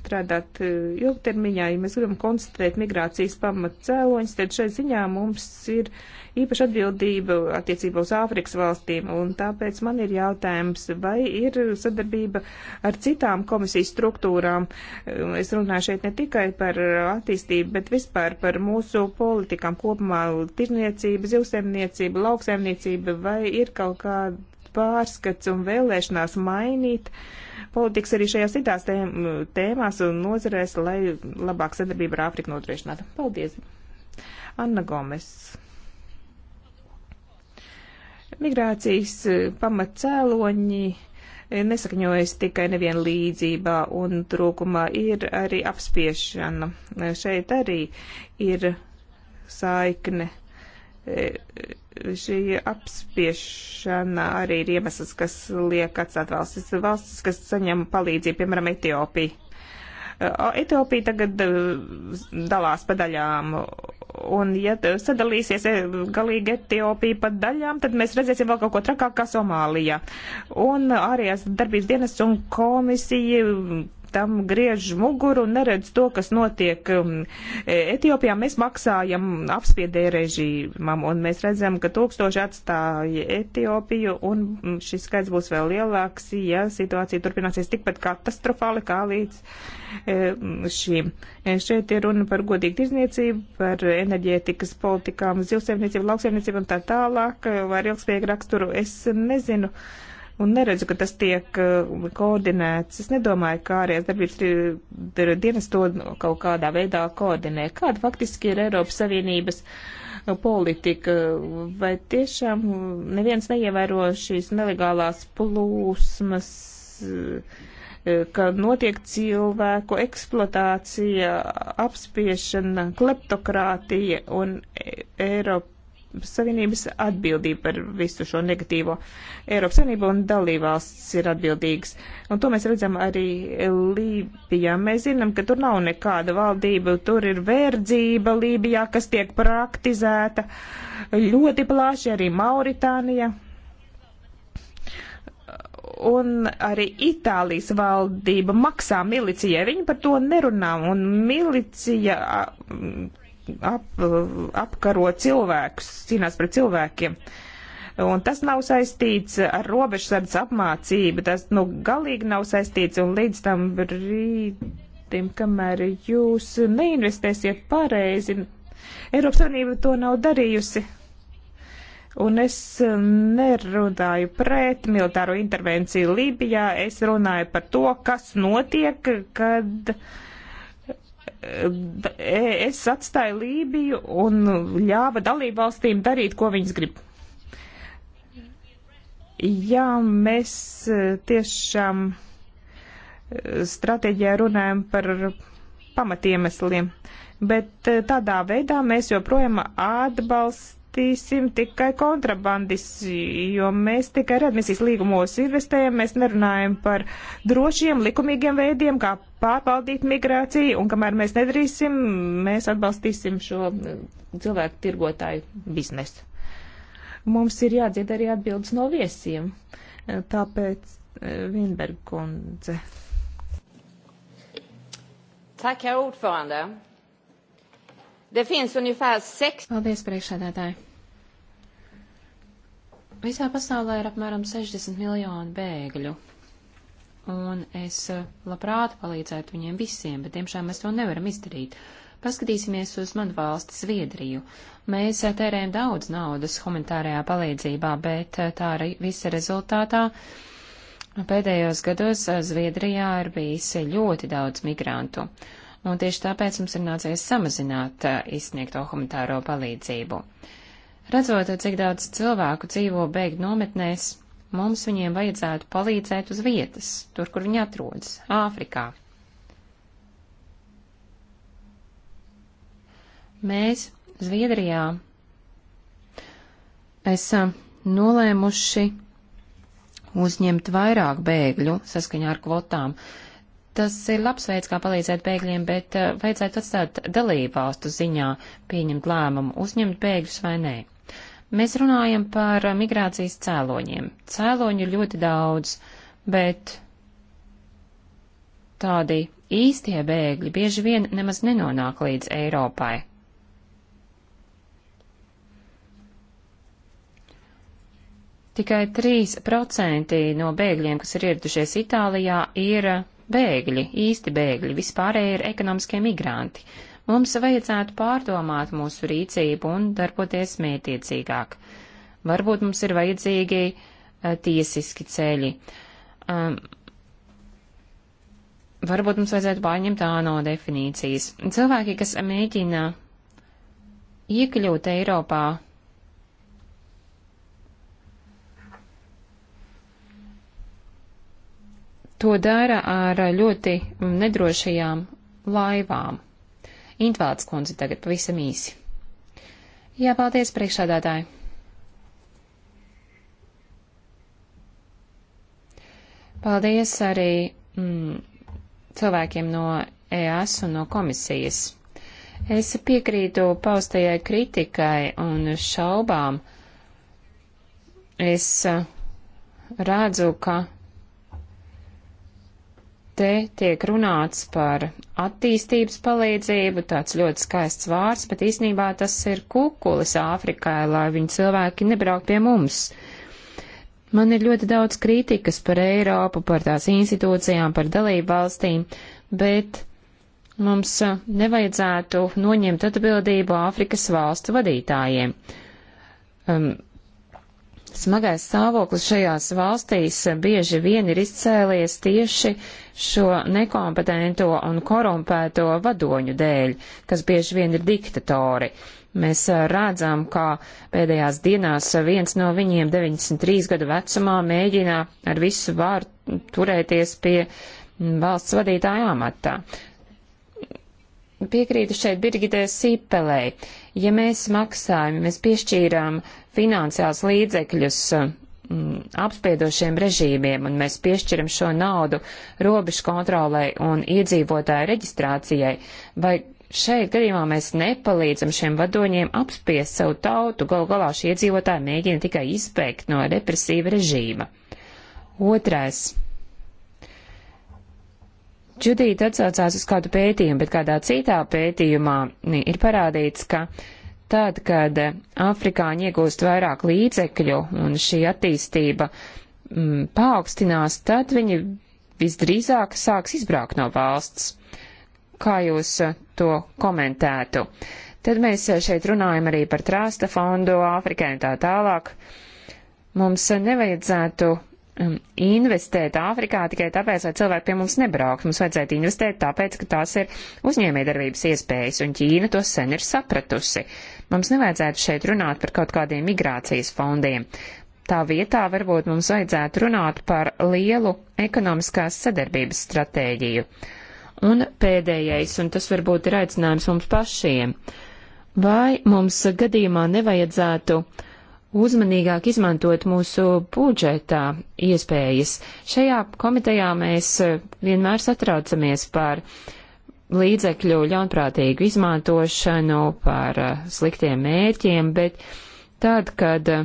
strādāt ilgtermiņā, ja mēs gribam koncentrēt migrācijas pamatcēloņus, tad šai ziņā mums ir īpaša atbildība attiecībā uz Āfrikas valstīm, un tāpēc man ir jautājums, vai ir sadarbība ar citām komisijas struktūrām. Es runāju šeit ne tikai par attīstību, bet vispār par mūsu politikām kopumā - tirniecība, zivsēmniecība, lauksaimniecība, vai ir kaut kāda pārskats un vēlēšanās mainīt politikas arī šajās citās tēmās un nozarēs, lai labāk sadarbība ar Āfriku nodrošinātu. Paldies! Anna Gomes. Migrācijas e, pamatcēloņi e, nesakņojas tikai neviena līdzībā un trūkumā, ir arī apspiešana. E, šeit arī ir saikne. Šī apspiešana arī ir iemesls, kas liek atstāt valstis, valstis, kas saņem palīdzību, piemēram, Etiopija. Etiopija tagad dalās pa daļām. Un, ja sadalīsies e, galīgi Etiopija pa daļām, tad mēs redzēsim vēl kaut ko trakāk kā Somālija. Un ārējās darbības dienas un komisija tam griež muguru un neredz to, kas notiek um, e, Etiopijā. Mēs maksājam apspiedē režīmam un mēs redzam, ka tūkstoši atstāja Etiopiju un mm, šis skaits būs vēl lielāks, ja situācija turpināsies tikpat katastrofāli kā līdz šīm. E, mm, e, šeit ir runa par godīgu tirzniecību, par enerģētikas politikām, zivsēmniecību, lauksēmniecību un tā tālāk, vai ar ilgspējīgu raksturu. Es nezinu. Uh, un neredzu, ka tas tiek uh, koordinēts. Es nedomāju, kā arī darbības dienas to kaut kādā veidā koordinē. Kāda faktiski ir Eiropas Savienības uh, politika? Vai tiešām uh, neviens neievēro šīs nelegālās plūsmas? ka notiek cilvēku eksploatācija, apspiešana, kleptokrātija un e, Eiropa Savienības atbildība par visu šo negatīvo. Eiropas Savienība un dalībvalsts ir atbildīgas. Un to mēs redzam arī Lībijā. Mēs zinām, ka tur nav nekāda valdība, tur ir verdzība Lībijā, kas tiek praktizēta ļoti plaši arī Mauritānija. Un arī Itālijas valdība maksā milicijai. Viņi par to nerunā. Un milicija ap, apkaro cilvēkus, cīnās pret cilvēkiem. Un tas nav saistīts ar robežsardas apmācību, tas nu galīgi nav saistīts un līdz tam brīdim, kamēr jūs neinvestēsiet pareizi, Eiropas Savienība to nav darījusi. Un es nerunāju pret militāro intervenciju Lībijā, es runāju par to, kas notiek, kad. Uh, es atstāju Lībiju un ļāva dalībvalstīm darīt, ko viņas grib. Jā, mēs e, tiešām e, stratēģijā runājam par pamatiemesliem, bet e, tādā veidā mēs joprojām atbalstīsim tikai kontrabandis, jo mēs tikai readmisijas līgumos investējam, mēs nerunājam par drošiem likumīgiem veidiem, kā pārvaldīt migrāciju, un kamēr mēs nedarīsim, mēs atbalstīsim šo eh, cilvēku tirgotāju biznesu. Mums ir jādzied arī atbildes no viesiem, eh, tāpēc eh, Vinberga kundze. Tack, herr ordförande. Det finns ungefär sex... Paldies, priekšsēdētāji. Visā pasaulē ir apmēram 60 miljoni bēgļu, un es eh, labprāt palīdzētu viņiem visiem, bet diemžēl mēs to nevaram izdarīt. Paskatīsimies uz manu valsti Zviedriju. Mēs eh, tērējam daudz naudas humanitārajā palīdzībā, bet eh, tā visa rezultātā pēdējos gados Zviedrijā ir bijis ļoti daudz migrantu. Un tieši tāpēc mums ir nācies samazināt izsniegto humanitāro palīdzību. Redzot, cik daudz cilvēku dzīvo bēgļu nometnēs, mums viņiem vajadzētu palīdzēt uz vietas, tur, kur viņi atrodas, Āfrikā. Mēs Zviedrijā esam nolēmuši uzņemt vairāk bēgļu saskaņā ar kvotām. Tas ir labs veids, kā palīdzēt bēgļiem, bet eh, vajadzētu atstāt dalībvalstu ziņā pieņemt lēmumu uzņemt bēgļus vai nē. Mēs runājam par migrācijas cēloņiem. Cēloņu ir ļoti daudz, bet tādi īstie bēgļi bieži vien nemaz nenonāk līdz Eiropai. Tikai 3% no bēgļiem, kas ir ieradušies Itālijā, ir bēgļi, īsti bēgļi, vispārēji ir ekonomiskie migranti. Mums vajadzētu pārdomāt mūsu rīcību un darboties mētiecīgāk. Varbūt mums ir vajadzīgi uh, tiesiski ceļi. Um, varbūt mums vajadzētu pārņemt āno definīcijas. Cilvēki, kas mēģina iekļūt Eiropā, to dara ar ļoti nedrošajām laivām. Intvālds kundze tagad pavisam īsi. Jā, paldies, priekšādātāji. Paldies arī mm, cilvēkiem no EAS un no komisijas. Es piekrītu paustajai kritikai un šaubām. Es eh, redzu, ka Te tiek runāts par attīstības palīdzību, tāds ļoti skaists vārds, bet īsnībā tas ir kukulis Āfrikai, lai viņu cilvēki nebrauk pie mums. Man ir ļoti daudz kritikas par Eiropu, par tās institūcijām, par dalību valstīm, bet mums uh, nevajadzētu noņemt atbildību Āfrikas valstu vadītājiem. Um, Smagais stāvoklis šajās valstīs bieži vien ir izcēlies tieši šo nekompetento un korumpēto vadoņu dēļ, kas bieži vien ir diktatori. Mēs redzam, ka pēdējās dienās viens no viņiem 93 gadu vecumā mēģina ar visu vārdu turēties pie valsts vadītāja amatā piekrītu šeit Birgitē Sīpelei. Ja mēs maksājam, mēs piešķīrām finansiāls līdzekļus m, mm, apspiedošiem režīmiem un mēs piešķiram šo naudu robežu kontrolai un iedzīvotāju reģistrācijai, vai šeit gadījumā mēs nepalīdzam šiem vadoņiem apspiest savu tautu, gal galā šie iedzīvotāji mēģina tikai izbēgt no represīva režīma. Otrais Džudīta atsaucās uz kādu pētījumu, bet kādā citā pētījumā ir parādīts, ka tad, kad afrikāņi iegūst vairāk līdzekļu un šī attīstība mm, paaugstinās, tad viņi visdrīzāk sāks izbraukt no valsts. Kā jūs to komentētu? Tad mēs šeit runājam arī par trāsta fondu Āfrikai un tā tālāk. Mums nevajadzētu Um, investēt Āfrikā tikai tāpēc, lai cilvēki pie mums nebraukt. Mums vajadzētu investēt tāpēc, ka tās ir uzņēmējdarbības iespējas, un Ķīna to sen ir sapratusi. Mums nevajadzētu šeit runāt par kaut kādiem migrācijas fondiem. Tā vietā varbūt mums vajadzētu runāt par lielu ekonomiskās sadarbības stratēģiju. Un pēdējais, un tas varbūt ir aicinājums mums pašiem, vai mums gadījumā nevajadzētu uh, uzmanīgāk izmantot mūsu budžetā iespējas. Šajā komitejā mēs e, vienmēr satraucamies par līdzekļu ļaunprātīgu izmantošanu, par e, sliktiem mērķiem, bet tad, kad e,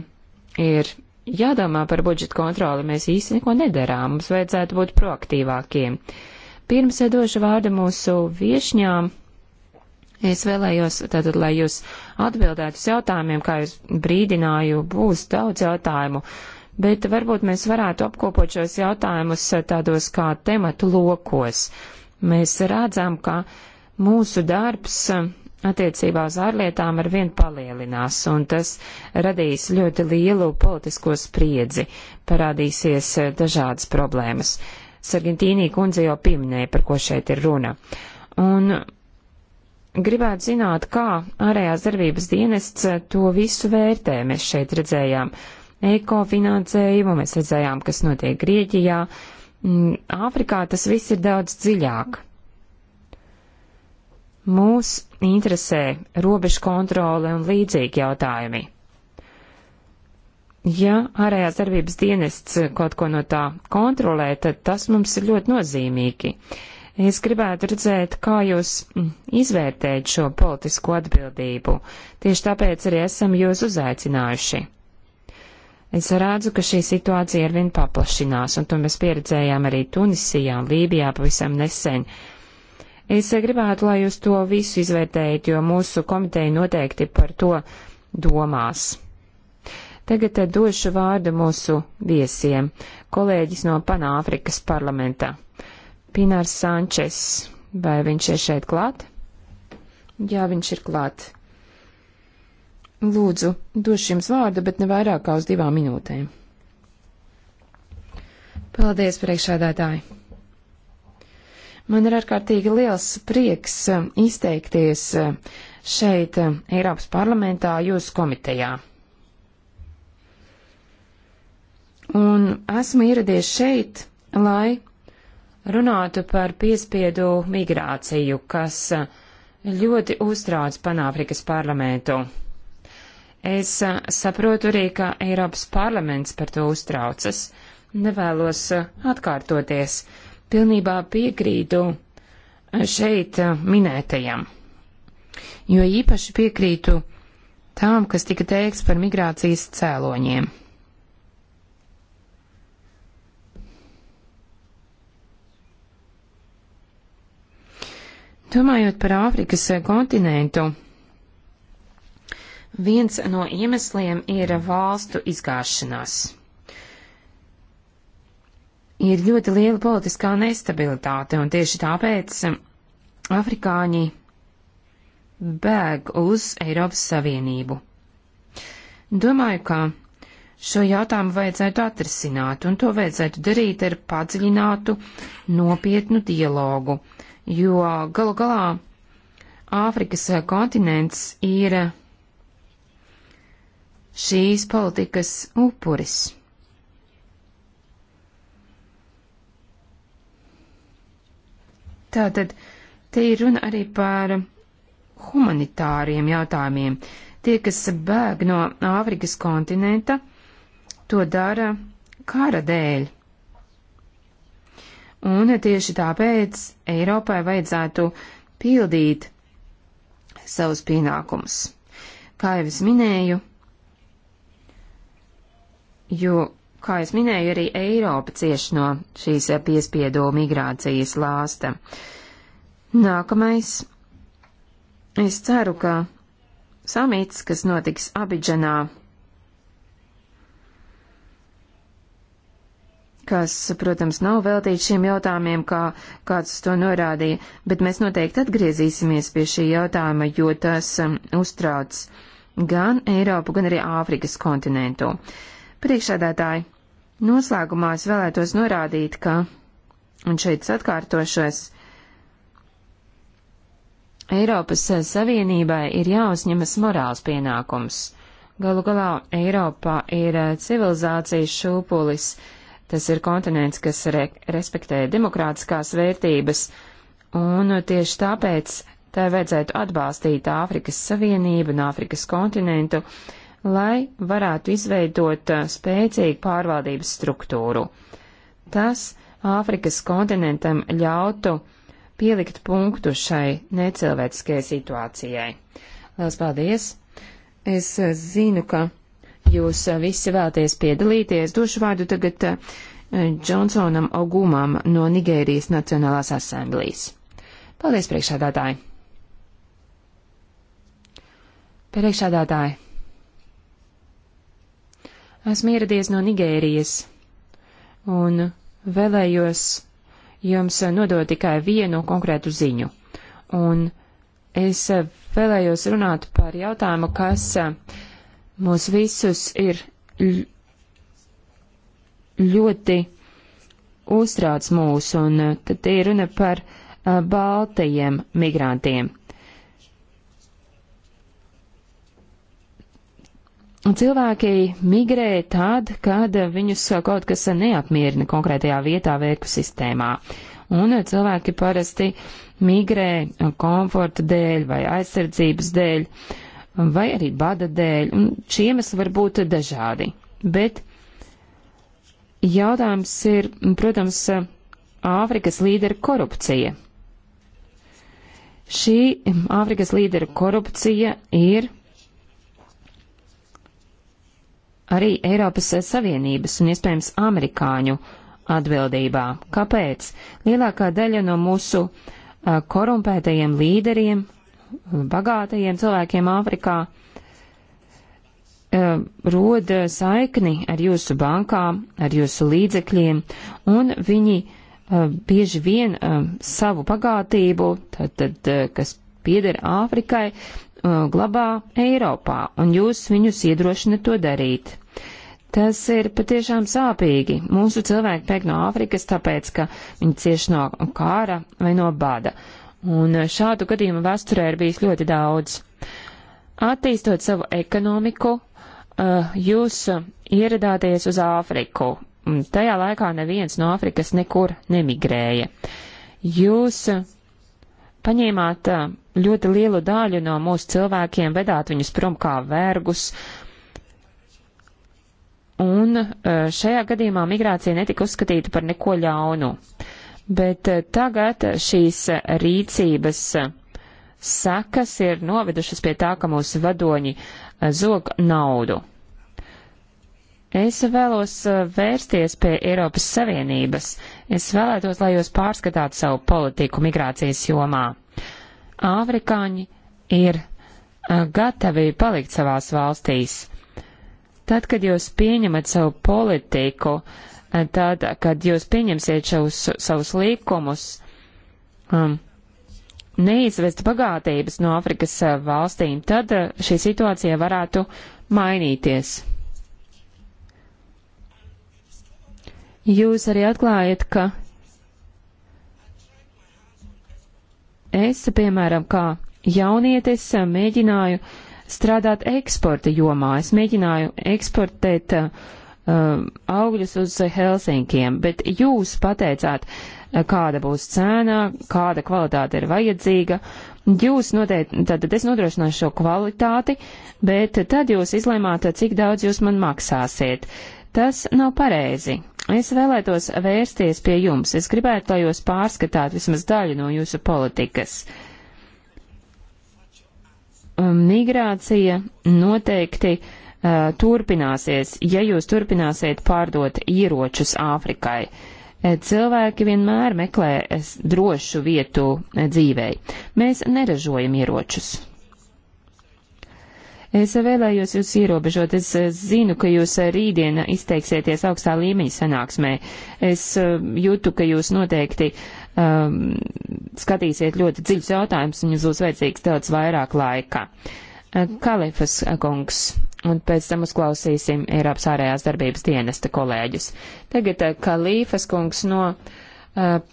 ir jādomā par budžetu kontroli, mēs īsti neko nedarām, mums vajadzētu būt proaktīvākiem. Pirms došu vārdu mūsu viešņām, es vēlējos tātad, lai jūs atbildēt uz jautājumiem, kā jūs brīdināju, būs daudz jautājumu, bet varbūt mēs varētu apkopot šos jautājumus tādos kā tematu lokos. Mēs redzam, ka mūsu darbs attiecībā uz ārlietām ar vien palielinās, un tas radīs ļoti lielu politisko spriedzi, parādīsies eh, dažādas problēmas. Sargentīnī kundze jau pieminēja, par ko šeit ir runa. Un Gribētu zināt, kā ārējās darbības dienests eh, to visu vērtē. Mēs šeit redzējām ekofinansējumu, mēs redzējām, kas notiek Grieķijā. Mm, Āfrikā tas viss ir daudz dziļāk. Mūs interesē robežu kontrole un līdzīgi jautājumi. Ja ārējās darbības dienests eh, kaut ko no tā kontrolē, tad tas mums ir ļoti nozīmīgi. Uh, Es gribētu redzēt, kā jūs mm, izvērtējat šo politisko atbildību. Tieši tāpēc arī esam jūs uzaicinājuši. Es redzu, ka šī situācija arvien paplašinās, un to mēs pieredzējām arī Tunisijā un Lībijā pavisam nesen. Es gribētu, lai jūs to visu izvērtējat, jo mūsu komiteja noteikti par to domās. Tagad došu vārdu mūsu viesiem, kolēģis no Panāfrikas parlamenta. Pinārs Sančes. Vai viņš ir šeit klāt? Jā, viņš ir klāt. Lūdzu, došu jums vārdu, bet ne vairāk kā uz divām minūtēm. Paldies, priekšādātāji! Man ir ārkārtīgi liels prieks um, izteikties um, šeit, um, Eiropas parlamentā, jūsu komitejā. Un esmu ieradies šeit, lai runātu par piespiedu migrāciju, kas ļoti uztrauc Panāfrikas parlamentu. Es saprotu arī, ka Eiropas parlaments par to uztraucas. Nevēlos atkārtoties. Pilnībā piekrītu šeit minētajam. Jo īpaši piekrītu tām, kas tika teikts par migrācijas cēloņiem. Domājot par Āfrikas kontinentu, viens no iemesliem ir valstu izgāšanās. Ir ļoti liela politiskā nestabilitāte, un tieši tāpēc afrikāņi bēg uz Eiropas Savienību. Domāju, ka šo jautājumu vajadzētu atrisināt, un to vajadzētu darīt ar padziļinātu, nopietnu dialogu jo galu galā Āfrikas kontinents ir šīs politikas upuris. Tātad te ir runa arī par humanitāriem jautājumiem. Tie, kas bēg no Āfrikas kontinenta, to dara kara dēļ. Un tieši tāpēc Eiropai vajadzētu pildīt savus pienākumus. Kā jau es minēju, jo, kā es minēju, arī Eiropa cieši no šīs piespiedo migrācijas lāsta. Nākamais. Es ceru, ka samits, kas notiks Abidžanā kas, protams, nav veltīts šiem jautājumiem, kā kāds to norādīja, bet mēs noteikti atgriezīsimies pie šī jautājuma, jo tas um, uztrauc gan Eiropu, gan arī Āfrikas kontinentu. Priekšādātāji, noslēgumā es vēlētos norādīt, ka, un šeit es atkārtošos, Eiropas Savienībai ir jāuzņemas morāls pienākums. Galu galā Eiropā ir eh, civilizācijas šūpulis, uh, Tas ir kontinents, kas re respektē demokrātiskās vērtības, un tieši tāpēc tā vajadzētu atbalstīt Āfrikas Savienību un Āfrikas kontinentu, lai varētu izveidot uh, spēcīgu pārvaldības struktūru. Tas Āfrikas kontinentam ļautu pielikt punktu šai necilvēciskajai situācijai. Lielas paldies! Es uh, zinu, ka jūs eh, visi vēlaties piedalīties, došu vārdu tagad eh, Džonsonam Ogumam no Nigērijas Nacionālās asamblijas. Paldies, priekšādātāji! Priekšādātāji! Esmu ieradies no Nigērijas un vēlējos jums nodot tikai vienu konkrētu ziņu. Un es eh, vēlējos runāt par jautājumu, kas mūs visus ir ļoti uztrauc mūs, un uh, tad te ir runa par uh, baltajiem migrantiem. Cilvēki migrē tad, kad viņus kaut kas neapmierina konkrētajā vietā vērku sistēmā. Un cilvēki parasti migrē komforta dēļ vai aizsardzības dēļ. Uh, vai arī bada dēļ, un šie iemesli var būt dažādi. Bet jautājums ir, protams, Āfrikas līdera korupcija. Šī Āfrikas līdera korupcija ir arī Eiropas Savienības un iespējams amerikāņu atbildībā. Kāpēc? Lielākā daļa no mūsu korumpētajiem līderiem bagātajiem cilvēkiem Āfrikā eh, rod saikni ar jūsu bankām, ar jūsu līdzekļiem, un viņi eh, bieži vien eh, savu bagātību, tad, tad, kas pieder Āfrikai, glabā Eiropā, un jūs viņus iedrošinat to darīt. Tas ir patiešām sāpīgi. Mūsu cilvēki pēk no Āfrikas, tāpēc, ka viņi cieš no kāra vai no bada. Un eh, šādu gadījumu vēsturē ir bijis ļoti daudz. Attīstot savu ekonomiku, eh, jūs eh, ieradāties uz Āfriku. Tajā laikā neviens no Āfrikas nekur nemigrēja. Jūs paņēmāt ļoti lielu daļu no mūsu cilvēkiem, vedāt viņus prom kā vergus. Un šajā gadījumā migrācija netika uzskatīta par neko ļaunu bet eh, tagad šīs eh, rīcības eh, sekas ir novedušas pie tā, ka mūsu vadoņi zog naudu. Es vēlos vērsties pie Eiropas Savienības. Es vēlētos, lai jūs pārskatātu savu politiku migrācijas jomā. Āfrikāņi ir gatavi palikt savās valstīs. Tad, kad jūs pieņemat savu politiku, uh, tad, kad jūs pieņemsiet šos, savus līkumus, um, neizvest bagātības no Afrikas uh, valstīm, tad uh, šī situācija varētu mainīties. Jūs arī atklājat, ka es, piemēram, kā jaunietis, uh, mēģināju strādāt eksporta jomā. Es mēģināju eksportēt uh, Um, augļus uz Helsinkiem, bet jūs pateicāt, uh, kāda būs cēna, kāda kvalitāte ir vajadzīga. Jūs noteikti, tad es nodrošināšu šo kvalitāti, bet tad jūs izlēmāt, cik daudz jūs man maksāsiet. Tas nav pareizi. Es vēlētos vērsties pie jums. Es gribētu, lai jūs pārskatāt vismaz daļu no jūsu politikas. Um, migrācija noteikti uh, uh, turpināsies, ja jūs turpināsiet pārdot ieročus Āfrikai. Uh, cilvēki vienmēr meklē drošu vietu uh, dzīvēi. Mēs neražojam ieročus. Es vēlējos jūs ierobežot. Es uh, zinu, ka jūs rītdien izteiksieties augstā līmeņa sanāksmē. Es jūtu, ka jūs noteikti um, skatīsiet ļoti dziļus jautājumus un jums būs vajadzīgs daudz vairāk laika. Kalifas kungs, un pēc tam uzklausīsim Eiropas ārējās darbības dienesta kolēģus. Tagad eh, Kalīfas kungs no uh,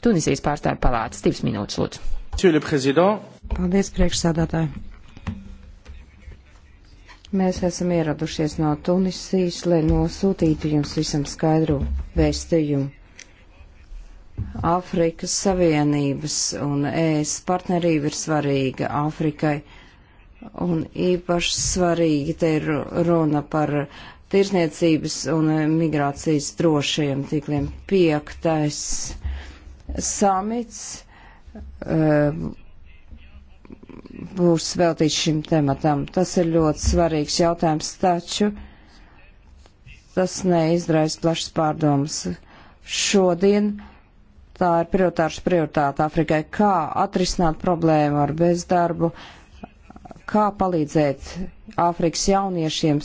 Tunisijas pārstāvju palātas. Divas minūtes, lūdzu. Paldies, priekšsādātāji. Mēs esam ieradušies no Tunisijas, lai nosūtītu jums visam skaidru vēstījumu. Āfrikas Savienības un ES partnerība ir svarīga Āfrikai Un īpaši svarīgi te ir runa par tirsniecības un eh, migrācijas drošajiem tīkliem. Piektais samits eh, būs veltīts šim tematam. Tas ir ļoti svarīgs jautājums, taču tas neizraisa plašas pārdomas. Šodien tā ir prioritārs prioritāte Afrikai, kā atrisināt problēmu ar bezdarbu, uh, kā palīdzēt Āfrikas jauniešiem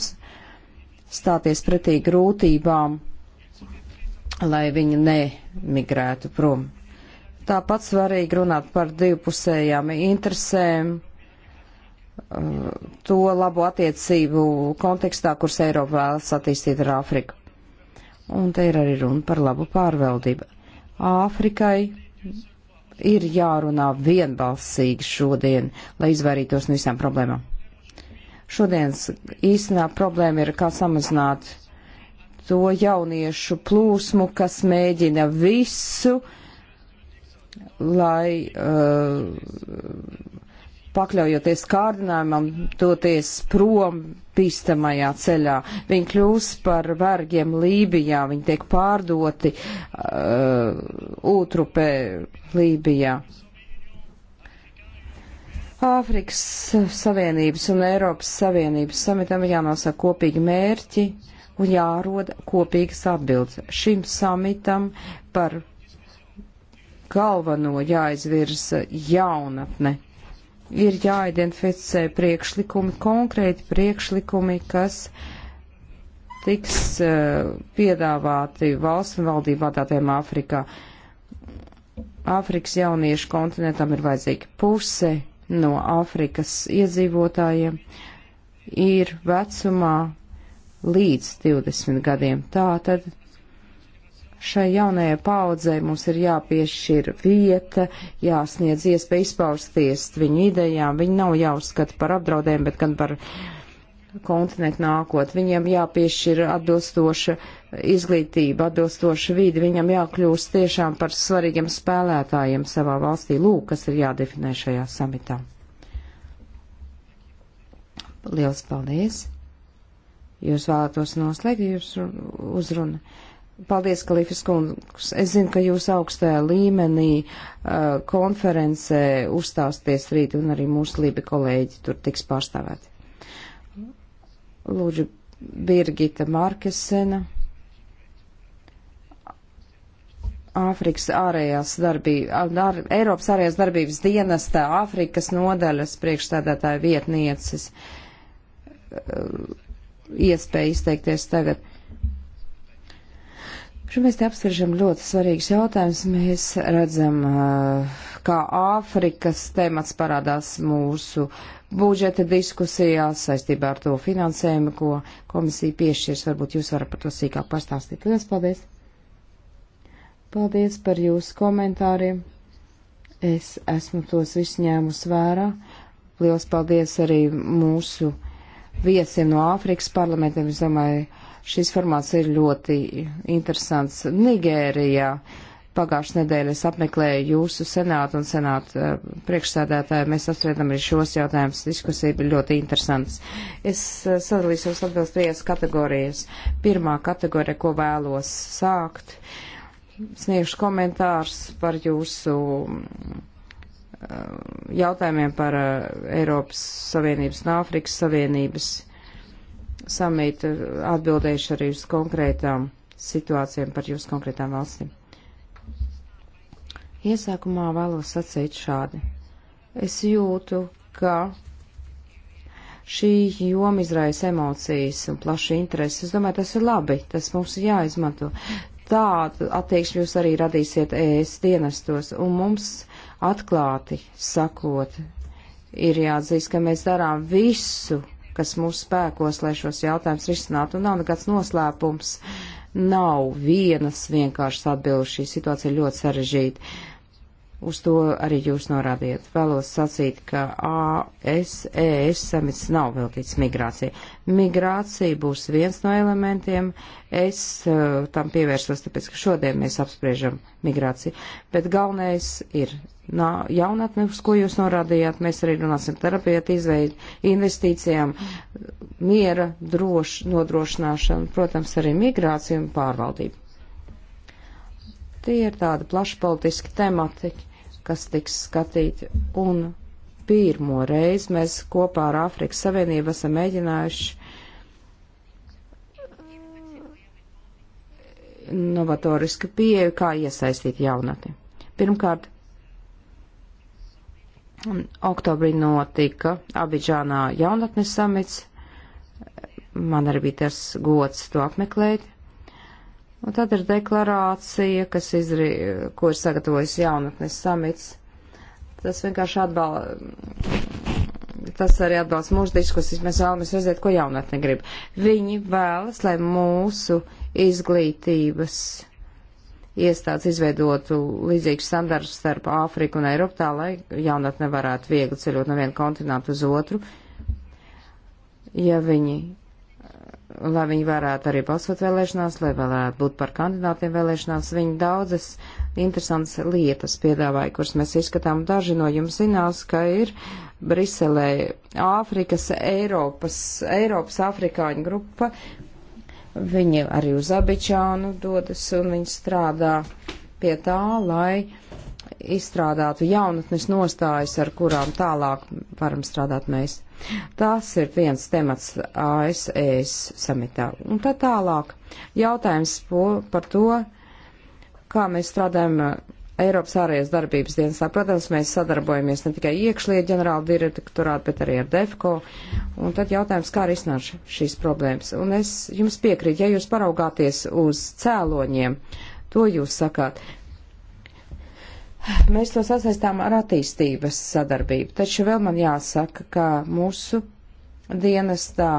stāties pretī grūtībām, lai viņi nemigrētu prom. Tāpat svarīgi runāt par divpusējām interesēm, uh, to labo attiecību kontekstā, kuras Eiropa vēlas attīstīt ar Āfriku. Un te ir arī runa par labu pārvaldību. Āfrikai ir jārunā vienbalsīgi šodien, lai izvairītos no visām problēmām. Šodienas īstenā problēma ir, kā samazināt to jauniešu plūsmu, kas mēģina visu, lai uh, pakļaujoties kārdinājumam, doties prom bīstamajā ceļā. Viņi kļūst par vergiem Lībijā, viņi tiek pārdoti uh, ūtrupē Lībijā. Āfrikas Savienības un Eiropas Savienības samitam jānosaka kopīgi mērķi un jāroda kopīgas atbildes. Šim samitam par galveno jāizvirza jaunatne ir jāidentificē priekšlikumi, konkrēti priekšlikumi, kas tiks uh, piedāvāti valsts un valdību atātiem Āfrikā. Āfrikas jauniešu kontinentam ir vajadzīga puse no Āfrikas iedzīvotājiem ir vecumā līdz 20 gadiem. Tā tad Šai jaunajai paudzei mums ir jāpiešķir vieta, jāsniedz iespēja izpausties viņu idejām. Viņi nav jāuzskata par apdraudējumu, bet gan par kontinentu nākot. Viņiem jāpiešķir atbilstoša izglītība, atbilstoša vīde. Viņam jākļūst tiešām par svarīgiem spēlētājiem savā valstī. Lūk, kas ir jādefinē šajā samitā. Liels paldies! Jūs vēlētos noslēgt jūsu uzrunu. Paldies, Kalifis kungs. Es zinu, ka jūs augstajā līmenī uh, konferencē uzstāsties rīt, un arī mūsu lībi kolēģi tur tiks pārstāvēti. Lūdzu, Birgita Markesena. Āfrikas ārējās darbības, ar, Eiropas ārējās darbības dienestā Āfrikas nodaļas priekšstādātāja vietnieces uh, iespēja izteikties tagad. Šim mēs te apsveržam ļoti svarīgs jautājums. Mēs redzam, eh, kā Āfrikas temats parādās mūsu budžeta diskusijās saistībā ar to finansējumu, ko komisija piešķirs. Varbūt jūs varat par to sīkāk pastāstīt. Lielas paldies! Paldies par jūsu komentāriem. Es esmu tos visus ņēmus vērā. Lielas paldies arī mūsu viesiem no Āfrikas parlamentiem. Es domāju, šis formāts ir ļoti interesants. Nigērijā pagājušajā nedēļā es apmeklēju jūsu senātu un senātu eh, priekšsēdētāju. Mēs apspriedam arī šos jautājumus. Diskusija bija ļoti interesants. Es eh, sadalīšos atbilst trijas kategorijas. Pirmā kategorija, ko vēlos sākt, sniegšu komentārs par jūsu jautājumiem par eh, Eiropas Savienības un Āfrikas Savienības samītu atbildējuši arī uz konkrētām situācijām par jūsu konkrētām valstīm. Iesākumā vēlos sacīt šādi. Es jūtu, ka šī joma izraisa emocijas un plašu interesi. Es domāju, tas ir labi, tas mums ir jāizmanto. Tādu attieksmi jūs arī radīsiet ēst dienestos, un mums atklāti sakot, ir jāatzīst, ka mēs darām visu, kas mūsu spēkos, lai šos jautājumus risinātu, un nav nekāds noslēpums, nav vienas vienkāršas atbildes, šī situācija ir ļoti sarežģīta. Uz to arī jūs norādījat. Vēlos sacīt, ka ASES e samits nav veltīts migrācijai. Migrācija būs viens no elementiem. Es uh, tam pievērsos, tāpēc, ka šodien mēs apspriežam migrāciju. Bet galvenais ir nā, jaunatni, uz ko jūs norādījāt, mēs arī runāsim terapijāt izveidu investīcijām, miera droš, nodrošināšanu, protams, arī migrāciju un pārvaldību. Tie ir tādi plašpolitiski temati, kas tiks skatīti, un pirmo reizi mēs kopā ar Āfrikas Savienību esam mēģinājuši mm, novatoriski pieeju, kā iesaistīt jaunatni. Pirmkārt, Oktobrī notika Abidžānā jaunatnes samits. Man arī bija tas gods to apmeklēt. Un tad ir deklarācija, kas izri, ko ir sagatavojis jaunatnes samits. Tas vienkārši atbalsta. Tas arī atbalsta mūsu diskusijas. Mēs vēlamies redzēt, ko jaunatne grib. Viņi vēlas, lai mūsu izglītības iestādes izveidotu līdzīgu standartu starp Āfriku un Eiropu, tā lai jaunatne varētu viegli ceļot no viena kontinentu uz otru, ja viņi, lai viņi varētu arī balsot vēlēšanās, lai varētu būt par kandidātiem vēlēšanās, viņi daudzas interesantas lietas piedāvāja, kuras mēs izskatām. Daži no jums zinās, ka ir Briselē Āfrikas, Eiropas, Eiropas afrikāņu grupa, Viņi arī uz Abičānu dodas un viņi strādā pie tā, lai izstrādātu jaunatnes nostājas, ar kurām tālāk varam strādāt mēs. Tas ir viens temats ASES e samitā. Un tad tālāk jautājums par to, kā mēs strādājam Eiropas ārējās darbības dienestā. Protams, mēs sadarbojamies ne tikai iekšlietu ģenerāla direktorātu, bet arī ar DEFCO. Un tad jautājums, kā risināt šīs problēmas. Un es jums piekrītu, ja jūs paraugāties uz cēloņiem, to jūs sakāt. Mēs to sasaistām ar attīstības sadarbību, taču vēl man jāsaka, ka mūsu dienestā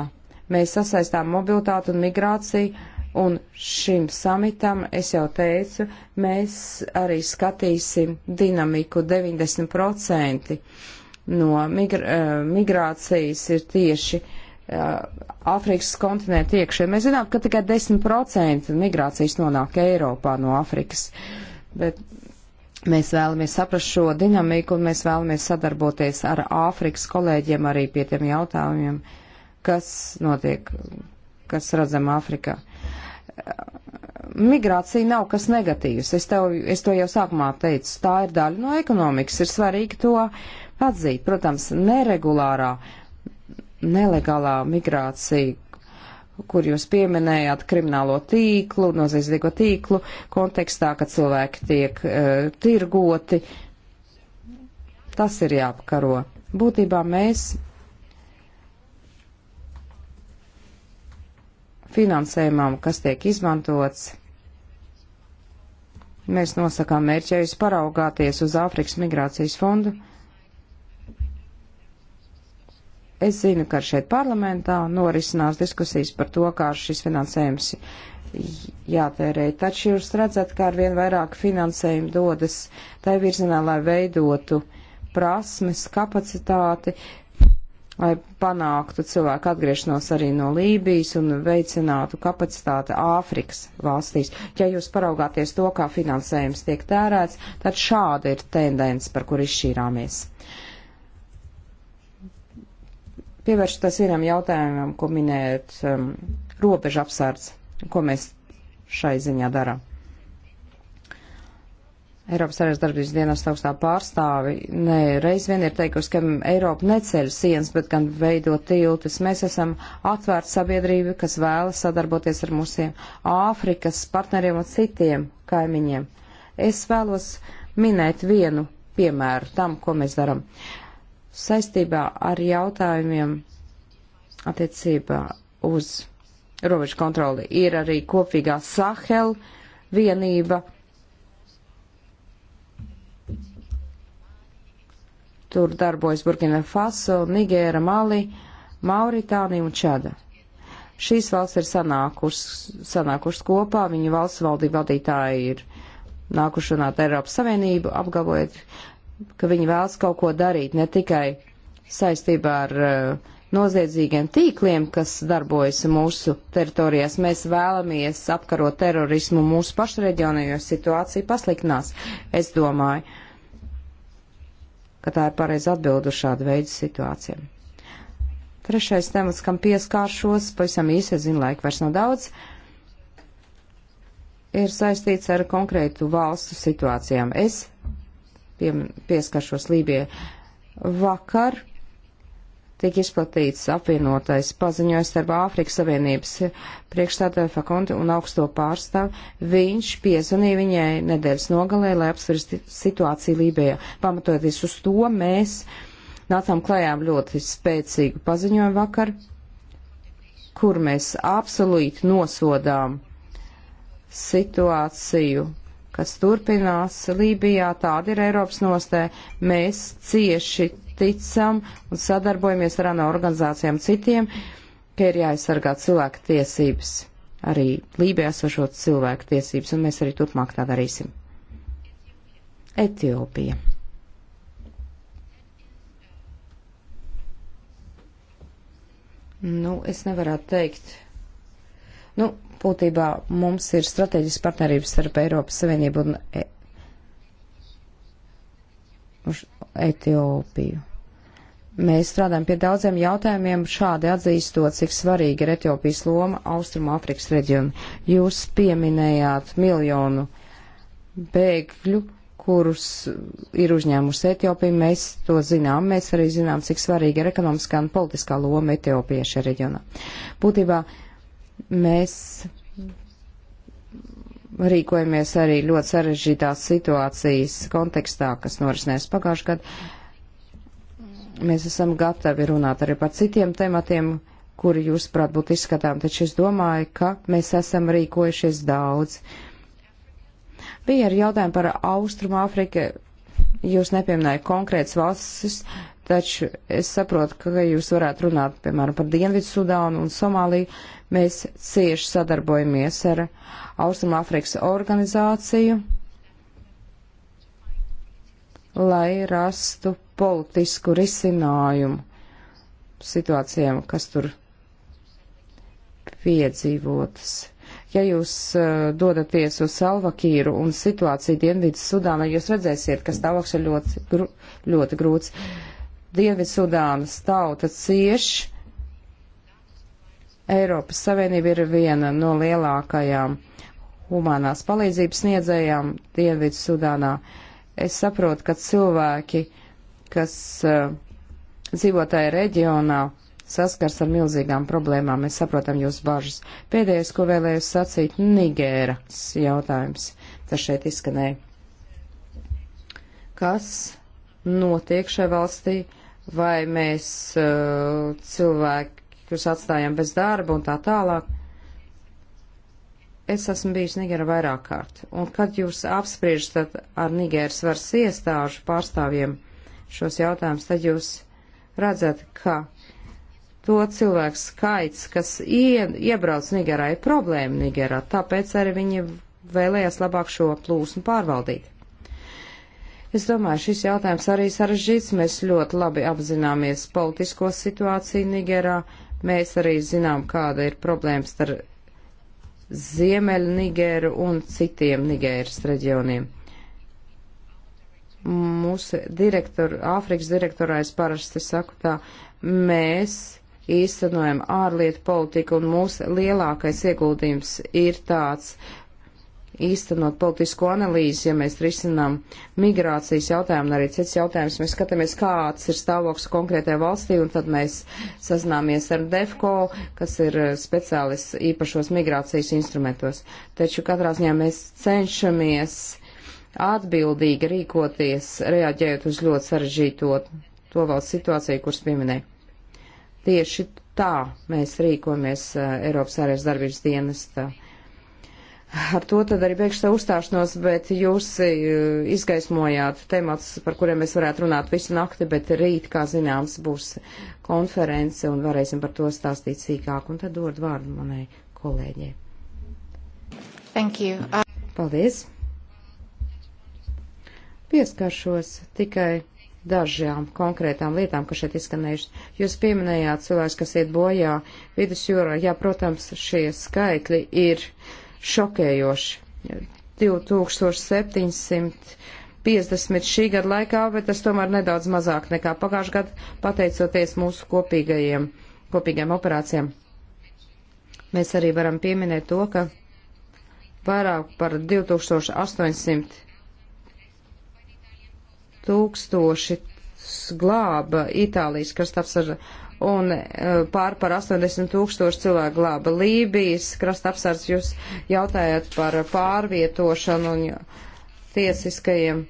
mēs sasaistām mobilitāti un migrāciju Un šim samitam, es jau teicu, mēs arī skatīsim dinamiku 90% no migra eh, migrācijas ir tieši eh, Āfrikas kontinenta iekšē. Mēs zinām, ka tikai 10% migrācijas nonāk Eiropā no Āfrikas. Bet mēs vēlamies saprast šo dinamiku un mēs vēlamies sadarboties ar Āfrikas kolēģiem arī pie tiem jautājumiem, kas notiek, kas redzam Āfrikā migrācija nav kas negatīvs. Es, tev, es to jau sākumā teicu, tā ir daļa no ekonomikas, ir svarīgi to atzīt. Protams, neregulārā, nelegālā migrācija, kur jūs pieminējāt kriminālo tīklu, noziedzīgo tīklu, kontekstā, ka cilvēki tiek uh, tirgoti, tas ir jāapkaro. Būtībā mēs finansējumam, kas tiek izmantots. Mēs nosakām mērķi, ja jūs paraugāties uz Āfrikas migrācijas fondu. Es zinu, ka šeit parlamentā norisinās diskusijas par to, kā šis finansējums jātērē. Taču jūs redzat, kā arvien vairāk finansējumu dodas tai virzienā, lai veidotu prasmes, kapacitāti, lai panāktu cilvēku atgriešanos arī no Lībijas un veicinātu kapacitāti Āfrikas valstīs. Ja jūs paraugāties to, kā finansējums tiek tērēts, tad šāda ir tendence, par kur izšķīrāmies. Pievēršoties vienam jautājumam, ko minējat, um, robeža apsardz, ko mēs šai ziņā darām. Eiropas Savienības darbības dienas augstā pārstāvi ne reiz vien ir teikusi, ka Eiropa neceļ sienas, bet gan veido tiltus. Mēs esam atvērta sabiedrība, kas vēlas sadarboties ar mūsiem Āfrikas partneriem un citiem kaimiņiem. Es vēlos minēt vienu piemēru tam, ko mēs daram. Saistībā ar jautājumiem attiecībā uz robežu kontroli ir arī kopīgā Sahel vienība Tur darbojas Burkina Faso, Nigēra, Mali, Mauritānija un Čada. Šīs valsts ir sanākušas, sanākušas kopā, viņu valsts valdība vadītāji ir nākuši runāt Eiropas Savienību, apgalvojot, ka viņi vēlas kaut ko darīt ne tikai saistībā ar uh, noziedzīgiem tīkliem, kas darbojas mūsu teritorijās. Mēs vēlamies apkarot terorismu mūsu pašu reģionā, jo situācija pasliknās. Es domāju, ka tā ir pareiza atbildu šādu veidu situācijām. Trešais temats, kam pieskāršos, pavisam īsi, es zinu, laika vairs nav daudz, ir saistīts ar konkrētu valstu situācijām. Es pie, pieskaršos Lībijai vakar tiek izplatīts apvienotais paziņojums starp Āfrikas Savienības priekšstādāju Fakonti un augsto pārstāvu. Viņš piezvanīja viņai nedēļas nogalē, lai apsverst situāciju Lībijā. Pamatoties uz to, mēs nācām klajām ļoti spēcīgu paziņojumu vakar, kur mēs absolūti nosodām situāciju kas turpinās Lībijā, tāda ir Eiropas nostē, mēs cieši ticam un sadarbojamies ar ANO organizācijām citiem, ka ir jāaizsargā cilvēku tiesības, arī Lībijā esošot cilvēku tiesības, un mēs arī turpmāk tā darīsim. Etiopija. Nu, es nevarētu teikt. Nu, būtībā mums ir strateģiski partnerības starp Eiropas Savienību un e uz Etiopiju. Mēs strādājam pie daudziem jautājumiem, šādi atzīstot, cik svarīga ir Etiopijas loma Austrumāfrikas reģionu. Jūs pieminējāt miljonu bēgļu, kurus ir uzņēmusi Etiopija. Mēs to zinām. Mēs arī zinām, cik svarīga ir ekonomiskā un politiskā loma Etiopijā šajā reģionā. Būtībā mēs rīkojamies arī ļoti sarežģītās situācijas kontekstā, kas norisinājās pagājušajā gadā Mēs esam gatavi runāt arī par citiem tematiem, kuri jūs, prāt, būtu izskatām, taču es domāju, ka mēs esam rīkojušies daudz. Bija arī jautājumi par Austrumu Āfriku. Jūs nepieminējāt konkrētas valstis, taču es saprotu, ka jūs varētu runāt, piemēram, par Dienvidu Sudānu un Somāliju. Mēs cieši sadarbojamies ar Austrumāfrikas organizāciju, lai rastu politisku risinājumu situācijām, kas tur piedzīvotas. Ja jūs uh, dodaties uz Salvakīru un situāciju Dienvidu Sudānā, jūs redzēsiet, ka stāvoklis ir ļoti, gru, ļoti grūts. Dienvidu Sudānas tauta cieši. Eiropas Savienība ir viena no lielākajām humanās palīdzības sniedzējām Dienvidu Sudānā. Es saprotu, ka cilvēki kas uh, eh, dzīvotāja reģionā saskars ar milzīgām problēmām. Mēs saprotam jūsu bažas. Pēdējais, ko vēlējos sacīt, Nigēras jautājums. Tas šeit izskanēja. Kas notiek šai valstī? Vai mēs uh, cilvēkus atstājam bez darba un tā tālāk? Es esmu bijis Nigēra vairāk kārt. Un kad jūs apspriežat ar Nigēras varas iestāžu pārstāvjiem, šos jautājumus, tad jūs redzat, ka to cilvēku skaits, kas ie, iebrauc Nigerā, ir problēma Nigerā, tāpēc arī viņi vēlējās labāk šo plūsmu pārvaldīt. Es domāju, šis jautājums arī sarežģīts. Mēs ļoti labi apzināmies politisko situāciju Nigerā. Mēs arī zinām, kāda ir problēmas ar Ziemeļu Nigeru un citiem Nigēras reģioniem mūsu direktori, Āfrikas direktorais parasti saka tā, mēs īstenojam ārlietu politiku un mūsu lielākais ieguldījums ir tāds īstenot politisko analīzi, ja mēs risinām migrācijas jautājumu un arī cits jautājums. Mēs skatāmies, kāds ir stāvoklis konkrētajā valstī, un tad mēs sazināmies ar DEFCO, kas ir eh, speciālists īpašos migrācijas instrumentos. Taču katrā ziņā mēs cenšamies uh, atbildīgi rīkoties, reaģējot uz ļoti sarežģīto to valsts situāciju, kuras pieminēja. Tieši tā mēs rīkojamies eh, Eiropas ārējās darbības dienesta. Ar to tad arī beigšu savu uzstāšanos, bet jūs eh, izgaismojāt temats, par kuriem mēs varētu runāt visu nakti, bet rīt, kā zināms, būs konference un varēsim par to stāstīt sīkāk. Un tad dod vārdu manai kolēģei. Thank you. Uh... Paldies. Pieskaršos tikai dažām konkrētām lietām, kas šeit izskanējušas. Jūs pieminējāt cilvēks, kas iet bojā vidusjūrā. Jā, protams, šie skaitļi ir šokējoši. 2750 šī gada laikā, bet tas tomēr nedaudz mazāk nekā pagājušajā gadā, pateicoties mūsu kopīgajiem, kopīgajiem operācijām. Mēs arī varam pieminēt to, ka vairāk par 2800 tūkstoši glāba Itālijas krastapsardze un e, pār par 80 tūkstoši cilvēku glāba Lībijas krastapsardze. Jūs jautājat par pārvietošanu un tiesiskajiem,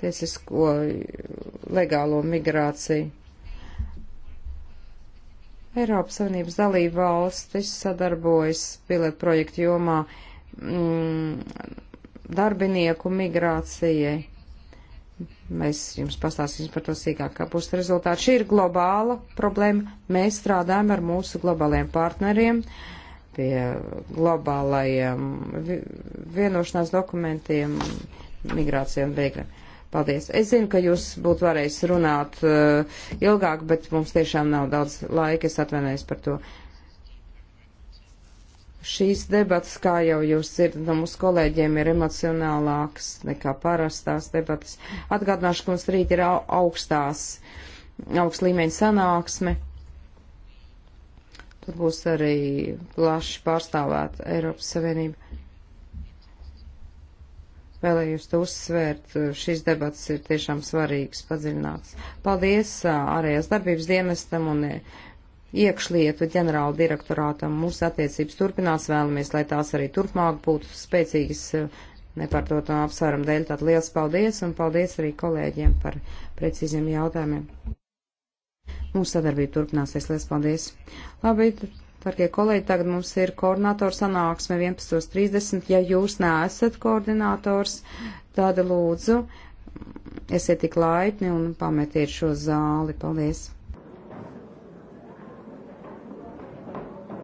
tiesisko legālo migrāciju. Eiropas Savienības dalība valstis sadarbojas pilotu projektu jomā mm, darbinieku migrācijai. Mēs jums pastāstīsim par to sīkāk, kā būs rezultāti. Šī ir globāla problēma. Mēs strādājam ar mūsu globāliem partneriem pie globālajiem vienošanās dokumentiem migrācijām bēgļiem. Paldies. Es zinu, ka jūs būtu varējis runāt uh, ilgāk, bet mums tiešām nav daudz laika. Es atvainojos par to. Šīs debatas, kā jau jūs dzirdat, no mūsu kolēģiem ir emocionālākas nekā parastās debatas. Atgādināšu, ka mums rīt ir augstās, augsts līmeņa sanāksme. Tur būs arī plaši pārstāvēta Eiropas Savienība vēlējos to uzsvērt. Šīs debats ir tiešām svarīgs, padziļināts. Paldies ārējās darbības dienestam un iekšlietu ģenerāla direktorātam. Mūsu attiecības turpinās, vēlamies, lai tās arī turpmāk būtu spēcīgas eh, nepārdoto apsvērumu dēļ. Tātad liels paldies un paldies arī kolēģiem par precīziem jautājumiem. Mūsu sadarbība turpināsies. Liels paldies! Labi, darbie kolēģi, tagad mums ir koordinātors sanāksme 11.30. Ja jūs neesat koordinātors, tad lūdzu, esiet tik laipni un pametiet šo zāli. Paldies!